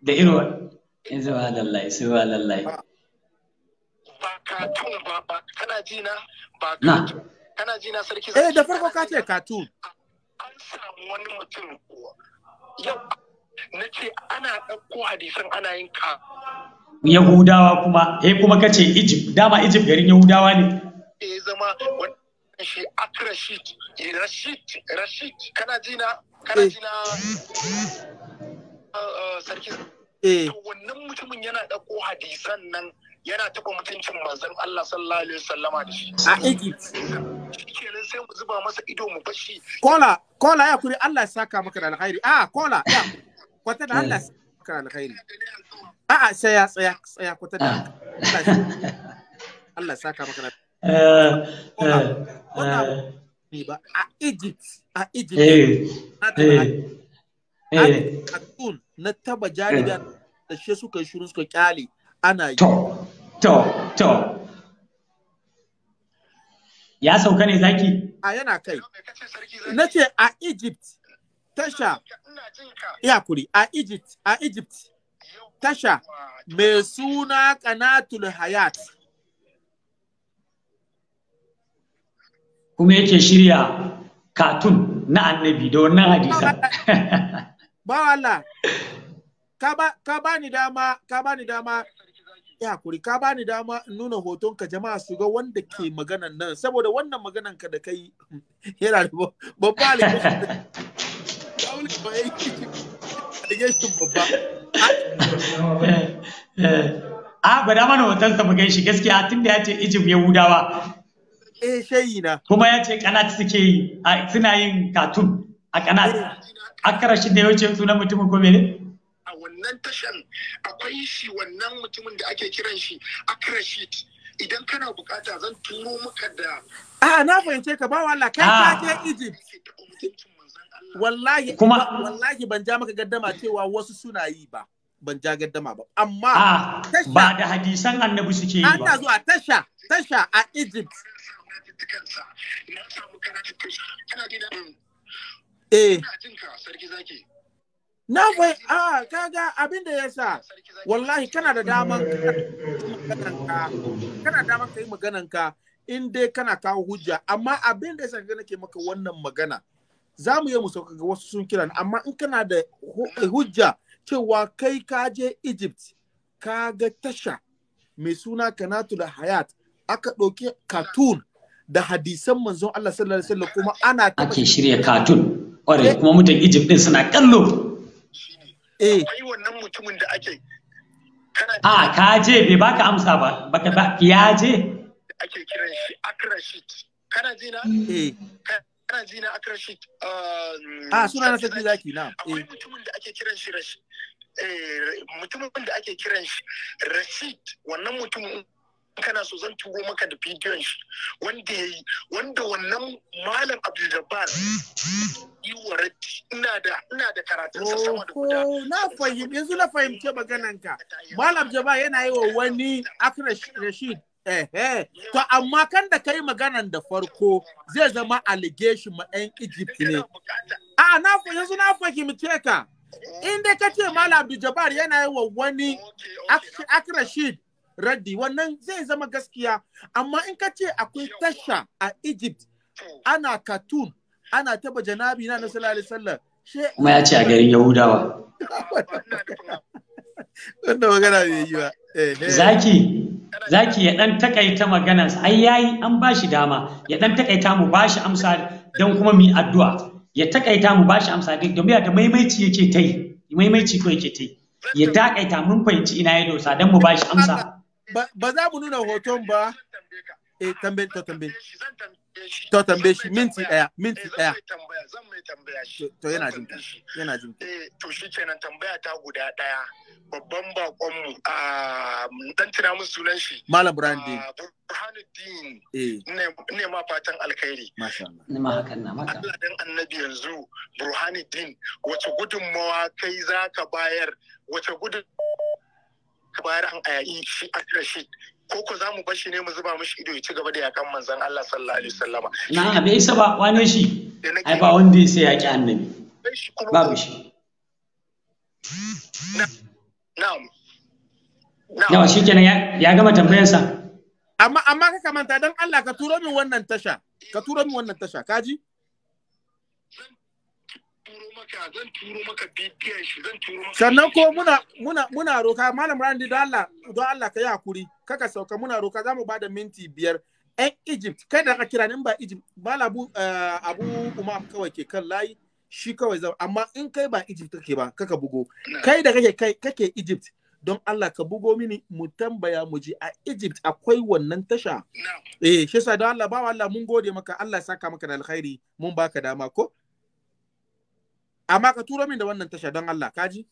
S4: Da irin Subhanallah, subhanallah.
S1: Ba katun ba, ba kana ji na
S8: ba katun.
S1: Kana ji na sarki zaki. Eh da farko ka ce katun. An
S10: samu wani mutum yau na ce ana ɗauko hadisan ana yin ka.
S4: Yahudawa kuma, eh kuma ka ce Egypt, dama Egypt garin Yahudawa ne. Eh zama wani
S10: shi Akrashid, eh, Rashid, Rashid, kana ji na, kana eh. ji na uh, uh, sarki zaki. Eh. to wannan mutumin yana ɗauko hadisan nan yana taɓa mutuncin manzon Allah sallallahu alaihi wasallama da shi a Egypt shikenan sai mu zuba masa ido mu bashi
S1: kola kola ya kuri Allah ya saka maka da alkhairi a ah, kola ya kwata da Allah ya eh. saka da alkhairi a a sai ya
S2: tsaya tsaya kwata da Allah ya saka maka da
S4: alkhairi eh, ba a
S2: Egypt a
S5: Egypt a Egypt na taba
S1: jaridar eh. da shi suka yi shiru suka kyale
S4: ana yi. To, to, to. Ya sauka ne zaki?
S1: A yana kai. Na ce a Egypt tasha ya kuri a Egypt a Egypt tasha mai suna Kanatul Hayat.
S4: Kuma yake shirya katun na annabi da wannan hadisa.
S1: ba Allah ka ba ni bani dama ka ni dama ya kuri ka bani dama nuna hoton ka jama'a su ga wanda ke maganan nan saboda wannan maganan ka da kai yana da babba
S4: a ba da mana hoton ka magan shi gaskiya tun da ya ce ijim Yahudawa eh shayi na kuma ya ce kanat suke yi ah, suna yin katun a kanat eh. akara shi da yawancin sunan mutumin ko mene? A wannan tashan
S10: akwai shi wannan mutumin da ake kiran shi akara shi idan kana bukata zan turo maka da.
S1: A ah, na fahimce ka ba wala kai ka je ah. Egypt. Wallahi kuma wallahi ban ja maka gaddama cewa wasu suna yi ba. Ban ja gaddama ba. Amma ah, ba da
S4: hadisan annabi suke yi ba. Ana
S1: zuwa tasha tasha a Egypt. Na samu tasha. Kana Eh. Na fai, ah, kaga abin da ya sa, wallahi kana da daman kana da daman ka yi ka in dai kana kawo hujja, amma abin da ya sa ke maka wannan magana, za mu yi mu sauka ga wasu sun kira amma in kana da eh, hujja cewa kai ka je Egypt, ka ga tasha mai suna Kanatu da Hayat, aka ɗauki cartoon da hadisan manzon Allah sallallahu alaihi wasallam kuma ana ake shirya cartoon
S4: kware eh? kuma mutan Egypt din suna kallo eh akwai wannan mutumin da ake a ka je bai baka amsa ba baka ba ya je ake kiran
S10: shi Akrashit kana ji na eh. kana ji na Akrashit um, a ah, suna na fati
S1: zaki na akwai eh. mutumin
S10: da ake kiran shi Rashid mutumin da ake kiran shi Rashid wannan mutumin kana so zan turo maka da bidiyon shi wanda ya yi wanda wannan malam abdulgabbar yi wa raddi ina
S1: da ina da karatun sa sama da guda na fahimci yanzu na fahimci magananka malam jaba yana yi wa wani akrash rashid Eh, eh. To amma kan da kai maganan da farko zai zama allegation ma ɗan Egypt ne. A na yanzu na fahimce ka. In dai ka ce Malam Abdul yana yi wa wani Akrashid raddi wannan zai zama gaskiya amma in ka ce akwai tasha a Egypt ana katun ana taba janabi na na sallallahu alaihi wasallam
S4: kuma ya ce a garin Yahudawa wannan magana bai yi ba eh, eh. zaki zaki ya dan takaita magana ai yayi an bashi dama ya dan takaita mu bashi amsa dan kuma mu addu'a ya takaita mu bashi amsa duk da da maimaici yake tai maimaici ko yake tai ya takaita mun fahimci ina ya dosa dan mu bashi amsa
S1: ba za mu nuna hoton ba eh tambaye to tambaye to tambaye shi minti daya minti daya eh, zan mai tambaya shi to yana jin yana jin eh to kenan tambaya ta guda
S10: daya babban bakon mu a dan tira mun sunan shi
S9: malam brandi burhanuddin eh.
S10: ne ma fatan alkhairi
S9: masha Allah ne ma hakan na maka
S10: Allah dan annabi yanzu burhanuddin wace gudunmawa kai zaka bayar wace gudun? aka bayar an ayayi shi Rashid ko ko zamu bar shi ne mu
S4: zuba mishi ido ya ci gaba da yakan manzon Allah sallallahu alaihi wasallama na bai isa ba wani shi ai ba wanda sai yaki annabi babu shi
S1: na'am na'am shi kenan ya gama tambayarsa amma amma ka kamanta dan Allah ka turo min wannan tasha ka turo min wannan tasha kaji sannan ko muna muna muna roka malam Randi don Allah don Allah ka yi hakuri kaka sauka muna roka zamu ba da minti biyar yan Egypt kai da ka kira nan ba Egypt bala abu eh, abu kuma kawai ke kan layi shi kawai zama amma in kai ba Egypt kake ba kaka bugo kai da kake kai kake Egypt don Allah ka bugo mini mu tambaya mu ji a Egypt akwai wannan tasha eh shi sa don Allah ba Allah mun gode maka Allah saka maka da alkhairi mun baka dama ko amma ka turo min da wannan tasha don Allah kaji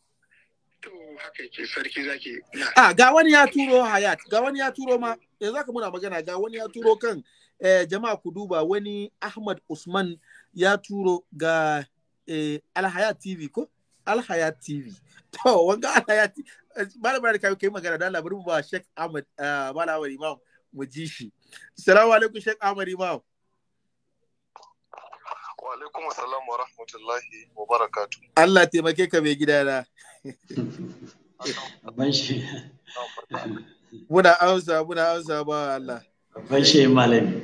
S11: to haka yake sarki zaki
S1: ah, ga wani ya turo hayat ga wani ya turo ma yanzu eh, ka muna magana ga wani ya turo kan eh, jama'a ku duba wani Ahmad Usman ya turo ga eh, Alhayat TV ko Alhayat TV to wanga Alhayat bala eh, bala kai kai magana da Allah mu ba Sheikh Ahmad uh, ah, bala wal Imam mu ji shi assalamu alaikum Sheikh Ahmad Imam Wa alaikum salam wa rahmatullahi wa barakatu. Allah taimake ka mai gida na.
S4: Ban shi.
S1: Muna amsa muna amsa ba Allah.
S4: Ban shi malami.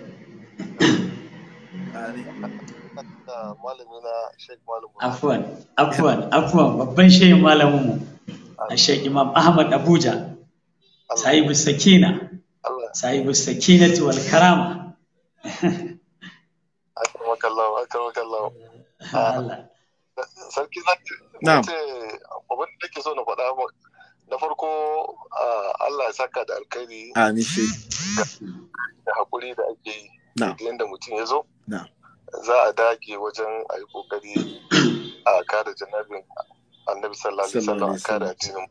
S11: Malami na Sheikh Malamu.
S4: Afwan, afwan, afwan babban shehin malamin mu. Sheikh Imam Ahmad Abuja. Sahibu Sakina. Sahibu Sakinatu wal Karama. akarmakallahu الله ah,
S11: sarki الله ce abin نعم ke so na faɗa na farko ah, Allah ya saka da alkhairi da haƙuri da ake yi yadda mutum ya zo za a dage wajen a yi ƙoƙari a kada janabin annabi sallallahu alaihi wasallam a kada addinin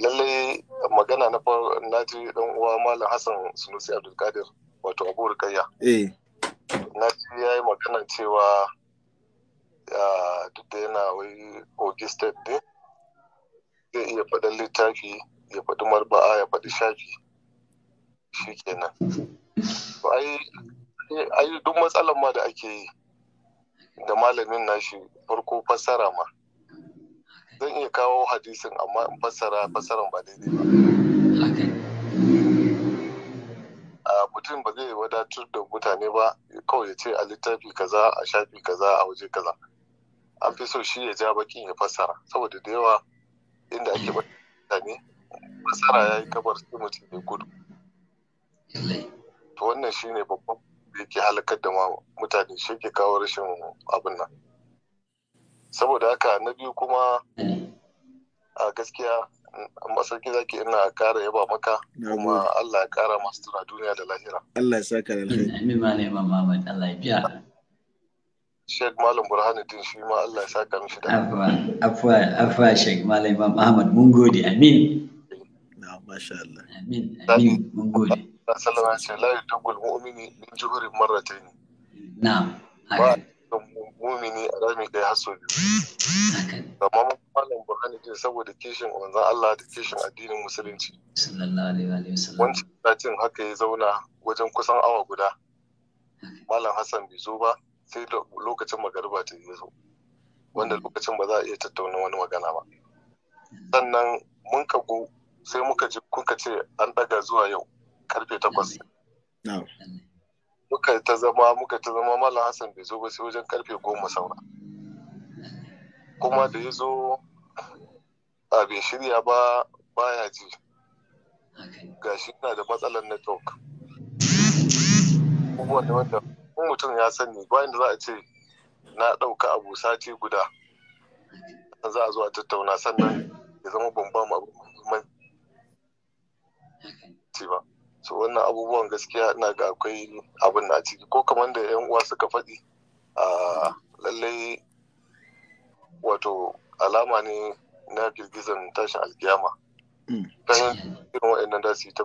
S11: lallai magana na ji dan uwa malam hassan sunusi abdulkadir wato abu rukayya eh. na ya yi magana cewa duk da yana wai kogi ne zai iya faɗin littafi ya faɗi marba'a ya faɗi shafi shi kenan ai duk matsalar ma da ake yi da malamin nashi farko fassara ma zan iya kawo hadisin amma in fassara fassaran ba daidai ba mutum ba zai wadatar da mutane ba kawai ya ce a littafi kaza a shafi kaza a waje kaza an fi so shi ya ja bakin ya fassara saboda da yawa inda ake mutane fassara ya yi kabar sai mutum ya gudu to wannan shi ne babban da yake halakar da mutane shi ke kawo rashin abin nan saboda haka na biyu kuma a gaskiya amma sarki zaki ina kara yaba maka kuma Allah ya kara masu tura duniya da lahira
S9: Allah
S4: ya sa ka lahira amin ma ne ma Muhammad Allah ya biya Sheikh Malam Burhanuddin shi ma Allah ya sa ka mishi da afwa afuwa Sheikh Malam Imam Muhammad mun gode amin na masha Allah amin amin mun gode sallama ce la yudul
S11: mu'mini min juhurin marratayn na'am mumini a rami ɗaya har sau biyu amma mun malam burhani din saboda kishin wanzan Allah da kishin addinin musulunci wancan satin haka ya zauna wajen kusan awa guda malam hassan bai zo ba sai lokacin magariba ta yi zo wanda lokacin ba za a iya tattauna wani magana ba sannan mun kagu sai muka ji kuka ce an daga zuwa yau karfe takwas muka ta zama muka ta zama mala hassan bai zo ba sai wajen karfe goma saura kuma da ya zo a bai shirya ba baya ji gashi na da matsalar network kuma da wanda mutum ya sani bayan da za a ce na ɗauka abu sati guda za a zo a tattauna sannan ya zama bambam abu muhimmanci ba. su wannan abubuwan gaskiya ina ga akwai abin na ciki ko kamar da yan uwa suka faɗi a lallai wato alama ne na girgizan tashin alkiyama kan mm. irin wa'annan da su yi ta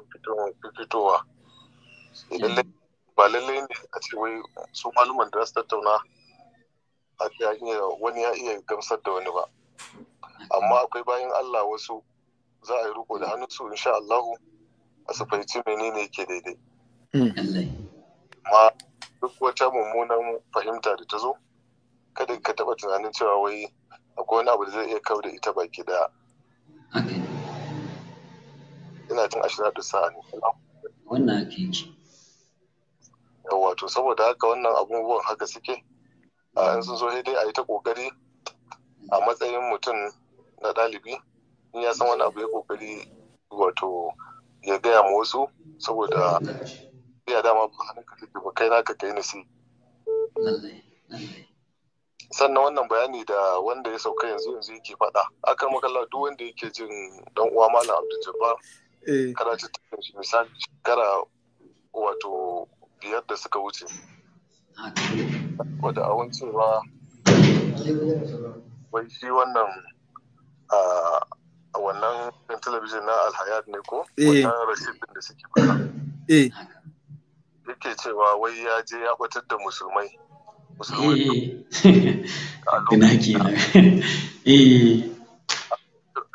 S11: fitowa eh, ba lallai ne a ce wai su maluman da su tattauna a wani ya iya gamsar da wani ba amma akwai bayan allah wasu za a yi riko da hannun insha allahu su fahimci menene yake daidai hmm. ma duk wata mummunan fahimta da ta zo kada ka taɓa tunanin cewa wai akwai wani abu da zai iya kawo da ita baki daya ina cin ashirin da sa'a ne wannan ake Yawwa, to saboda haka wannan abubuwan haka suke a yanzu sun so dai a yi ta kokari a matsayin mutum na ɗalibi in ya san wani abu ya kokari wato ya gaya ma wasu saboda ya dama ba hannun ka ba kai naka kai na sai sannan wannan bayani da wanda ya sauka yanzu yanzu yake faɗa akan makalla duk wanda yake jin dan uwa malam abdul jabbar eh. karatu shi misali shekara wato biyar da suka wuce wadda a wancan wai shi wannan ah, A wannan talabijin na alhayat ne ko eh. wannan rashid ɗin da suke fara eh. yake cewa wai ya je ya batar da musulmai musulmai eh.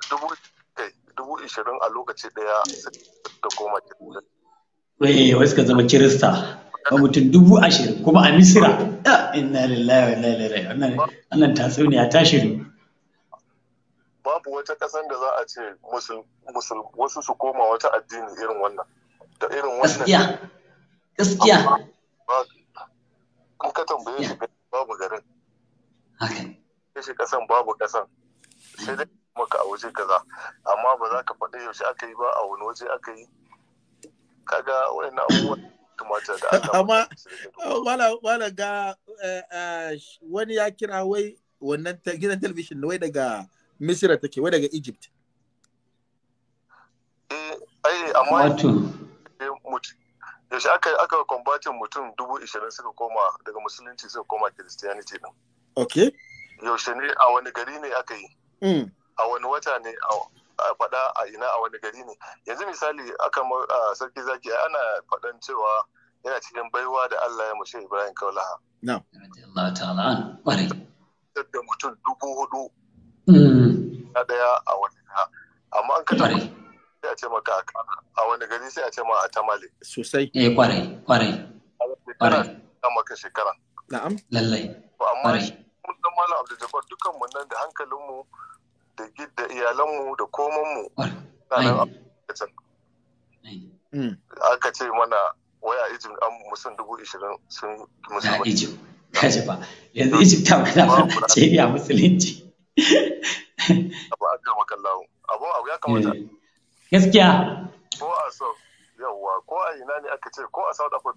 S11: dubu
S4: ishirin a lokaci daya da goma wai wasu ka zama kirista ba mutum dubu ashirin kuma a misira ah, inna lillahi wa inna ilaihi wannan tatsuniya ta shiru
S11: babu wata kasan da za a ce wasu su koma wata addini irin wannan da irin wannan gaskiya in ka tambaye shi babu garin haka shi kasan babu kasan sai dai maka a waje kaza amma ba za ka faɗi yaushe aka yi ba a wani waje aka yi kaga wa'annan abubuwan
S1: amma wala wala ga eh, eh, wani ya kira wai wannan gidan talabishin wai daga misira take wai daga egypt eh ai amma wato eh,
S11: yaushe aka aka combatin mutum dubu ishirin suka koma daga musulunci suka koma christianity din ok yaushe ne a wani gari ne aka yi mm. a wani wata ne a faɗa a ina a wani gari ne yanzu misali aka sarki zaki ana faɗan cewa yana cikin baiwa da Allah ya mushe Ibrahim Kaulaha. Na. Allah ta'ala an. Ƙwarai. Mutum dubu hudu Hmm. na daya a wani amma an ka sai a ce maka a wani gari sai a ce ma a tamale sosai eh kwarai kwarai kwarai maka shekara na'am lallai amma mun dan malam
S4: Abdul Jabbar dukan nan da hankalin mu da gidda iyalan mu da koman mu hmm.
S11: aka ce mana waya ijim an musun dubu ishirin sun
S4: Ijim, kaji ba, yanzu ijim ta ce ya musulunci. Eh, gaskiya. Ko a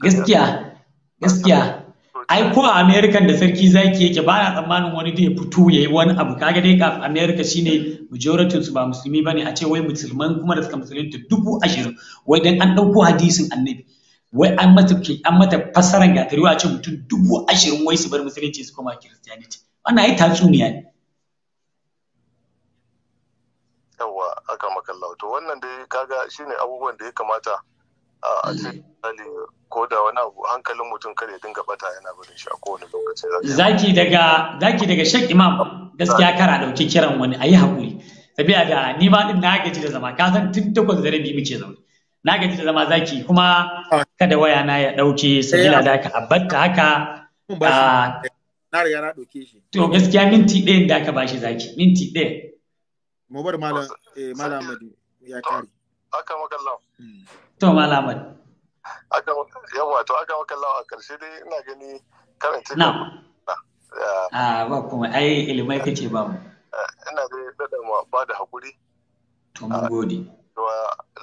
S4: Gaskiya, gaskiya. Ai, ko a American da sarki zaki yake ba na tsammanin wani da ya fito ya yi wani abu. Kaga dai kafin America shine majoritin su ba musulmi bane a ce wai musulman kuma da suka da dubu ashirin wai dan an ɗauko hadisin annabi. wai an mata an mata fassaran gatari a ce mutum dubu ashirin wai su bar musulunci su koma kiristiyaniti wannan ai tatsuniya ne aka makalla to
S11: wannan dai kaga shine abubuwan da ya kamata a ce mm. ko da wani abu hankalin mutum kare dinga bata yana barin shi a kowane lokaci zaki daga zaki daga shek imam
S4: gaskiya kara dauki kiran wani ayi hakuri tabiya da ni ma din na gaji da zama ka san tun takwas da rabi muke zaune na gaji da zama zaki kuma ah. kada waya na ya dauke sabila da ka abatta haka
S1: na riga na dauke
S4: shi to gaskiya minti ɗaya da aka bashi zaki minti ɗaya
S1: mu bar malam eh malam Ahmad
S4: ya kare aka makalla hmm. to malam Ahmad aka yawa to aka makalla a karshe dai ina gani karanta na a ba kuma ai ilimai kace ba mu eh, ina dai dada ma ba da hakuri to mun gode
S11: to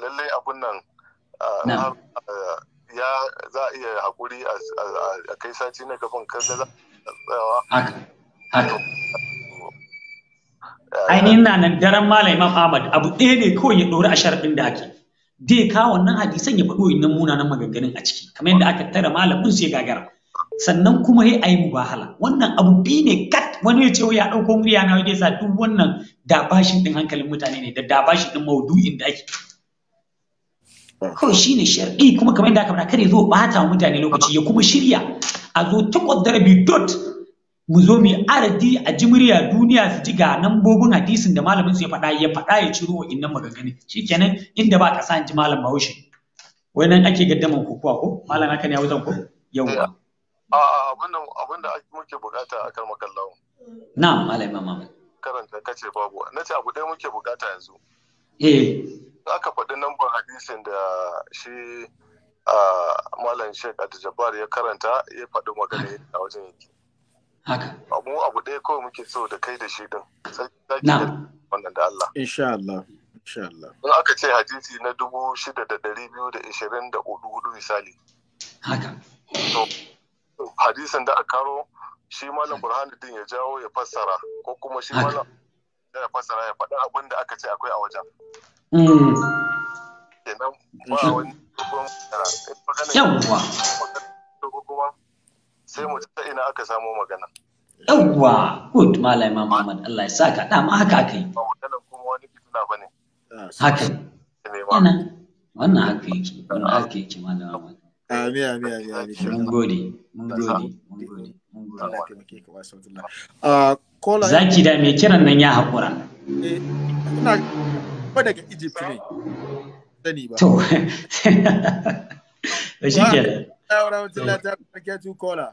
S11: lalle abun nan eh, ya za a iya hakuri a kai sati na gaban kan da za a tsayawa
S4: ainihin na nan daren malam imam ahmad abu ɗaya ne kawai ya ɗori a sharaɗin da ake dai ka wannan hadisan ya faɗo innan munanan maganganun a ciki kamar yadda aka tara malamin su ya gagara sannan kuma ya ayi mu bahala. wannan abu biyu ne kat wani ya ce ya ɗauko murya na wajen sa duk wannan dabashin ɗin hankalin mutane ne da dabashin ɗin maudu'in da ake kawai shine shar'i kuma kamar yadda aka faɗa kare zo ɓata mutane lokaci ya kuma shirya a zo ta ƙwaddara bi dot mu zo mu aradi a ji murya duniya su ji ga nambobin hadisin da malamin su ya faɗa ya faɗa ya ciro wa'innan maganganu shikenan inda ba ƙasa in ji malam bahaushe wai nan ake gaddaman kokowa ko malam haka ne ya wajen ko yawwa eh, abinda
S11: abinda muke bukata a kan makallawo na'am malam imam Ahmad karanta kace babu nace abu ɗaya muke bukata yanzu eh aka faɗi namban hadisin da shi ah, malam Sheikh Abdul Jabbar ya karanta ya faɗi magana a wajen yake mu abu ɗaya kawai muke so da kai da shi din sai wannan da Allah
S1: insha Allah insha
S11: Allah in aka ce hadisi na dubu misali haka to hadisin da karo shi malam ya jawo ya fassara ko kuma shi malam ya fassara ya faɗi abin
S5: da aka ce akwai a wajen mm.
S11: kenan ba wani yawwa sai mu ta ina aka samo magana
S4: yawwa good malai ma Muhammad Allah ya saka da ma haka kai ba wannan wani fitina haka wannan haka yake wannan haka yake malai Muhammad amin amin
S8: mun gode mun gode mun gode mun
S1: gode zaki da mai kiran nan ya hakura eh, ina ba daga Egypt ne ba. To, shi kola.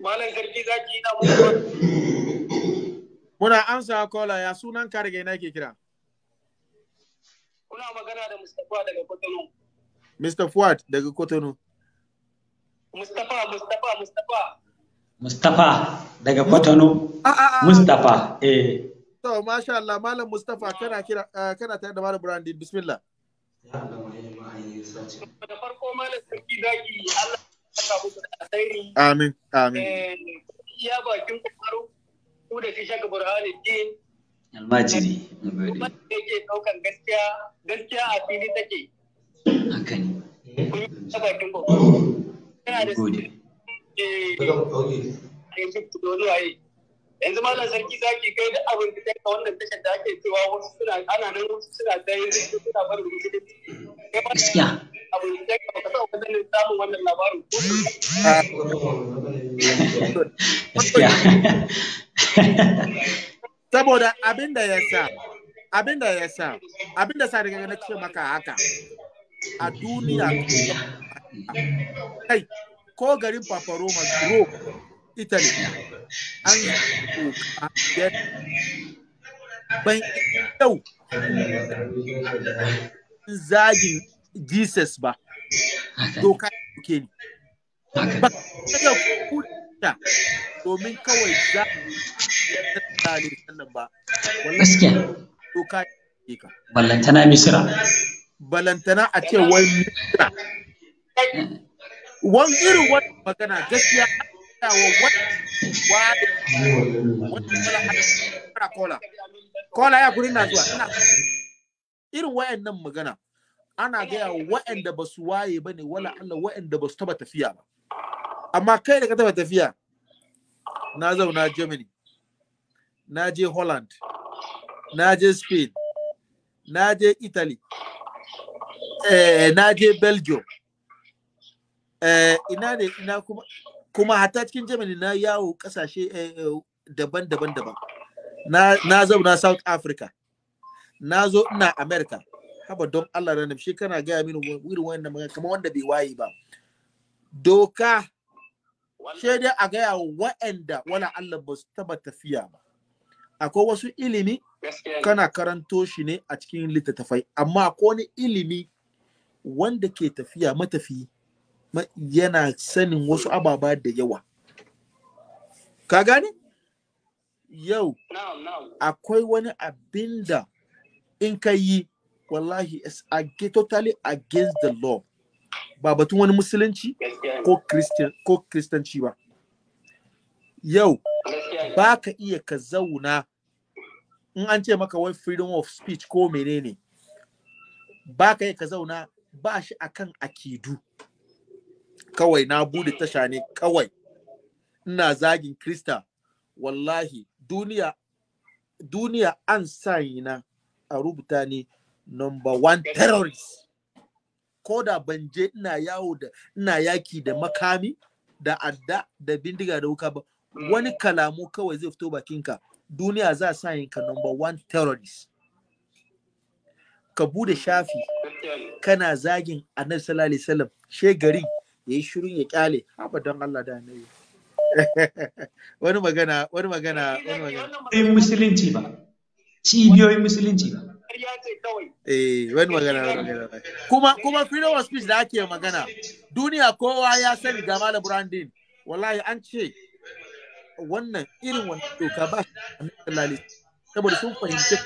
S1: Muna sarki zaki Muna amsa kola ya sunan Karge na ke kira?
S12: Kuna magana da Mustapha daga Kotonu.
S1: Mr. Fuad daga Kotonu.
S12: Mustapha, Mustapha, Mustapha.
S4: Mustapha daga Kotonu.
S1: Ah, ah, ah. Mustapha, eh. To, masha Allah, Malam Mustapha kana kira eh, kana tare da Malam Brandin, bismillah.
S8: Da
S12: farko Malam Sarki Zaki, Allah
S8: amin amin eh, iya bakin
S12: kokarin ku da din almajiri
S9: kuma da yake gaskiya gaskiya a fili take haka ne bakin yana
S8: da eh, eh, yanzu malam sarki zaki kai da abin da ka wannan tashar da ake cewa wasu suna ana nan wasu suna suna barin gaskiya abu ne kai sa
S5: wajen
S1: saboda abin ya sa abinda ya sa abin da sa daga na ce maka haka a duniya kai ko garin paparoma gro italy an ban yau zagin Jesus ba.
S6: Doka ke ni. Ba kuta domin kawai za ta sannan ba. Gaskiya.
S1: Doka
S4: ke ka. Ballantana Misira.
S1: Ballantana a ce wai Misira. Wani irin wani magana gaskiya wa wani wani
S2: wani wani wani wani wani
S1: wani wani wani magana. ana gaya waɗanda ba su waye ba ne wala mm. Allah wa'anda ba su taba tafiya ba amma kai da ka taba tafiya na zauna Germany na je Holland na je Spain na je Italy eh, na je Belgium eh, ina ne ina kuma kuma hatta cikin Germany na yawo kasashe daban-daban eh, eh, daban na zauna South Africa na zo ina America haba don Allah da nabi shi kana gaya mini wuri wannan magana kamar wanda bai waye ba doka she dai a gaya wa'anda wala Allah ba su taba tafiya ba akwai wasu ilimi kana karanto shi ne a cikin littattafai amma akwai wani ilimi wanda ke tafiya matafi yana sanin wasu ababa da yawa ka gani? yau akwai wani abinda in ka yi wallahi is against, totally against the law ba batun wani musulunci ko christian ko kristanci ba yau ba ka iya ka zauna in an ce maka wai freedom of speech ko menene ba iya ka zauna ba shi akan akidu kawai na bude tasha ne kawai ina zagin krista wallahi duniya duniya an sa a rubuta ne number one terrorist ko da ban je ina yawo da ina yaki da makami da adda da bindiga da wuka ba mm. wani kalamu kawai zai fito bakinka duniya za sa ka number one terrorist ka bude shafi kana zagin annabi sallallahu alaihi wasallam she gari yayi shirin ya kyale haba don Allah da annabi wani magana wani magana wani magana musulunci ba cibiyoyin musulunci ba eh kuma kuma freedom of speech da ake magana duniya kowa ya sani ga malam brandin wallahi an ce wannan irin wannan doka ba annabi saboda sun fahimci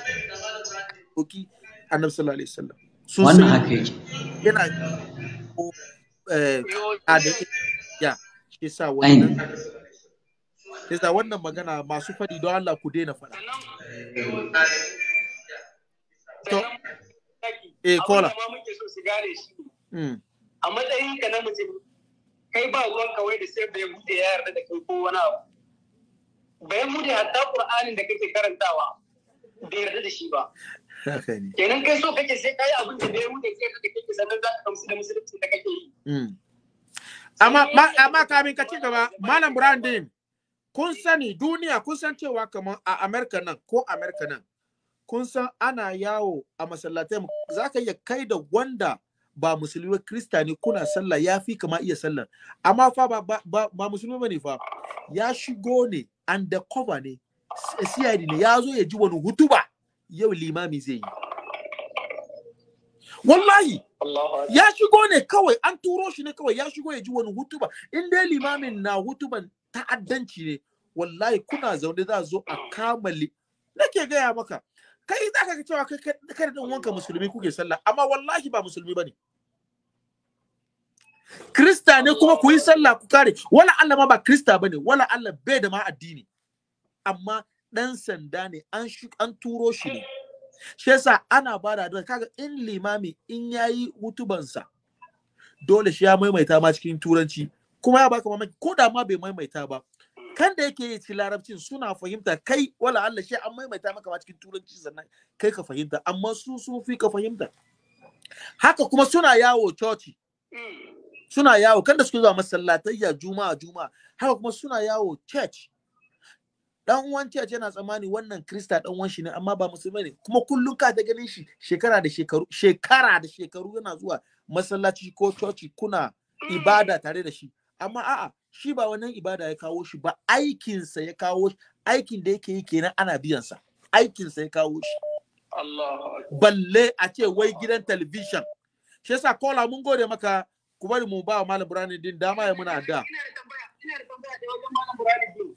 S1: doki annabi sallallahu alaihi wasallam sun wannan haka yake yana eh ya
S9: shi sa wannan
S1: shi sa wannan magana masu fadi don Allah ku daina fada to eh kola hmm.
S8: a matsayin ka na mutum kai ba ruwan kawai da sai bai bude ya yarda da kai ko wani abu bayan bude hatta qur'anin da kake karantawa bai yarda da shi
S2: ba kenan kai so kake sai kai abin da bai mutu sai ka kake sannan za ka kamsu da musulunci
S1: da kake yi hmm. amma amma kamin ka ci gaba malam brandin kun sani duniya kun san cewa kamar a america nan ko america nan kun san ana yawo a masallatai za ka iya kai da wanda ba musulmi krista ne kuna sallah ya fi kama iya sallar amma fa ba, ba, ba, ba musulmi ba ne fa ya shigo ne undercover ne cid ne ya zo ya ji wani hutuba yau limami zai yi wallahi ya shigo ne kawai an turo shi ne kawai ya shigo ya ji wani hutuba in dai limamin na hutuban ta'addanci ne wallahi kuna zaune za a zo a kama nake gaya maka kai za ka cewa kai da wanka musulmi kuke sallah amma wallahi ba musulmi bane krista ne kuma ku yi sallah ku kare wala Allah ma ba krista bane wala Allah bai da ma addini amma dan sanda ne an an turo shi ne shi yasa ana ba da kaga in limami in yayi hutubansa dole shi ya maimaita ma cikin turanci kuma ya baka mamaki ko da ma bai maimaita ba kan da yake cikin larabcin suna fahimta kai wala Allah shi an maimaita maka ba cikin turanci sannan kai ka fahimta amma su sun fi ka fahimta haka kuma suna yawo coci suna yawo kan da suke zuwa masallatayya juma'a juma'a haka kuma suna yawo church dan uwan church yana tsammani wannan krista dan uwan shi ne amma ba musulmi ne kuma kullun ka ta ganin shi shekara da shekaru shekara da shekaru yana zuwa masallaci ko coci kuna ibada tare da shi amma a'a shi ba wannan ibada ya kawo shi ba aikinsa ya kawo shi aikin da yake yi kenan ana biyan biyansa aikinsa ya kawo shi balle a ce wai gidan talabijin shi yasa kola mun gode maka ku bari mu ba malam burani din dama ya muna da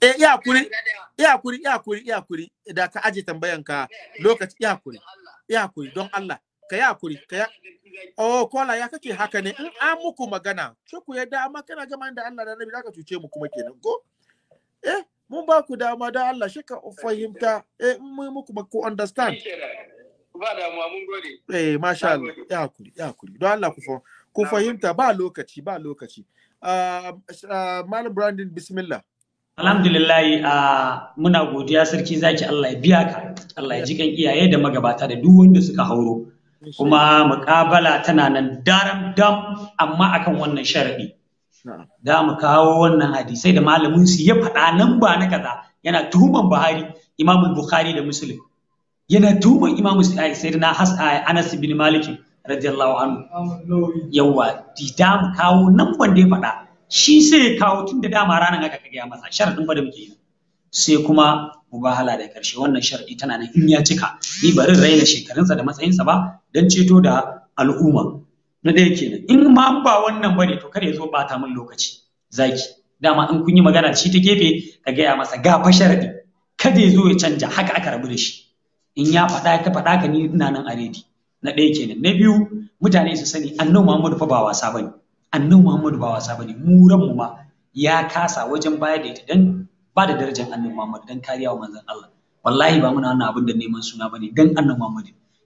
S5: E iya kuri
S1: iya kuri iya kuri iya kuri da ka aje ka eh, eh, lokaci iya kuri iya kuri don Allah ka yi hakuri ka ya oh kola ya kake haka ne in an muku magana ki ku yadda amma kana gama da Allah da Annabi zaka cuce mu kuma kenan ko eh mun ba ku dama da Allah shi ka fahimta eh mun mun muku ba ku understand
S8: ba mu mun gode
S1: eh masha Allah ya hakuri ya hakuri don Allah ku fa ku fahimta ba lokaci ba lokaci um, uh, malam brandin bismillah Alhamdulillah
S4: uh, muna godiya sarki zaki Allah ya biya ka Allah ya ji kan iyaye da magabata da duk wanda suka hauro kuma mukabala tana nan daram dam amma akan wannan sharadi da mu kawo wannan hadisai da malamin su ya faɗa nan ba na kaza yana tuhuman Buhari Imam Bukhari da Muslim yana tuhuman Imam eh, Sayyidina eh, Anas bin Malik radiyallahu anhu yawa da mu kawo nan wanda ya faɗa shi sai ya kawo tun da dama ranar aka kage masa sharadin ba da muke yi sai kuma mubahala da karshe wannan sharadi tana nan in ya cika ni barin raina shekarunsa da matsayinsa ba don ceto da al'umma na ɗaya kenan in ma ba wannan bane to kare ya zo bata min lokaci zaki dama in kun yi magana shi ta gefe ka gaya masa ga fa sharadi kada ya zo ya canja haka aka rabu da shi in ya faɗa ka faɗa ka ni ina nan a redi na ɗaya kenan na biyu mutane su sani annabi Muhammadu fa ba wasa bane annabi Muhammadu ba wasa bane mu ranmu ma ya kasa wajen bayar da ita dan ba da darajar annabi Muhammad dan kariya wa manzon Allah wallahi ba muna wannan abin da neman suna bane dan annabi Muhammad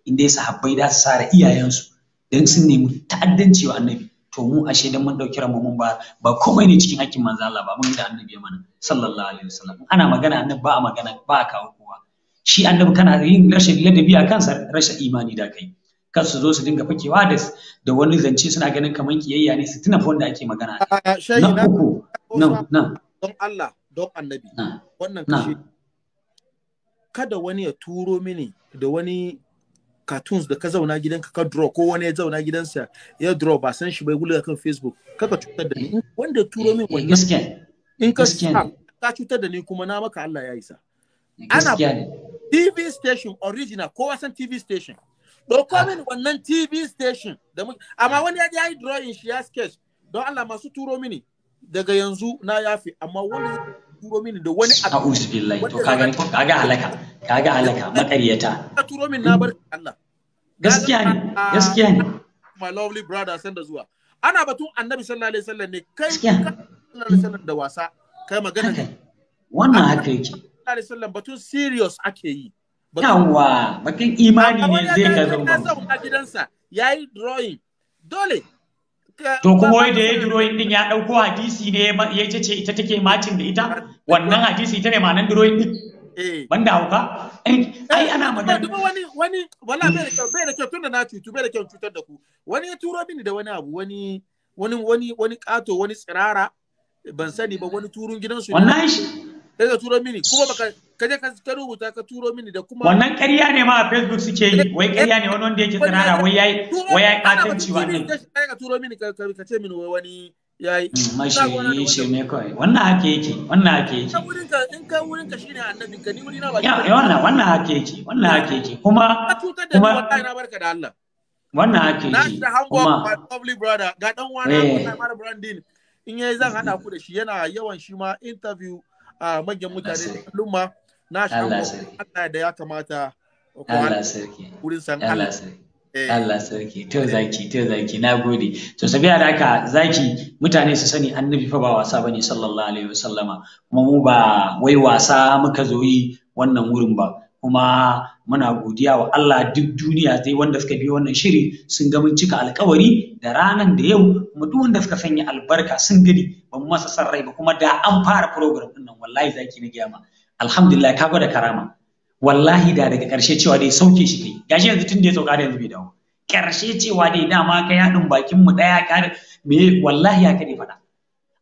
S4: in ya sahabbai da su sara iyayensu dan sun nemi ta'addanci wa annabi to mu ashe dan mun dauki ranmu mun ba ba komai ne cikin hakkin manzon Allah ba mun da annabi ya mana sallallahu alaihi wasallam ana magana annabi ba a magana ba a kawo kowa shi annabi kana yin rashin ladabi a kansa rashin imani da kai kar su zo su dinga fakewa da da wani zance suna ganin kamar kiyayya ne su tuna wanda ake magana na uku nan nan don Allah don annabi
S1: wannan kashe kada wani ya turo mini da wani cartoons da ka zauna gidanka ka draw ko wani ya zauna gidansa ya draw ba san shi bai gulga kan facebook kaka cutar da ni wanda turo min wannan in ka ka cutar da ni kuma na maka Allah ya isa ana TV station original kowa san TV station ɗauko ah. min wannan TV station da amma ah. wani ya yi drawing shi ya sketch don Allah masu turo mini daga yanzu na yafi amma wani turo mini
S4: da wani abu a'udhu billahi to kaga gani ko halaka halaka makaryata
S1: ka turo na bar Allah
S4: gaskiya ne gaskiya ne ah,
S1: my lovely brother san da zuwa ana batun annabi sallallahu alaihi wasallam ne kai sallallahu alaihi wasallam da wasa kai magana
S4: wannan haka yake sallallahu
S1: alaihi wasallam batun serious ake yi
S4: yawwa bakin imani ne zai ga
S1: zama gidansa yayi drawing dole To kuma wai da ya duro din
S4: ya dauko hadisi ne ya ce ce ita take macin da ita wannan hadisi ita ne manan duro din. Eh. Banda hauka? Ai eh, ana magana. Duba wani wani
S1: wala bai da kyau bai da kyau tunda na cutu bai da kyau tutar da ku. Wani ya turo mini da wani abu wani wani wani wani kato wani tsirara ban sani ba wani turun gidansu. Wallahi shi. Sai ka turo mini kuma baka ka je ka rubuta ka turo mini da kuma wannan ƙarya ne ma
S4: a facebook suke yi eh, wai ƙarya ne wani wanda yake tsanara wai yayi wai yayi katanci wani
S1: wannan ka turo mini ka ce mini wai wani
S4: yayi mm, mashi shi ne kai wannan hake yake wannan hake yake ka
S1: ka wurin in ka wurin ka shine annabi ka ni wuri na ba ya wannan wannan
S4: hake yake wannan hake yake kuma kuma wallahi na barka da Allah wannan hake yake na da hango my
S1: lovely brother ga dan wani wannan mara branding in yayi zan hada ku da shi yana yawan shi ma interview a ah, manyan mutane da lumma na shi Allah da ya kamata Allah sarki
S4: wurin san Allah sarki eh. Allah sarki to zaki to zaki na gode to sabiya da haka zaki mutane su sani annabi fa ba wasa bane sallallahu alaihi wasallama kuma mu ba wai wasa muka zo yi wannan wurin ba kuma muna godiya wa Allah duk duniya dai wanda suka biyo wannan shiri sun ga mun cika alkawari da ranan da yau kuma duk wanda suka sanya albarka sun gani ba mu masa san rai ba kuma da an fara program din nan wallahi zaki na gyama alhamdulillah ka gwada karama wallahi da daga karshe cewa dai sauke shi kai gashi yanzu tun da ya sauka da yanzu bai dawo karshe cewa dai dama ka din bakin mu daya ka me wallahi ya kade faɗa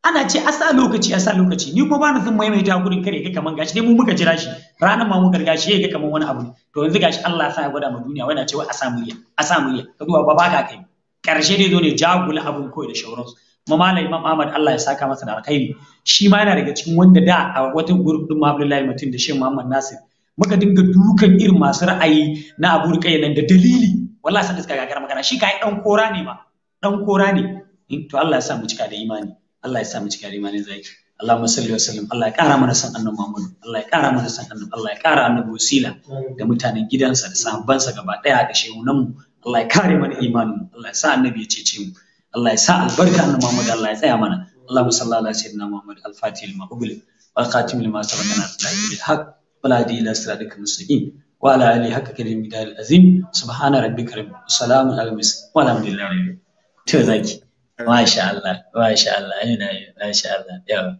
S4: ana ce a sa lokaci a sa lokaci ni kuma ba na son maimaita gurin kare ga kaman gashi dai mu muka jira shi ranar ma muka riga shi ga kaman wani abu to yanzu gashi Allah ya sa ya gwada ma duniya wani wa a sa murya a sa murya ka duba ba ka kai karshe dai zo ne jagula abun koyi da shauransu kuma imam ahmad Allah ya saka masa da alkhairi shi ma yana daga cikin wanda da a wata group din Abdullahi mutum da shehu Muhammad Nasir muka dinga dukan irin masu ra'ayi na Abu Ruqayyah nan da dalili wallahi sai suka gagara magana shi kai dan kora ne ma dan kora ne to Allah ya sa mu cika da imani Allah ya sa mu cika da imani zai Allahumma salli wa sallim Allah ya kara mana san annabi Muhammad Allah ya kara mana san annabi Allah ya kara annabi wasila da mutanen gidansa da sahabbansa gaba daya da shehunan mu Allah ya kare mana imani Allah ya sa annabi ya cece mu Allah ya sa albarka annabi Muhammad Allah ya tsaya mana Allahumma salli ala sayyidina Muhammad al-Fatih al-Maqbul al khatim lima sabaqana bil haqq wal hadi ila siratikal mustaqim wa ala ali haqqa kalim bidal azim subhana rabbika rabbil salamun ala mursalin walhamdulillahi rabbil to zaki masha Allah masha Allah ina masha Allah yawa